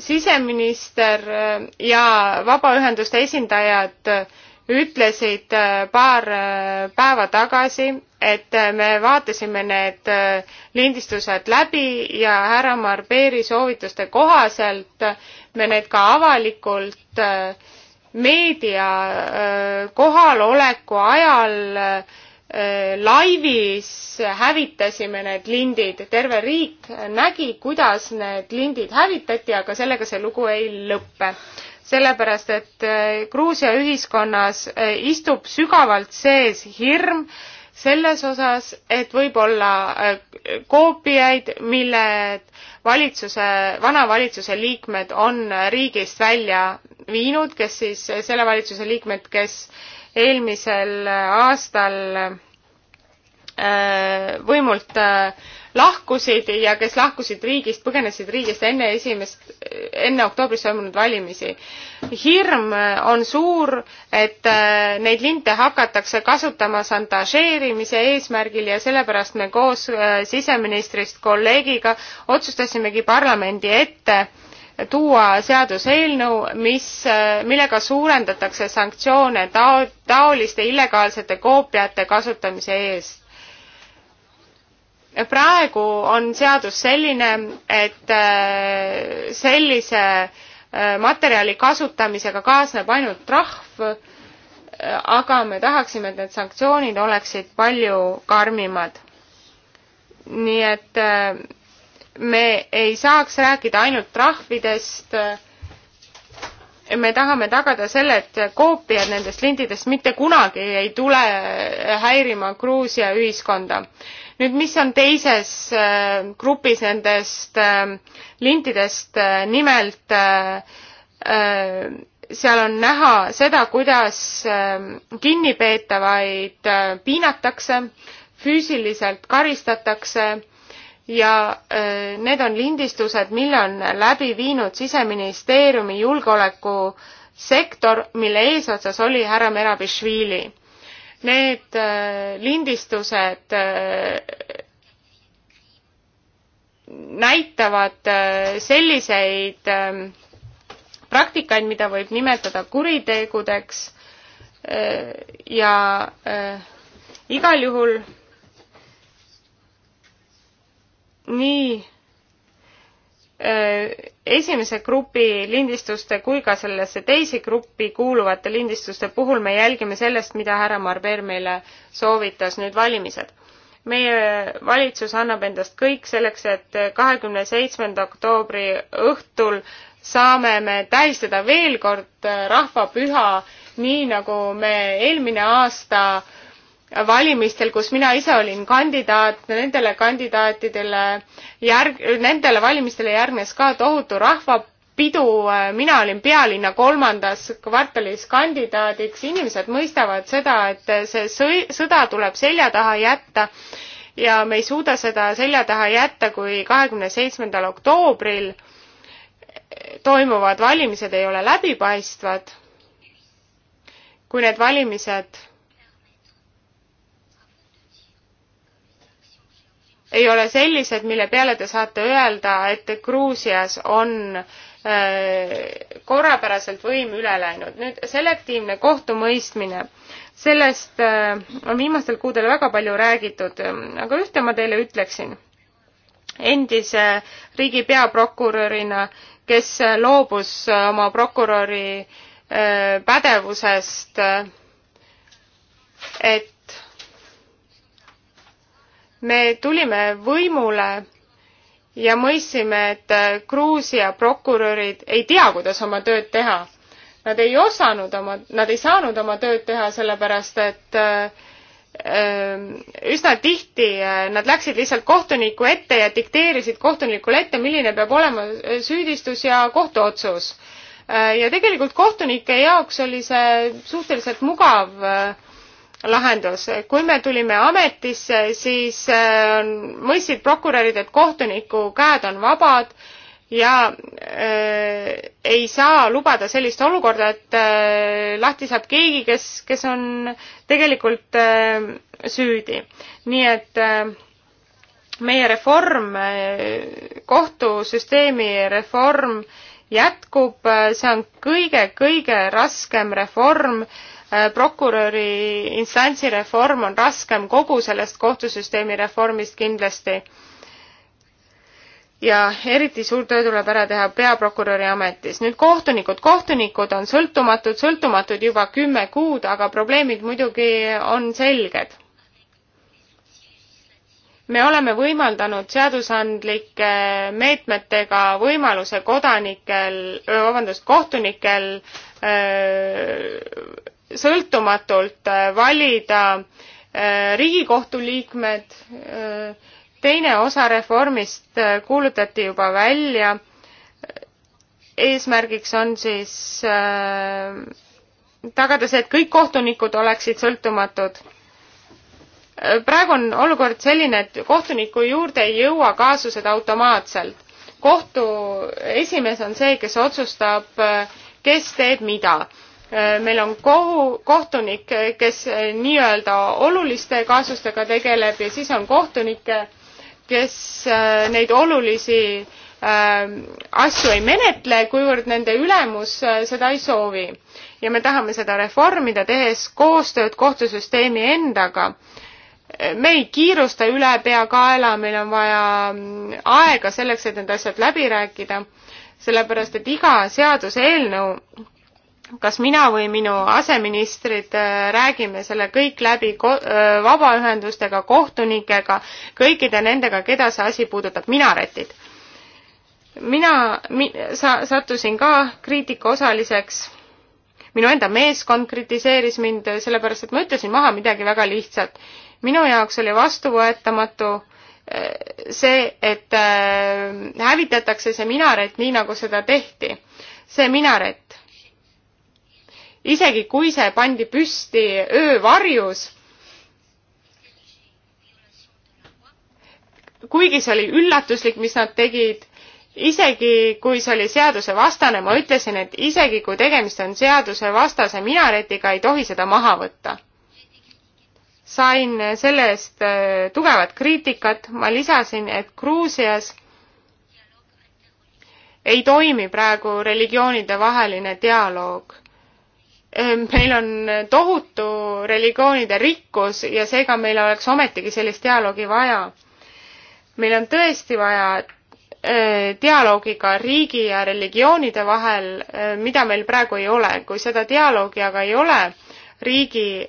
siseminister äh, ja vabaühenduste esindajad äh, ütlesid äh, paar päeva tagasi, et me vaatasime need lindistused läbi ja härra Marbeeri soovituste kohaselt me need ka avalikult meedia kohaloleku ajal laivis hävitasime need lindid, terve riik nägi, kuidas need lindid hävitati, aga sellega see lugu ei lõppe. sellepärast, et eh, Gruusia ühiskonnas eh, istub sügavalt sees hirm selles osas, et võib olla eh, koopiaid, mille valitsuse, vana valitsuse liikmed on riigist välja viinud, kes siis, selle valitsuse liikmed, kes äh, eelmisel aastal äh, võimult äh, lahkusid ja kes lahkusid riigist, põgenesid riigist enne esimest, enne oktoobris toimunud valimisi. hirm on suur, et äh, neid linte hakatakse kasutama šantažeerimise eesmärgil ja sellepärast me koos siseministrist kolleegiga otsustasimegi parlamendi ette tuua seaduseelnõu, mis, millega suurendatakse sanktsioone tao-, taoliste illegaalsete koopiate kasutamise eest. praegu on seadus selline, et äh, sellise äh, materjali kasutamisega kaasneb ainult trahv, äh, aga me tahaksime, et need sanktsioonid oleksid palju karmimad. nii et me ei saaks rääkida ainult trahvidest, me tahame tagada selle, et koopiad nendest lindidest mitte kunagi ei tule häirima Gruusia ühiskonda. nüüd, mis on teises äh, grupis nendest äh, lintidest, äh, nimelt seal on näha seda, kuidas kinnipeetavaid piinatakse, füüsiliselt karistatakse ja äh, need on lindistused, mille on läbi viinud Siseministeeriumi julgeolekusektor, mille eesotsas oli härra Merabišvili. Need äh, lindistused äh, näitavad selliseid ähm, praktikaid, mida võib nimetada kuritegudeks ja igal juhul nii äh, esimese grupi lindistuste kui ka sellesse teise gruppi kuuluvate lindistuste puhul me jälgime sellest, mida härra Marber meile soovitas, nüüd valimised. meie valitsus annab endast kõik selleks, et kahekümne seitsmenda oktoobri õhtul saame me tähistada veel kord äh, rahvapüha, nii nagu me eelmine aasta äh, valimistel, kus mina ise olin kandidaat, nendele kandidaatidele järg-, nendele valimistele järgnes ka tohutu rahvapidu, mina olin pealinna kolmandas kvartalis kandidaadiks, inimesed mõistavad seda, et see sõi-, sõda tuleb selja taha jätta ja me ei suuda seda selja taha jätta, kui kahekümne seitsmendal oktoobril toimuvad valimised ei ole läbipaistvad, kui need valimised ei ole sellised, mille peale te saate öelda, et Gruusias on äh, korrapäraselt võim üle läinud. nüüd selektiivne kohtumõistmine, sellest äh, on viimastel kuudel väga palju räägitud, ähm, aga ühte ma teile ütleksin. endise riigi peaprokurörina, kes loobus äh, oma prokuröri pädevusest, et me tulime võimule ja mõistsime, et äh, Gruusia prokurörid ei tea, kuidas oma tööd teha. Nad ei osanud oma, nad ei saanud oma tööd teha, sellepärast et äh, äh, üsna tihti nad läksid lihtsalt kohtuniku ette ja dikteerisid kohtunikule ette, milline peab olema süüdistus ja kohtuotsus. ja tegelikult kohtunike jaoks oli see suhteliselt mugav äh, lahendus. kui me tulime ametisse, siis äh, mõistsid prokurörid, et kohtuniku käed on vabad ja äh, ei saa lubada sellist olukorda, et äh, lahti saab keegi, kes, kes on tegelikult äh, süüdi. nii et äh, meie reform äh,, kohtusüsteemi reform jätkub äh,, see on kõige-kõige raskem reform äh, Äh, prokuröri instantsireform on raskem kogu sellest kohtusüsteemi reformist kindlasti. ja eriti suur töö tuleb ära teha peaprokuröri ametis. nüüd kohtunikud. kohtunikud on sõltumatud, sõltumatud juba kümme kuud, aga probleemid muidugi on selged me oleme võimaldanud seadusandlike meetmetega võimaluse kodanikel, vabandust, kohtunikel öö, äh, sõltumatult äh, valida äh, Riigikohtu liikmed, äh, teine osa reformist kuulutati juba välja, eesmärgiks on siis tagada see, et kõik kohtunikud oleksid sõltumatud. praegu on olukord selline, et kohtuniku juurde ei jõua kaasused automaatselt. kohtu esimees on see, kes otsustab, kes teeb mida Äh, meil on kohu, kohtunik, äh, kes äh, nii-öelda oluliste kaasustega tegeleb ja siis on kohtunikke, kes neid olulisi ähm, asju ei menetle, kuivõrd nende ülemus seda ei soovi. ja me tahame seda reformida, tehes koostööd kohtusüsteemi endaga. me ei kiirusta üle peakaela, meil on vaja mm, aega selleks, et need asjad läbi rääkida, sellepärast et iga seaduseelnõu no, kas mina või minu aseministrid äh, räägime selle kõik läbi ko äh, vabaühendustega, kohtunikega, kõikide nendega, keda see asi puudutab, minaretid. mina mi, sa, sattusin ka kriitika osaliseks. minu enda meeskond kritiseeris mind sellepärast, et ma ütlesin maha midagi väga lihtsat. minu jaoks oli vastuvõetamatu äh, see, et hävitatakse see minaret nii, nagu seda tehti. see minaret, isegi kui see pandi püsti öövarjus, kuigi see oli üllatuslik, mis nad tegid, isegi kui see oli seadusevastane, ma ütlesin, et isegi kui tegemist on seadusevastase minaretiga, ei tohi seda maha võtta. sain selle eest äh, tugevat kriitikat, ma lisasin, et Gruusias ei toimi praegu religioonide vaheline dialoog. Ehm, meil on tohutu religioonide rikkus ja seega meil oleks ometigi sellist dialoogi vaja. meil on tõesti vaja eh, dialoogiga riigi ja religioonide vahel, eh, mida meil praegu ei ole. kui seda dialoogi aga ei ole riigi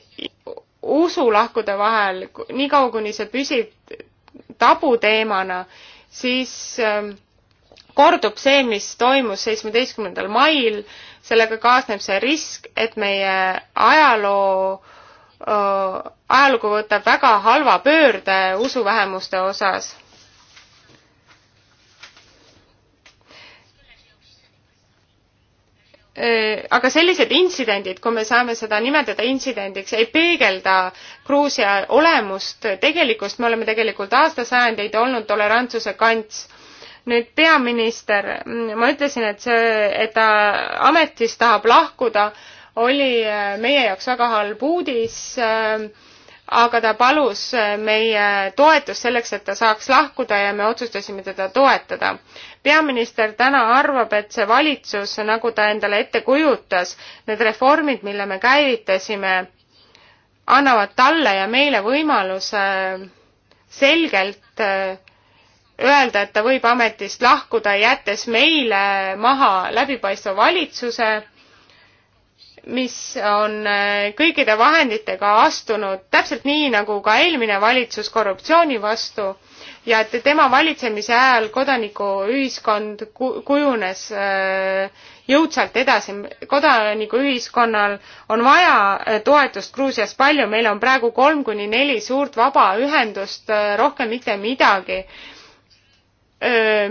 usulahkude vahel, niikaua kuni see püsib tabuteemana, siis ehm, kordub see, mis toimus seitsmeteistkümnendal mail äh, sellega kaasneb see risk, et meie ajaloo ajalugu võtab väga halva pöörde usuvähemuste osas aga sellised intsidendid, kui me saame seda nimetada intsidendiks, ei peegelda Gruusia olemust, tegelikkust, me oleme tegelikult aastasajandeid olnud tolerantsuse kants nüüd peaminister, ma ütlesin, et see, et ta ametist tahab lahkuda, oli äh, meie jaoks väga halb uudis, äh, aga ta palus äh, meie toetust selleks, et ta saaks lahkuda ja me otsustasime teda toetada. peaminister täna arvab, et see valitsus, nagu ta endale ette kujutas, need reformid, mille me käivitasime, annavad talle ja meile võimaluse selgelt öelda, et ta võib ametist lahkuda, jättes meile maha läbipaistva valitsuse, mis on äh, kõikide vahenditega astunud täpselt nii, nagu ka eelmine valitsus korruptsiooni vastu ja et tema valitsemise ajal kodanikuühiskond kujunes äh, jõudsalt edasi. kodanikuühiskonnal on vaja äh, toetust Gruusias palju, meil on praegu kolm kuni neli suurt vabaühendust, rohkem mitte midagi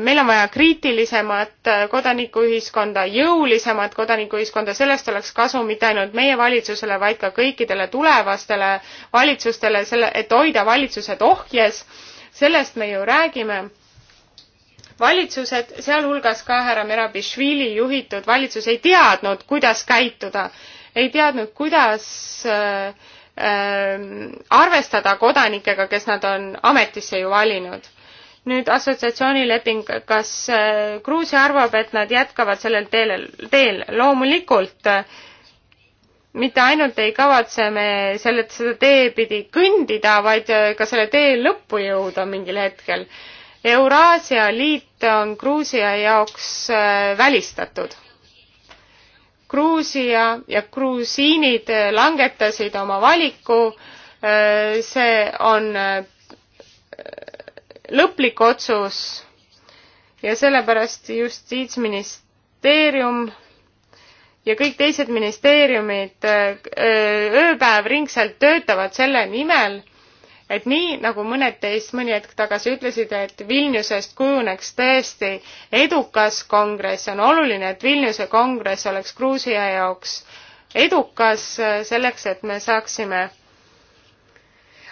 meil on vaja kriitilisemat äh, kodanikuühiskonda, jõulisemat kodanikuühiskonda, sellest oleks kasu mitte ainult meie valitsusele, vaid ka kõikidele tulevastele valitsustele, selle, et hoida valitsused ohjes. sellest me ju räägime. valitsused, sealhulgas ka härra Merabišvili juhitud valitsus ei teadnud, kuidas käituda, ei teadnud, kuidas äh, äh, arvestada kodanikega, kes nad on ametisse ju valinud nüüd assotsiatsioonileping, kas äh, Gruusia arvab, et nad jätkavad sellel teelel, teel? loomulikult, äh, mitte ainult ei kavatse me selle, seda tee pidi kõndida, vaid äh, ka selle tee lõppu jõuda mingil hetkel. Euraasia liit on Gruusia jaoks välistatud. Gruusia ja gruusiinid langetasid oma valiku see on lõplik otsus ja sellepärast justiitsministeerium ja kõik teised ministeeriumid äh, ööpäev ringselt töötavad selle nimel, et nii, nagu mõned teist mõni hetk tagasi ütlesid, et Vilniusest kujuneks tõesti edukas kongress, on oluline, et Vilniuse kongress oleks Gruusia jaoks edukas äh, selleks, et me saaksime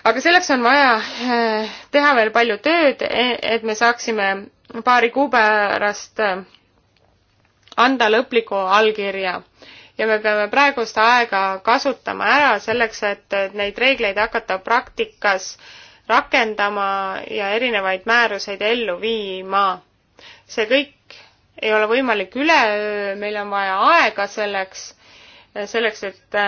aga selleks on vaja eh, teha veel palju tööd, eh, et me saaksime paari kuu pärast eh, anda lõpliku allkirja ja me peame praegust aega kasutama ära selleks, et neid reegleid hakata praktikas rakendama ja erinevaid määruseid ellu viima. see kõik ei ole võimalik üleöö, meil on vaja aega selleks, selleks, et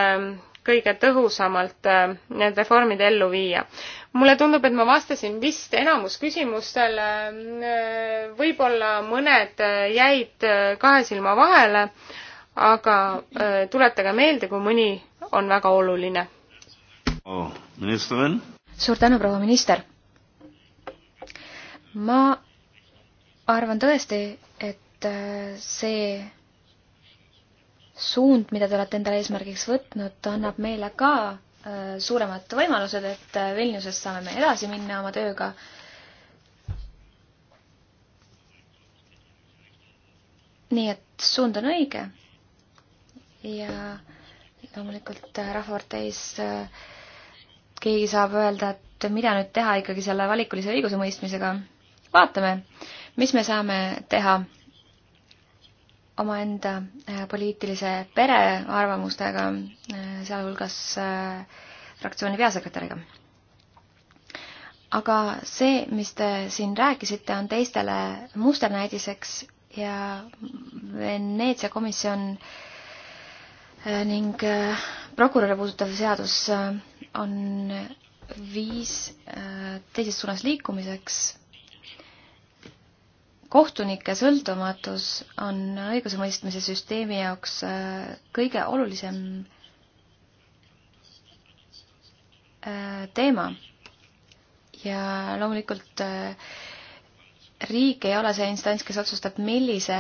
kõige tõhusamalt äh, need reformid ellu viia. mulle tundub, et ma vastasin vist enamus küsimustele, äh, võib-olla mõned äh, jäid kahe silma vahele, aga tuletage meelde, kui mõni on väga oluline oh,. suur tänu, proua minister! ma arvan tõesti, et see suund, mida te olete endale eesmärgiks võtnud, annab meile ka äh, suuremad võimalused, et äh, Vilniuses saame me edasi minna oma tööga. nii et suund on õige ja loomulikult äh, Rahvaparteis keegi saab öelda, et mida nüüd teha ikkagi selle valikulise õigusemõistmisega. vaatame, mis me saame teha omaenda äh, poliitilise pere arvamustega, äh, sealhulgas äh, fraktsiooni peasekretäriga. aga see, mis te siin rääkisite, on teistele musternäidiseks ja Veneetsia komisjon ning prokuröre puudutav seadus on viis teises suunas liikumiseks kohtunike sõltumatus on õigusemõistmise süsteemi jaoks äh, kõige olulisem äh, teema. ja loomulikult äh, riik ei ole see instants, kes otsustab, millise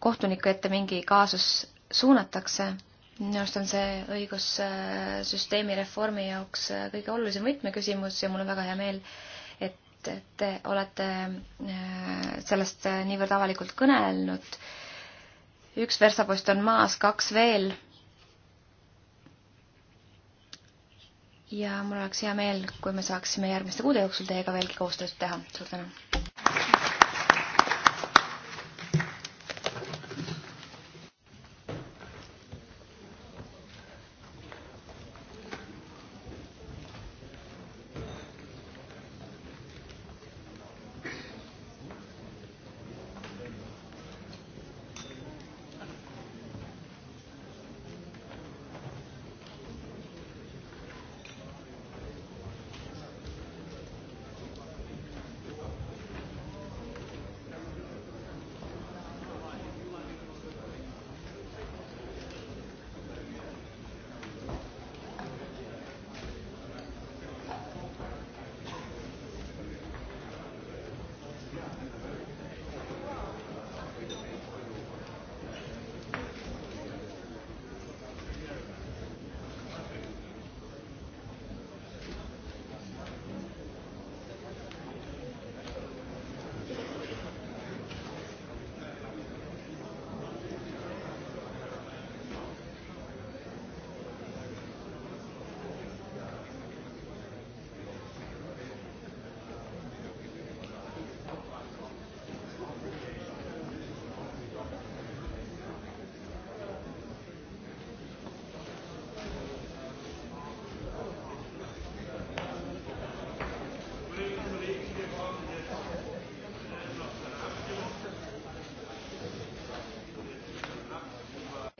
kohtuniku ette mingi kaasus suunatakse. minu arust on see õigussüsteemi reformi jaoks kõige olulisem võtmeküsimus ja mul on väga hea meel äh, et te olete äh, sellest äh, niivõrd avalikult kõnelnud. üks versapost on maas, kaks veel. ja mul oleks hea meel, kui me saaksime järgmiste kuude jooksul teiega veelgi koostööd teha. suur tänu!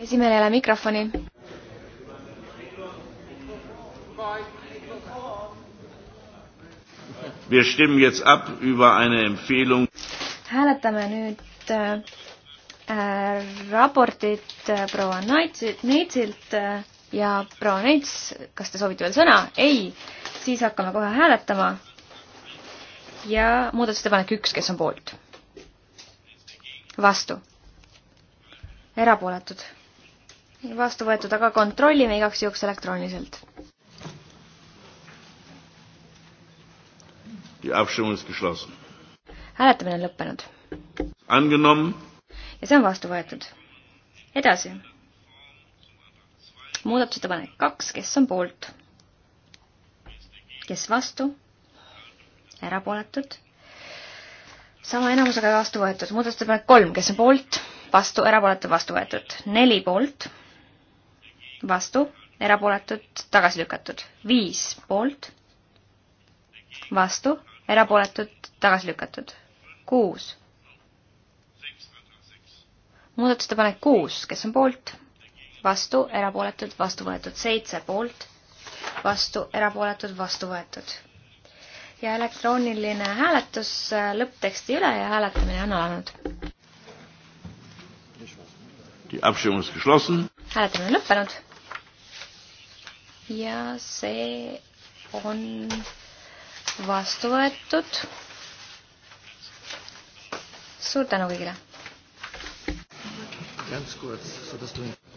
esimehel ei ole mikrofoni. Wir stimmen jetzt ab über eine Empfehlung. hääletame nüüd äh, raportit äh, proua Neitsilt äh, ja proua Neits, kas te soovite veel sõna? ei, siis hakkame kohe hääletama. ja muudatusettepanek üks, kes on poolt? vastu? erapooletud vastu võetud, aga kontrollime igaks juhuks elektrooniliselt. hääletamine on lõppenud. ja see on vastu võetud. edasi. muudatusettepanek kaks, kes on poolt? kes vastu? erapooletud? sama enamusega vastu võetud. muudatusettepanek kolm, kes on poolt? vastu, erapooletu, vastu võetud. neli poolt vastu, erapooletud, tagasi lükatud. viis poolt, vastu, erapooletud, tagasi lükatud. kuus. muudatusettepanek kuus, kes on poolt, vastu, erapooletud, vastu võetud. seitse poolt, vastu, erapooletud, vastu võetud. ja elektrooniline hääletus äh, lõppteksti üle ja hääletamine on alanud. hääletamine on lõppenud ja see on vastu võetud. suur tänu kõigile! Ganz kurz, so dass du